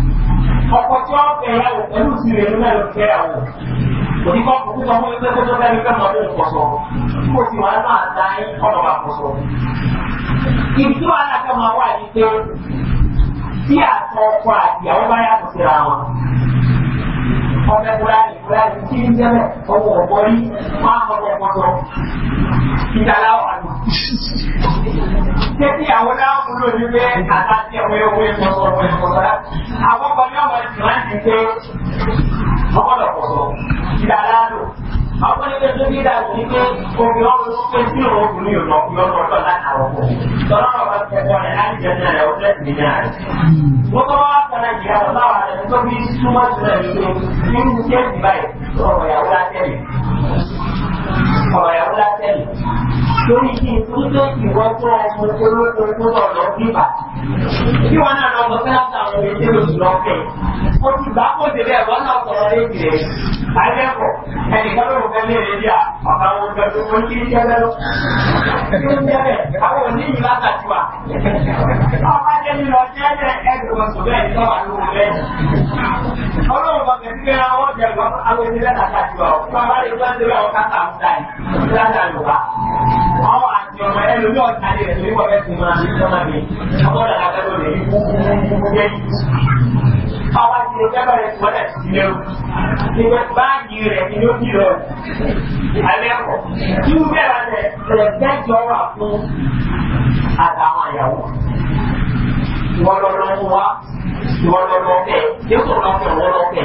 ọkọ̀ tí wọ́n fẹ́ yà wò pẹ̀lú ìsirè ló náà ló fẹ́ yà Òní kọ́ kókó sọ fún ẹgbẹ́ tó tó fẹ́ mi fẹ́ Kó ti wàá máa ta ẹ́ ọ̀nà máa kọ̀sọ̀. Ìdí wàhálà kan máa wà ní pé tí àtọ̀ ọkọ̀ àti ìyàwó bá yàtọ̀ síra wọn ọ̀dẹ kúláàdì kúláàdì tí ń jẹ́lẹ̀ ọwọ́ ọ̀bọ máa ń ọwọ́ ọ̀bọ lọ. Ìdálá wà àwọn náà mú ní pé àtàkì ẹ̀wọ̀ ẹ̀wọ̀ ẹ̀kọ́ sọ̀rọ̀ ẹ̀kọ́ sọ̀rọ̀? Àwọn ọkọ̀ ní ọmọ ìsìn láti pé ọgbọ́dọ̀ pọ̀ sọ àwọn ẹgbẹ́ tó bí dáa sí pé omi ọ̀rọ̀ ló pé sí òun obìnrin yóò lọ fi ọ̀rọ̀ lọ látàrọ̀ kù. Tọ́lá ọ̀rọ̀ bá ti ẹ̀kọ́ rẹ̀ láti jẹ́ ní ẹ̀rọ lẹ́sìn ní náà. Wọ́n bá wá kan láti yàrá láwa rẹ̀ tó bí súnmọ́ sílẹ̀ ní pé ní ní ọ̀rọ̀ ìyàwó látẹ̀lẹ̀ lórí kí n tún pé ìwọ tó ọmọ olóko tó lọ lọ níbà kí wọn náà lọ bọ́sẹ́ láti àwọn ohun tí lóṣù lọ́kẹ́ ó ti gbà kó ti bẹ́ẹ̀ wọ́n náà sọ̀rọ̀ léèkì rẹ̀ àjẹ́kọ̀ ẹnìkan ló ń fẹ́ lé rẹ̀ díà ọ̀pá àwọn ọ̀gá tó wọ́n kí ń jẹ́ bẹ́ẹ̀ lọ. kí ń jẹ́ bẹ́ẹ̀ àwọn òní yìí bá tàjú wa. ọba jẹ́ nínú ọjọ́ ẹ̀jẹ̀ ẹ̀dùn ọ̀sùn bẹ́ẹ̀ ní ọ̀wà lóhùn bẹ́ẹ̀. ọlọ́run bàbá ẹ̀dùn bẹ́ẹ̀ àwọn ọ̀jẹ̀ àwọn ènìyàn tàjú wa. ọba rẹ̀ gbọ́dọ̀ lára àwọn àti ọmọ ẹlòmí lè rẹ̀ lórí wọ́pẹ́ sí máa ní sọ́mà mi ọmọ ìlànà abẹ́rẹ́ rẹ̀ ní kúkúkú jẹ́ Bàbá ti lè fẹ́ bẹ̀rẹ̀ sí wọ́dà sí lẹ́rù. Ìgbẹ́ báàgì rẹ̀ ni ó dìrọ̀ alẹ́ kọ̀. Tí ó bẹ̀rẹ̀ rẹ̀ rẹ̀ jẹ́jọ́ wà fún àtàwọn àyàwó ìwọ lọ lọ fún wa ìwọ lọ lọ fẹ yóò lọ fẹ ìwọ lọ fẹ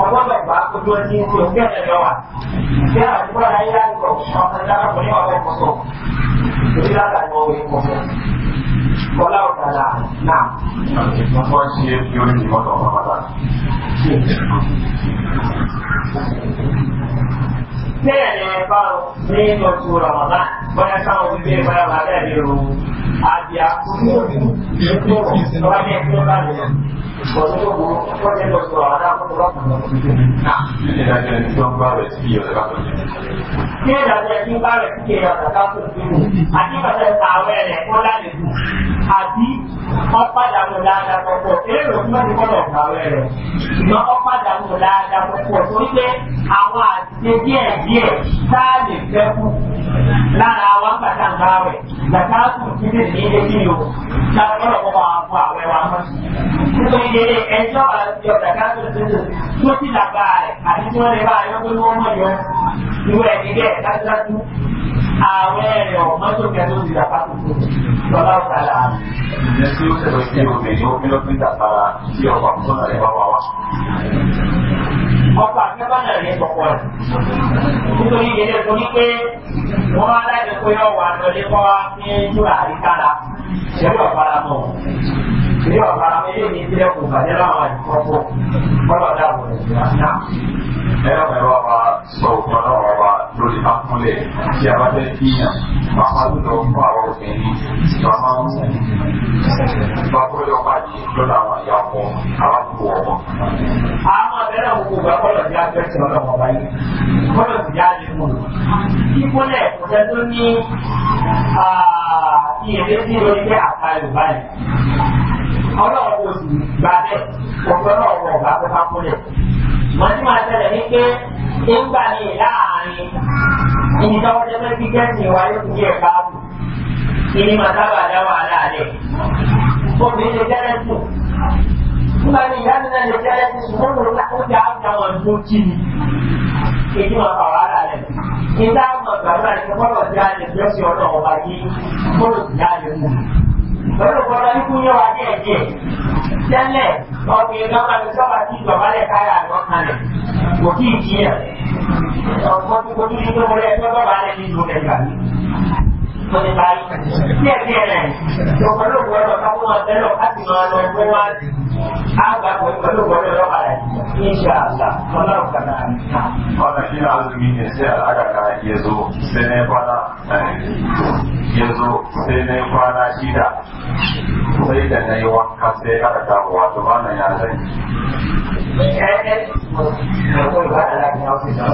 ọgbọ́n bàbá ojú ọtí ń pè ń bẹ̀rẹ̀ lọ wa bí àdúgbò ayé àgbọ̀ ọmọ ìdára kò ní ọ̀rẹ́ kọ̀sọ̀ òbí láta ìwọ òwe kọ̀sọ̀ kọlá ọ̀dàlà náà. wọ́n ṣe é fi orí ìmọ̀tọ̀ ọ̀pá pátá bẹ́ẹ̀ ni ẹ bá o ní oṣù rọ̀mọ̀lá bọ́yá káwọn òbí bẹ́ẹ̀ báyà wà bẹ́ẹ̀ ni o àbí àkókò ọ̀rọ̀ ní ẹgbẹ́ bá lè ọdún tó burú wọ́n ní oṣù rọ̀mọ̀lá fún ọlọ́pàá náà. kí ni ìdájọ́ ẹni tí wọ́n bá rẹ̀ sí ìyọ̀ ẹ̀ka tó jẹ? kí ni ìdájọ́ ẹni tí wọ́n bá rẹ̀ sí ìyọ̀ ẹ̀ka tó jẹ? àti ọ̀padà mú dáadáa pọ̀pọ̀ èrò tí wọ́n ti gbọ́dọ̀ gbà wẹ̀ rẹ̀ ṣùgbọ́n ọ̀padà mú dáadáa pọ̀pọ̀ tó ń gbé àwọn àtijọ́ díẹ̀ díẹ̀ sáàlì fẹ́kù lára wa ń bàtà ńlá rẹ̀ bàtà kù sí ní ní ilé kí ni o láti gbọ́dọ̀ kọ́ máa fún àwẹ̀ wa mọ́. nítorí ilé ẹjọ́ àti ọ̀dà káàtó tuntun tó ti dàgbà rẹ̀ àti tí wọ́n lè bá ayọ́ ààrẹ rẹ̀ ọ̀gbọ́n tó kẹ́ ló ti dà pátó lọ́lá ọ̀tàlá. ìyẹn tí ó ṣẹlẹ̀ sí obìnrin ó fi lọ́pìn dàpara tí ọkọ̀ àkókò rẹ̀ bá wà wá. ọkọ̀ akẹ́kọ̀ọ́ náà ní kọ̀kọ́ rẹ̀ nítorí ìyẹn tó ní pé wọ́n á láì pé ọwọ́ àtọ́lé kọ́ wá ní ìtura àríkàlà ṣẹ́wọ́ ọ̀pára mọ́ ni wa ba ni ni ti ya ku ba ya la wa ko ko ba ba da wo ya na e ra ba wa ba so ko na wa ba lo di ba mo le ya ba de ti ya ba ba lu do ba wa ke ni ba ma mo ba ko yo ba ji lo da wa ya ko a wa ku wo a ma de ra ku ba ko ya ke ti ba wa ba yi ko lo ti ya ni mo ti ko le ko se to ni a ìrètí lórí pé àtàlù báyìí ọlọ́run kò sì gbà bẹ́ẹ̀ òfin ọlọ́run ọ̀gá tó bá kúnlẹ̀. wọ́n ti máa ṣẹlẹ̀ ní pé nígbà ní láàárín ibi táwọn jẹ́ pé kí kẹ́sì wa yóò díẹ̀ káàbù kí ni màá sábà dá wàhálà rẹ̀. obìnrin lè jẹ́rẹ́ sùn nígbà ní ìyá mi náà lè jẹ́rẹ́ sùn ṣùgbọ́n mo ta ó jà ájà wọn tó kí ni kí ni màá fà wàhálà rẹ̀. nígbà àwọn àgbàdo àti ọgbọ́dọ̀ lọ́dọ̀ gbọ́dọ̀ ní kúnyẹ́ wa díẹ̀ díẹ̀ tẹ́lẹ̀ ọ̀gbìn náà ní sọ́ba tí ìjọba káyà àgbọ̀ kalẹ̀ kò kí ì tiẹ̀ tó kojú ní pé mo lẹ́ rẹ̀ nínú rẹ̀ 我得答应。谢谢。做非洲朋友，他跟我介绍，他是那个什么，阿拉伯国，非洲国家的。伊斯兰。我那乌克兰人。我那新疆的缅甸，说阿加尔耶稣，生在巴拿，哎，耶稣生在巴拿西达，所以等你我看谁敢跟我做买卖呀？哎哎，我我我来来，我睡觉了。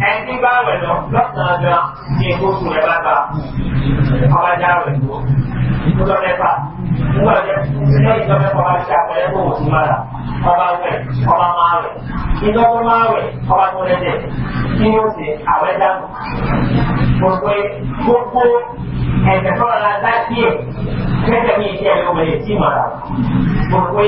哎，一般为什么不参加？ní ikú sùn rẹ̀ bá gbà ọba já rẹ̀ tó ikú lọ mẹ́fà nígbà tó ṣe ìjọ mẹ́fà bá ṣe àpẹẹrẹ kó wò sí mara ọba wẹ̀ ọba máa wẹ̀ ìjọ tó máa wẹ̀ ọba tó lẹ́dẹ̀ kí ni ó ṣe àwẹ̀ dànù gbogbo gbogbo ẹ̀sẹ̀ tó rọra dá sí ẹ̀ kẹ́kẹ́ ní iṣẹ́ ẹ̀rọ wẹ̀ sí mara gbogbo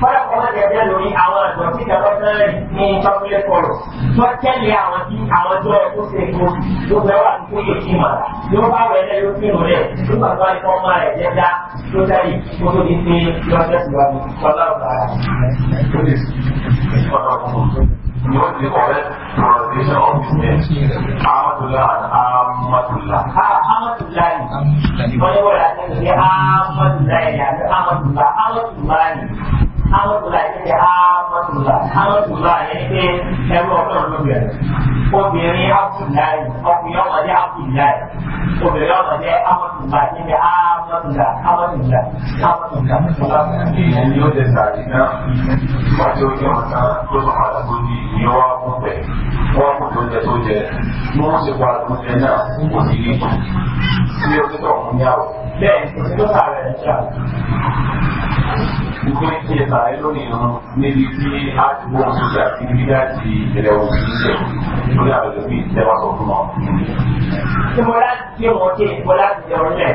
fọlá kọ́má ti ẹ̀jẹ̀ lórí àwọn àgbọ̀n tí ìjọba fẹ́rẹ̀ ní chocolate forest wọ́n tẹ́lẹ̀ àwọn tí àwọn tó ẹ̀kú ṣe kó gbogbo ẹ̀wọ́ wà tó yẹ kí mà yóò bá wẹ̀ lẹ́ yóò kírun rẹ̀ nígbà tó àìkọ́ ọmọ rẹ̀ jẹ́ dá tó dáyì kó tó di pé yọ ọjọ́ síwájú ọlọ́run rárá. يؤدي correct pronunciation of his name. Ahmadullah and Ahmadullah. Ahmadullah. Wọ́n yóò rà sẹ́yìn sí Ahmadullah yàtí Ahmadullah. Ahmadullah ni. Ahmadullah yẹn ti Ahmadullah. Ahmadullah yẹn ti ẹrú ọ̀pẹ̀ olóbìnrin. Obìnrin Abdullah ọkùnrin ọmọdé Abdullah. Obìnrin ọmọdé Ahmadullah yẹn ti Ahmadullah. Ahmadullah. Ahmadullah. Ìyẹn ni ó dẹ̀ sàrí náà. Wájú ojú ọ̀sán ló sọ̀rọ̀ àdúgbò yìí ìyẹn wá kú pẹ̀ wọ́n kò tó jẹ tó jẹ bí wọ́n ṣe pa oúnjẹ náà kò sí rí jù sí òtítọ́ ọ̀hún ní àwọ̀ bẹ́ẹ̀ tó sàrẹ̀ ń ṣà nígbà tí ẹ sàrẹ̀ lónìí irun níbi tí a ti wọ́n tó ṣe àti níbi láti ilẹ̀ òkú ṣe lórí àwọn ìlú bíi tẹ́wà sọ fún ọ. tí mo láti gbé wọn dé mo láti jẹ ọ lẹ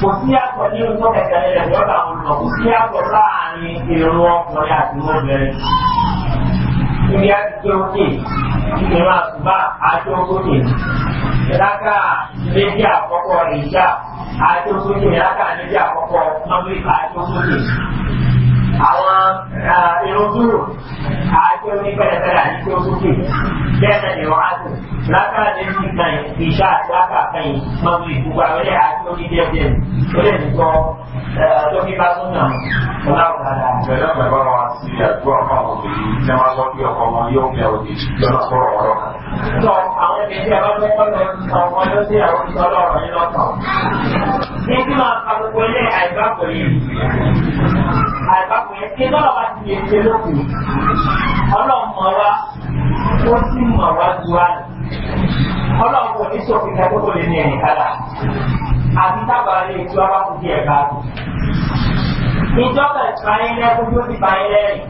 kò sí àpọ̀ ní ojú kẹ̀kẹ́ rẹ̀ lọ́dọ̀ àwọn olùkọ́ kò sí àpọ̀ láàárín èrò ọkùnrin àti mọ́bìnrin duniya jɔnke jama ba a jɔnko ke raka meji àkɔkɔ rija a jɔnko ke raka meji àkɔkɔ mabili a àwọn irun dúró àti onípẹ̀lẹ̀pẹ̀lẹ̀ àti tí ó ni wọ́n á dùn lákàrà ní ti kàn ìṣá àti lákà kan yìí mọ́tò ìgbùgbù àwọn ilé àti orí díẹ̀ díẹ̀ ó lè ní kọ́ tó fi bá tún nà mọ́ láwùjọ dáadáa. bẹ́ẹ̀ náà bá wọn sí àdúrà fáwọn obìnrin tí wọ́n sọ pé ọkọ wọn yóò fẹ́ òde lọ́nà sọ̀rọ̀ ọ̀rọ̀ kan. sọ àwọn ẹgbẹ́ tí a bá fẹ́ kọ́ kò yẹ kí lọ́wọ́ bá ti yẹ ṣe lókun ọlọ́run mọ̀ wá ó sì mọ̀ wá ju wá lọ ọlọ́run kò ní sọ fìkà tó kò lè ní ẹ̀yìn kálá àti tábà lè ju ara kò di ẹ̀ka rẹ̀ ìjọba ìtura yín lẹ́kún tó ti bá yín lẹ́yìn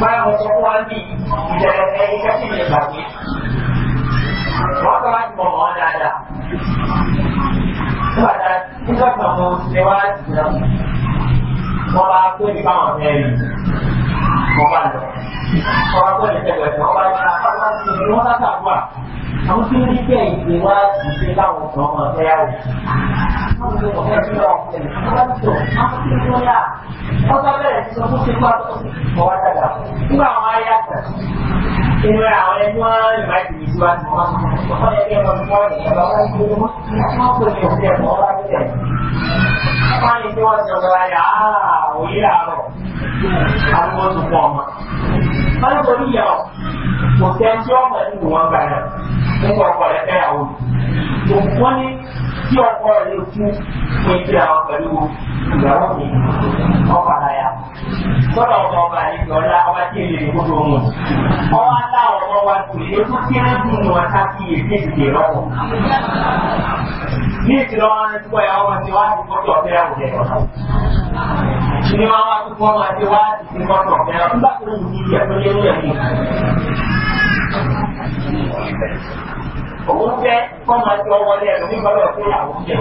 báyọ̀ wọn sọ fún wa ní ìlẹ̀ ẹ̀yìn kẹ́sì lè gbàgbé wọ́n tọ́ láti mọ̀ wọ́n dáadáa nígbà tí wọ́n ti wá wọ́n pé nípa àwọn ọ̀fẹ́ Muhammad. Orang tua yang jaga Muhammad, kenapa kan semua tak sama? Kamu sendiri dia jiwa kita untuk mengetahui. Kamu tu orang yang kamu tu masih punya. Kau tak boleh semua semua tu bawa jaga. Bukan ayat. Ini awalnya cuma lima jenis buat semua. Kau yang dia membuat ni, kalau itu semua pun dia dia bawa dia. Apa yang dia jaga ya? Oh iya, aku tu ti fún ọmọ wọn lọ sọrí yẹ ọ kò sẹ tí ọmọ ẹni wò wọn gbà náà nípa ọkọ rẹ fẹ àwọn òkú ní tí ọkọ rẹ kú fún ìdí àwọn pẹlú ìyàwó mi ọkọ àyà sọdọ ọmọ ọba àlejò ọlá ọba tí èlé ìlú tó mú nígbà Òun fẹ́ kọ́ máa ti ọwọ́ ẹ̀rọ nígbà lọ fún ìyàwó jẹ.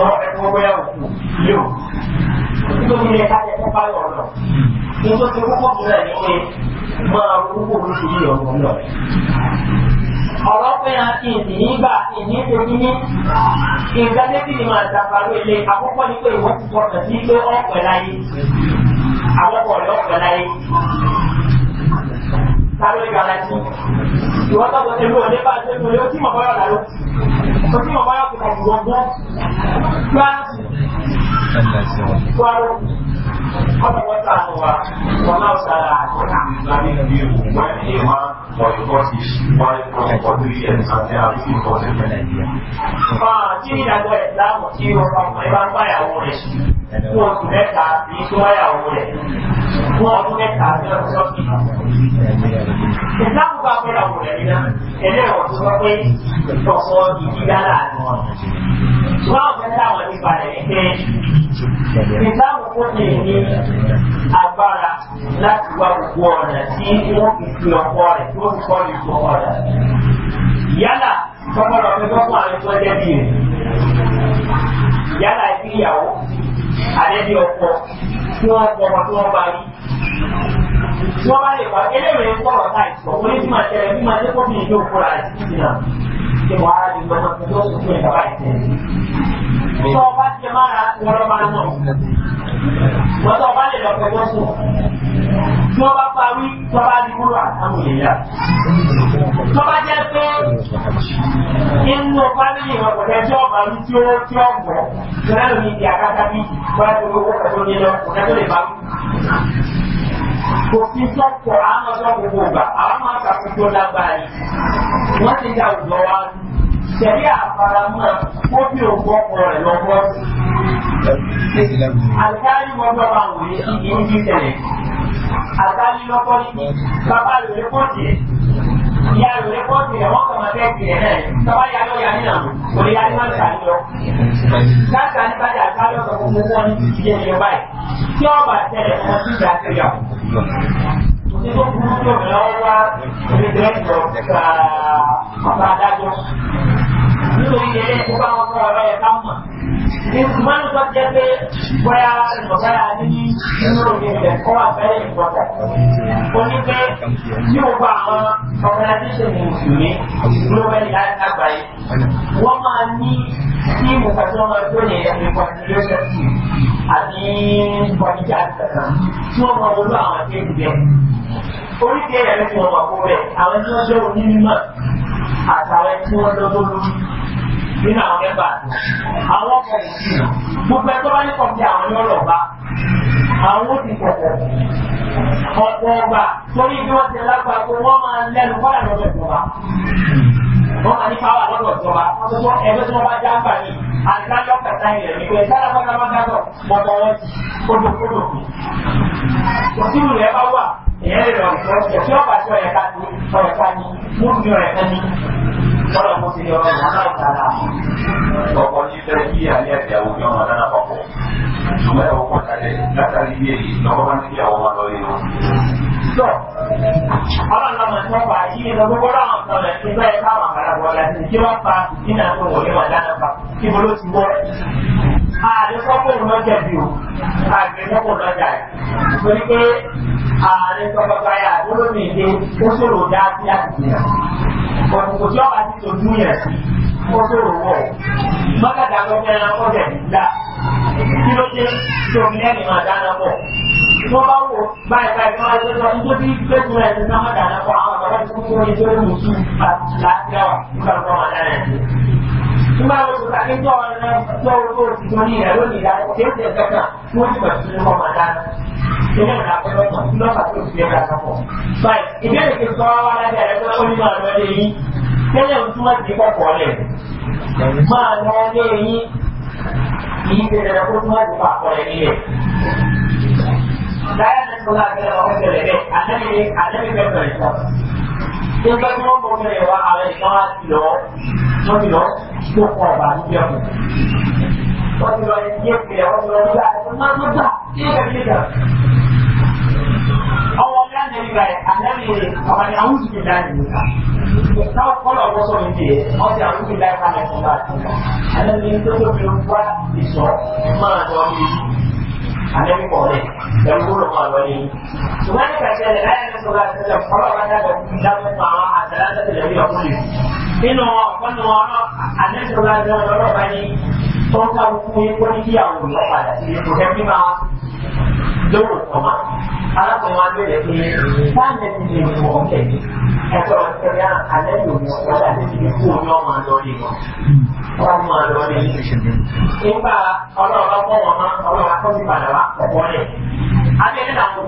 Ọ̀rọ̀ rẹ̀ tó òkú yóò. Nítorí ẹ̀ ká jẹ fún báyọ̀ lọ. Nítorí ti kókó fún ẹ̀ ní máa kókó fún sí ìyọ̀ ọ̀gbọ̀n lọ. Ọ̀rọ̀ fẹ́ hàn kí n sì nígbà kí n ní ṣe kí ní. Nǹkan ni máa dàgbà lóye. Àkọ́kọ́ ni pé ìwọ́n ti fọkàn sí pé ọ̀pẹ̀ láyé àwọn kọ̀ ọ̀dọ́ ọ̀dọ́ láyé lálọ́ ìgbà láti ìwọ́n tọ́jọ́ tẹ̀lú ọ̀dẹ́ bá tẹ̀lú ọ̀dẹ́ ó tí mọ̀ bọ́yọ̀ lálọ́ ó tí mọ̀ bọ́yọ̀ kò kàdùn gbọ́ngbọ́n kọ́tà wọ́n tà fún wa wọn náà sára àtọ́kùn when a man for a Scottish married for for three years and they are looking for him in Nigeria. Fáà tí ìyàgbọ́ ìsìlámù tí ọkùnrin bá ń bá ìyàwó rẹ̀ sùn fún oṣù mẹ́ta ní tó bá ìyàwó rẹ̀ fún ọdún mẹ́ta ní ọdún sọ́kì. Ìsìlámù bá fẹ́ ìyàwó rẹ̀ nínú ẹlẹ́wọ̀n tó sọ pé ọ̀sán ìdíyàlá àti wọn wọ́n fẹ́ táwọn nípa rẹ̀ pé ìsáàmù kò lè ní agbára láti wá gbogbo ọ̀nà tí wọ́n fi fi ọkọ rẹ̀ tí wọ́n fi kọ́ lè fi ọkọ rẹ̀. yálà tọkọlọ pé tọkọ àwọn tó jẹ́ bí rẹ̀ yálà ìdí ìyàwó àdẹ́bí ọkọ tí wọ́n kọ ọmọ tí wọ́n bá rí tí wọ́n bá lè wá eléyìí ń kọ̀rọ̀ que wàá di gbọdọ pé yóò sojú ẹ̀ bàbá ìtẹ̀. Sọ ọba ti jẹ máa ra wọlé máa nọ. Wọ́n sọ ọba lè lọ pẹ̀ yọ sùn. Tí wọ́n bá parí, tí wọ́n bá di wúlò àtàwọn èèyàn. Tí wọ́n bá jẹ́ pé inú fámìlì wọn kò lẹ́jọ́ ọba ní tí ó tí ó ń bọ̀. Tí wọ́n lè ní ìdí àkàtà bíi wọ́n á ti owó kọ̀ọ̀kan tó kò sí sọ́kù àmọ́ sọ́kù gbogbo àmọ́ àkàkùn tó lágbára yìí wọ́n ti dá òjò wa sẹ̀rí àfaramọ́ ó bí òkú ọkọ̀ rẹ̀ lọ́wọ́ sí. àtàlí wọn bá wà wòye ìdí ní sẹ̀rẹ̀ àtàlí lọ́kọ́ ní bàbá rẹ̀ kò tiẹ̀ ìyá rẹ̀ lè pọ́ǹtì rẹ̀ wọ́n kàn máa fẹ́ tirẹ̀ náà tọ́wá ya lọ ya nínà kò lè ya ní máa sàní lọ. káàkiri àníbàjẹ́ àgbáyé ọ̀sán gbogbo wọn ní ti di ẹ̀yẹ báyìí tí ọba tẹ̀lé fún ọ ní tó burú tí wọ́n máa wọlé àwọn akéwì oríṣi ẹ̀yà ní fún ọmọ àkóbẹ̀ àwọn ẹni wọ́n jẹ́ òní mímọ̀ àtàwọn ẹni wọ́n lọ́dọ́ lórí nínú àwọn mẹ́bà àwọn ọkọ̀ ìsìn gbogbo ẹgbẹ́ bá ní kọ̀ọ̀kì àwọn yọ̀rọ̀ bá àwọn ó ti pọ̀pọ̀ ọ̀pọ̀ ọgbà torí bí wọ́n ti lágbàá pé wọ́n máa lẹ́nu kọ́lá lọ́dọ̀ ìjọba wọn máa ní pàwọ́ àlọ́dọ̀ ìjọba ẹgbẹ́ tí wọ́n bá já gbà ní àdájọ́ kẹta ilẹ̀ ní pé sára fún ọmọ dájọ́ mọ́tò wọn ti kódò kódò kù. òsínú rẹ̀ bá wà èèyàn lè lọ ìjọ ẹ̀sìn ọ̀bà tí ọ̀yẹ̀ká ní ọ̀yẹ̀ká ní mú kọ́lá mo ti yọ ọmọ náà tara. ọkọ ní fẹ́ kí alẹ́ àti àwọn ọmọ ọmọ náà papọ̀ ṣùgbọ́n ẹ̀rọ pọ̀ kalẹ̀ látàrí ilé yìí lọ́kọ́ bá ń kí àwọn ọmọ lọ́rí wọn. tọ́ ọlọ́run náà mọ̀ nípa yìí lọ gbogbo láwọn kan rẹ̀ nígbà yẹn káwọn àgbàlagbà láti kí wọ́n pa nínú àwọn òwòlé wọn dáná pa kí mo ló ti wọ́ ààrẹ sọ́kùnrin lọ́jà bí o ààrẹ sọ́kùnrin lọ́jà yìí torí pé ààrẹ sọ́kùnrin lọ́jà ló ní ìdí ó ṣòro dá sí àtìkù náà ọ̀pọ̀ tí ọba ti tó dún yẹn sí kó tó rò wọ̀ mọ́kàtà tó fẹ́ ẹran kọ́jẹ̀ nígbà kí ló dé tó ní ẹ̀rì máa dáná pọ̀ wọ́n bá wò báyìí báyìí tó wáyé tó tó bí gbẹ́gun ẹ̀ ti sáwọn dáná pọ̀ àwọn àgbàdo tó kó ní tó lè mú sí àti láti dáwà tó wà dáná ẹ̀ máa wọ sọta ní tọ́ ọ̀nà tọ́ orúkọ òṣìṣẹ́ ní ìrẹ̀ lónìí ìdájọ́ kò kéde ẹ̀fẹ́ kan tí wọ́n ti bẹ̀rẹ̀ sí ní ọmọ dáná. Ilé ìrìn àpẹẹrẹ kan tí lọ́pàá tó fi ẹ̀ka sọ̀pọ̀. Báyìí, ìbéèrè ti sọ wá lábẹ́ rẹ̀ pé ó ní máa lọ lé yín. Tẹ́lẹ̀ ń túmọ̀ sí kọ̀kọ̀ lẹ̀. Máa lọ lé yín. Kì í ṣe dandan kó túmọ̀ sí pàpọ̀ lẹ̀ nílẹ̀. Láyé àná tó bá tí wọ́n bọ̀ mẹ́rin wá ààrẹ ìtàn láti lọ wọ́n ti lọ tó pọ̀ ọ̀bà níbi ẹ̀kọ́. wọ́n ti lọ ẹni ẹ̀kọ́ yẹn wọ́n ti lọ nígbà tó máa tó gbà kí ó kẹ́kẹ́ gbà. ọwọ́ ní àjẹmíkà yẹn àjẹmí àwọn ni àwọn ti fi dá ìlú táwọn kọ́lọ̀ ọ̀gbọ́n sọ mi dìé wọ́n ti àwọn ti dá ìlú ká lẹ́kọ̀ọ́ bá àjẹmí tó annabi kore dan buru kwalwani su ma ka ce da ayan su ga ta fara wata da dan ba a talata da biya kulli ino wannan wannan annabi sallallahu alaihi wasallam tó ń kálukú yín kó ní kí àwọn èèyàn padà sí ipò kẹ́kí máa lówó kọ̀mọ́. alákọ̀ọ́mọ́ abẹ́rẹ́ pé táàmì ti lè mú ọ̀ kẹ̀mí ẹ̀tọ́ ìṣẹ̀lẹ̀ alẹ́ yòówù ọ̀dà ti fi kú ní ọmọ lọ́ọ̀lì wọn. wọ́n mú wọn lọ́ọ̀lì yìí. nígbà ọlọ́ọ̀lọ́ fọ́ wọn mọ́ ọlọ́wà tó ti padà wá ọ̀pọ̀ rẹ̀. abẹ́rẹ́ làwọn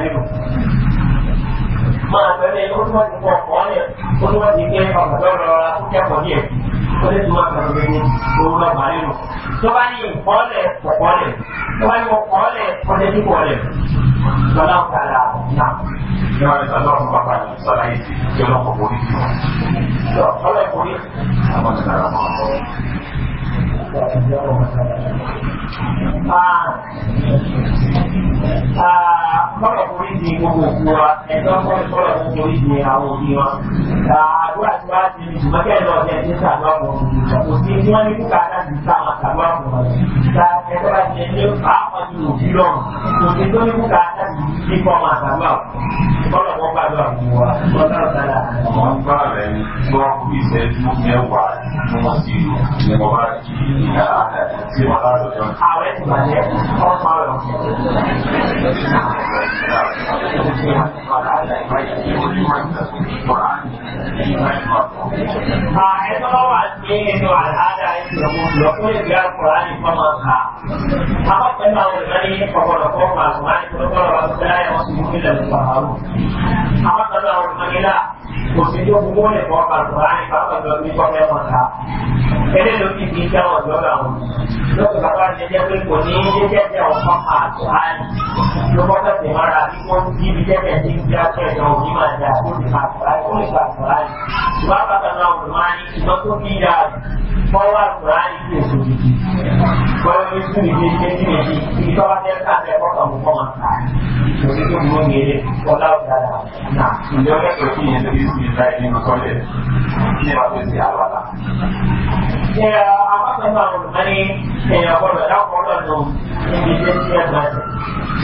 ọmọ máa pẹ̀lú ẹni tó ti pọ̀ pọ̀ ní ó ní wọ́n ti gbé díẹ̀ ó lè tún àgbàdo bẹ́ẹ̀ ni òun lọ bà nínú. tó bá ní ìkọ́lẹ̀ pọ̀pọ̀lẹ̀ tó bá ní ọkọ̀ọ́lẹ̀ ọdẹ tí kọ̀ọ̀lẹ̀ lọ́lá kàlà náà. Nyɛ wani sa lɔri ba baa yi sara yi sọ̀rọ̀ sí orí ìdè àwọn òbí wọn. Àdúrà tí wàá ti rìn ṣùgbọ́n kẹ́hìn náà jẹ́ ìṣẹ́ àdúrà wọn. Kò sí tí wọ́n ní kúkà láti ta àwọn àtàdúrà wọn. Ìta ẹ̀kọ́ bá ti ẹni pàápàá ju òbí lọ́rùn. Kò sí tó ní kúkà láti ní kọ́ ọmọ àtàdúrà wọn. Bọ́lá wọn bá Wọ́n bá rẹ̀ gbọ́ a yanzu ba wa cikin yanzu al'ada ya ce da kuma ya biya kurani kuma ka haka kuma wani gani ne kwakwara ko masu mani kuma kwakwara ba su ya wasu mutum da su faru haka kuma wani gani na kò sí ní owó lè fọ́ àlùkòrá ní pápájọ ní pọ́pẹ́ wọn ta. Ẹlẹ́ ló fi fi jẹ́ ọ̀dọ́ ra wọn. Lọ́sọ̀ bàbá ti jẹ́ pé kò ní jẹ́jẹ́ jẹ́ ọ̀pọ̀ àlùkòrá ní. Ló bọ́ tẹ̀sẹ̀ mọ́ra hikima da kuma Qur'ani kuma ba Qur'ani nama ba ka na Qur'ani ba ko ki da Kalau Qur'ani ke su jiki ko ne su ne ke ke ne ji ki ka ba ta ka ta ko ka mu kuma to ne ko mu ne ko da ya apa ka na Qur'ani ya ko da ko da no ne ke ya da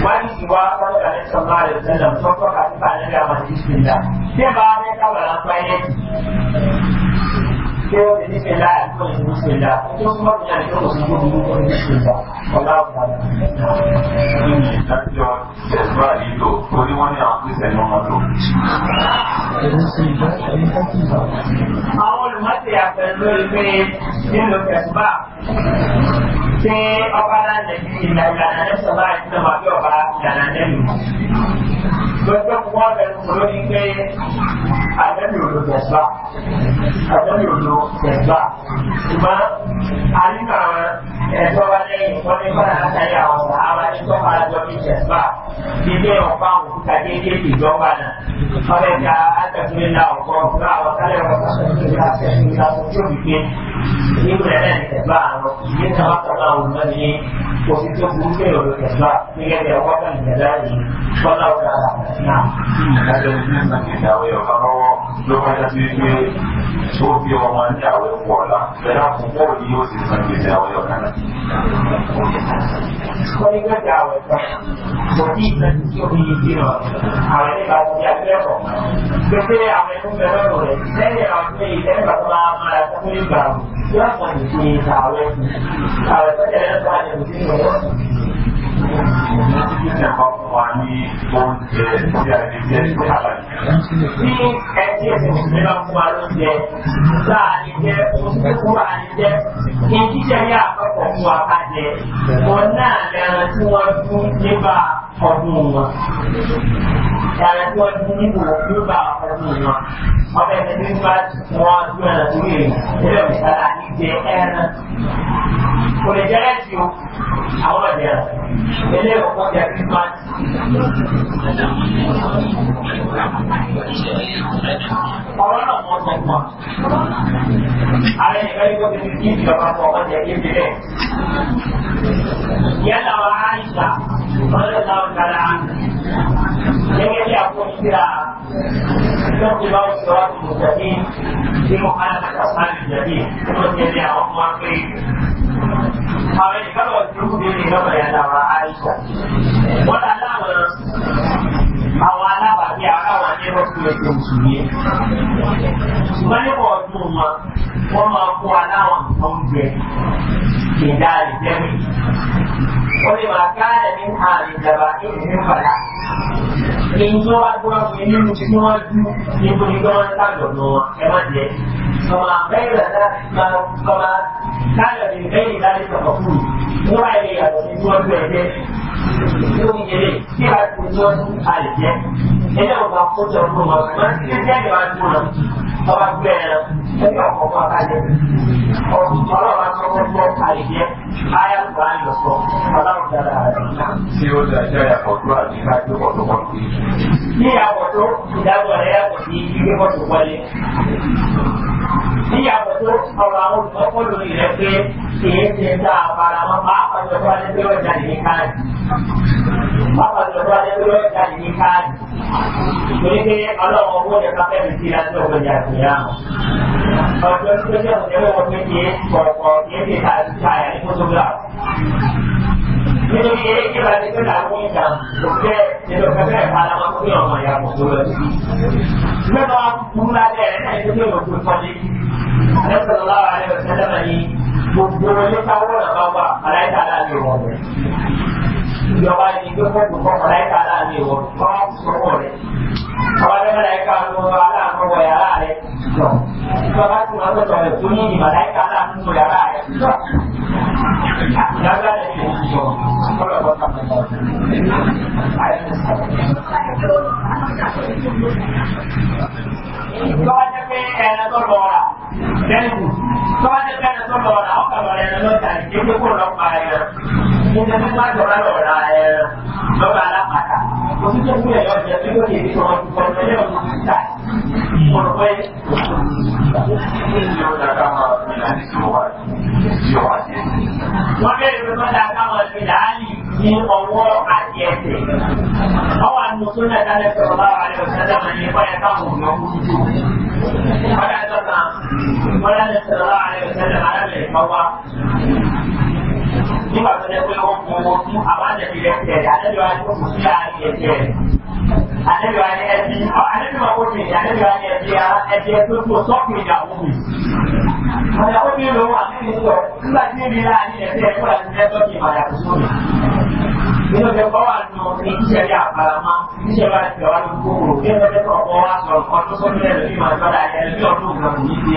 wani siwa, kalau da sallallahu alaihi wasallam sun fara ta ne àti ìsìnlá tí ẹ bá rẹ káwọn àgbáyé. كيف بالنسبه لها تكون بالنسبه لها ثم يعني تكون صدور بالنسبه لها والله تعالى nínú ìdájọ́ ẹ̀fọ́ àyílò orí wọn ní àwọn kristian wọn lò. àwọn olùmọ̀tì àfẹnú ìgbé nílò kẹsùbà ṣé ọba lánàá ní ìlànà ẹ̀sọ́bà ìsinmi àbí ọba ìlànà nẹ́lù. lọ́jọ́ wọn bẹ̀rù lórí pé àdẹ́bí òdo kẹsùbà àdẹ́bí òdo tẹ̀gbà ṣùgbọ́n a nígbà ẹ̀tọ́ wa lẹ́yìn wọ́n ní kọ́lá látàrí àwọn ọ̀sán àwọn tó máa jọ ní ìjẹ̀mbá ní ilé ọ̀pá òkúta déédéé ti ìjọba náà ọ̀rẹ́ ìjà àtẹ̀kùnrin náà ọ̀gọ́ ọ̀gá àwọn sálẹ̀ ọ̀gá sọ̀rọ̀ tó ti láti ẹ̀sìn ìlà tó tó wí pé nínú ẹ̀ ní ìjẹ̀mbá àwọn ìdí náà wà sọ̀rọ̀ àwọn olùmọ̀ ní òsì tó burú pé òdo ìjẹ̀mbá gẹ́gẹ́ ọkọ̀ tó ìjẹ̀mbá yìí kọ́lá ọ̀gá náà. ìdájọ́ ìgbésẹ̀ ìdáwé ọ̀gá lọ́wọ́ ló bá dá sí pé ó fi ọmọ ní àwẹ̀ pọ̀ ọ̀la bẹ́ẹ̀ náà fún bọ́ọ̀lù yóò sì san gbèsè àwẹ̀ ọ̀gá náà. คนนี้ก็ยาวเลยครับบทที่นั้นก็มีที่เราอะไรในบางอย่างเรื่องของก็ไม่ได้เอาไปทุ่มเทไม่หมดเลยได้เราที่ได้แบบมามาแล้วก็ไม่ได้แบบเรื่องมันมีสาวเลยอะไรก็จะได้รับการอย่างที่เรา ìṣẹ̀ àpapọ̀ wa ní oúnjẹ tí a lè jẹ́ sí àlàyé. Bí ẹtí ẹ̀sìn ìṣẹ̀lẹ̀ náà fún wa lóúnjẹ, nígbà àlè jẹ́ oúnjẹ fún wa àlè jẹ́, kí n jíjẹ ní àpapọ̀ fún wa ká jẹ. Wọ́n náà lẹ́ran tí wọ́n fún nígbà ọdún wọn. Ẹran tí wọ́n fún nígbà ọdún wọn. Ọbẹ̀ ẹ̀sìn nígbà wọn ju ẹran tó yẹ ẹ̀rọ ìsàlà ní jẹ ẹran. Kò lè jẹ́ ẹ̀sìn o, àwọn ọ̀dẹ̀ ẹ̀sìn. Ilé ìwọ̀n kan jẹ́ kí ada juga yang juga bapak jadi dia dia lawan Aisyah pada tahun kalangan يجي أقول سرعة يوم باب الصراط المستقيم في مخالفة أصحاب الجحيم ثم تجمع عمر Àwọn ìkàwé ìdúró bí ní lọ́pọ̀ yẹn lára àìsà. Wọ́n dá láwọn àwọn alábàbí akáwà ní ọdún ẹgbẹ́ òṣùlù yẹn. Ṣùgbọ́n nípa ọdún wọn, wọ́n máa kó aláwọ̀ nǹkan jẹ ìdá ìjẹ́mi. ولما كان منها من ذبائحهم فلا èyí tí wọ́n bá gbọ́ ọkùnrin nínú tí wọ́n dú níbo ní gbọ́n lágbọ̀n náà ẹ má jẹ́ ọmọ àbẹ́rẹ́ rẹ̀ láti kọ́lá káyọ̀ ní bẹ́ẹ̀ láti sọ̀rọ̀ fún un wọ́n bá ilé yàtọ̀ ní tí wọ́n dú ẹgbẹ́ tí ó ń yẹlé tí wàá tó tí wọ́n dú àlè jẹ́ ẹgbẹ́ wọn bá kó tí ó dájọ́ ìyàpọ̀tọ́ àti kájú pọ̀tọ̀pọ̀tọ̀. Ní àpọ̀tọ́, ìdájọ́ rẹ̀ yàtọ̀ sí ilé pọ̀tọ̀pọ̀lẹ̀. Ní àpọ̀tọ́, ọ̀rọ̀ àwọn olùkọ́kọ́ rẹ̀ pé kìí ṣe ń dá àbára wọn pàápàá tó alẹ́ pé wọ́n jáde ní káàdì. Pàápàá tó alẹ́ pé wọ́n jáde ní káàdì. Torí pé ọlọ́run owó rẹ̀ bá fẹ́mi sí láti ọ̀gbọ̀n ní àtìyá. Ọjọ́ tó jẹ́ òṣèré pé kìí pọ̀pọ̀ kìí ṣe nínú ilé ìjọba ti pé làwọn ìjà òkè nínú kẹfẹ ìpalama fún ọmọ ìyá kò tó lọ sí. mẹ́ta wa kúkú lálẹ́ ẹ̀ náà ìdílé òkú tọ́lé. alẹ́sọ̀rọ̀ láwa alẹ́ sẹ́lẹ̀mà ni gbogbo ilé táwọn náà bá wà aláìsá aláàbí wọn. ìjọba ni ìgbé fọ́ọ̀tù fọ́ aláìsá aláàbí wọn kọ́ sọ́kọ̀ rẹ̀. àwọn ẹgbẹ́ láìka ló ń bá aláàbọ̀ wọ yàrá rẹ̀ lọ. ìjọba ti máa ń sọ̀rọ̀ tó ní ìmọ̀láìka aláàbọ̀ wọ yàrá rẹ̀ lọ. Tọ́jà pé ẹ̀rọ tó lọ rà lẹ́nu. Tọ́jà pé ẹ̀rọ tó lọ rà ọ̀kà lọ́rẹ̀ ẹ̀rọ lọ́jà kí ó kó lọ pa ẹ̀rọ. Mo jẹ́ nípa ìjọba lọ ra ẹ̀rọ lọ́ba alápàtà. Mo ti tó kúrẹ̀ lọ jẹ́ pé ó lè sọ ọ̀rọ̀ ẹ̀rọ tó ti tà. Mo rò pé wọ́n bẹ̀rẹ̀ pé wọ́n dá káwọn ìpìlẹ̀ á lì ní ọwọ́ àti ẹsẹ̀. Ọwọ́ àti òṣèlú náà dálẹ̀ sọ̀rọ̀ bá wà lẹ́wọ̀ sẹ́dá máa ní ẹ̀kọ́ yẹn káwọn ọmọ ọmọ ojú. Ọ̀dà ìtọ́ta, wọ́n sọ̀rọ̀ bá wà lẹ́wọ̀ sẹ́dá máa lẹ́lẹ̀ ìpawá. Nígbà tó dẹ́ pé wọ́n fún àbájáde ẹsẹ̀ anabi wa ni ɛbi anabi ma ko tini anabi wa ni ɛbi ara ɛbi ɛto to sɔkun ya o mi mɔlɛ o mi lo wa mi sɔ nígbà tí mi la ni ɛbi ɛkó la ti ɛtɔ ti ma ya tó mi nínú bɛ kɔ wa nù ní iṣẹ́ bí àbàlámá iṣẹ́ ní kókòrò bí ɛfɛ tó kɔ wa sọ̀rọ̀ kɔ tó sɔmi ɛlò bí ma jɔ la ɛlò bí ɔdún gbàgbó yìí dé.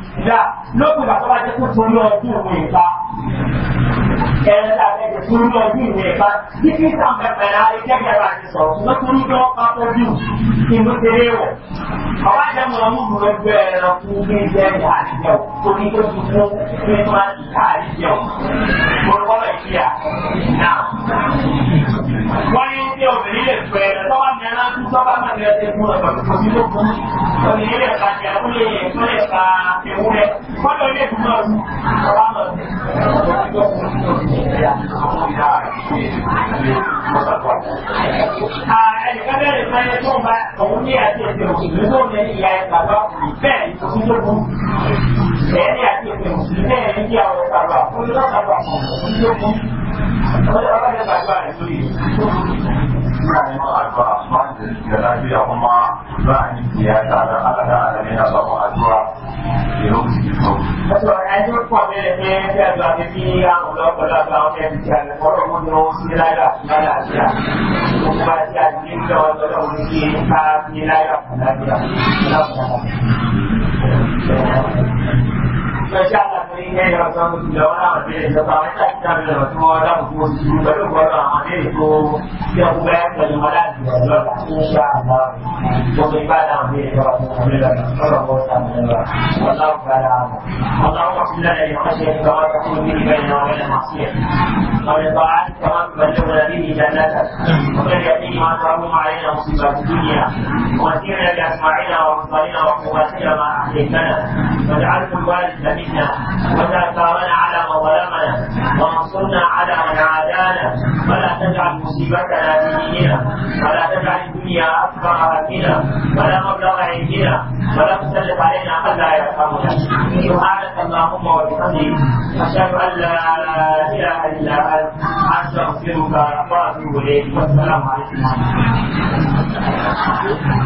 dá lókùn bàtọ́ bá jẹ́ kó torí ọdún òun ìpa ẹ̀rọ tàbí ẹ̀jẹ̀ torí ọdún ìwé ìpa títí sàmùfẹ́ pẹ̀lá ìjẹ́gẹ̀rọ àti sọ̀rọ̀ ṣùgbọ́n torí tó pa tọ́jú inú tẹ̀lé wọ̀ ọba jẹ́ mọ̀ ọmú ìlú ẹgbẹ́ ẹ̀rọ fún bí jẹ́ àríjẹ̀wò torí tó ti fún bí tó máa ti ká àríjẹ̀wò olùkọ́lọ̀ ìṣíyà náà wọ́n ní tí obìnrin lè fẹ́ ẹ̀rọ rẹ̀ gbọ́dọ̀ ilé ìlú náà wù ọ̀rá lọ sí. Ẹnìkan bẹ̀rẹ̀ fún ẹni tó ń bá òun ní àti ètò òṣèlú tó ní ìyá ẹ̀ bàbá bẹ́ẹ̀ ní oṣù tó kù. Ẹ̀yẹ́ ní àti ètò òṣèlú bẹ́ẹ̀ ní ìyá ọ̀rọ̀ bàbá fún ilé ọ̀sán bàbá òun tó kù. Ọlọ́dẹ bàbá rẹ̀ lóye. muna neman addu'a su ma da shi lafiya kuma za a yi siyasa don Allah da Allah ne na samu addu'a ke lokaci ke kawo. Wato a yanzu kwa ne da ke fi addu'a ke fi ya mula ko da ba wani yanzu ya da kwarar mun yau su su lafiya. Kuma ba da wanda da wani ke fi lafiya. فجعل بيني رسول لولا استطاعت أكثر من الرسول فلو عملت يقبل بالملائكة إن شاء الله وبعباد عملت والله تعالى أعلم اللهم اغفر لنا لخشيتك ما تكون به بيننا وبين معصيتك ومن طاعتك كما تبلغنا به جنتك ومن يقين ما تهون علينا مصيبات الدنيا ومتعنا بأسماعنا وأبصارنا وقواتنا ما أحييتنا واجعله الوارث منا ولا ثارنا على من ظلمنا وانصرنا على من عادانا ولا تجعل مصيبتنا في ديننا ولا تجعل الدنيا اكبر همنا ولا مبلغ علمنا ولا تسلط علينا من لا يرحمنا سبحانك اللهم وبحمدك اشهد ان لا اله الا انت استغفرك واتوب اليك والسلام عليكم ورحمه الله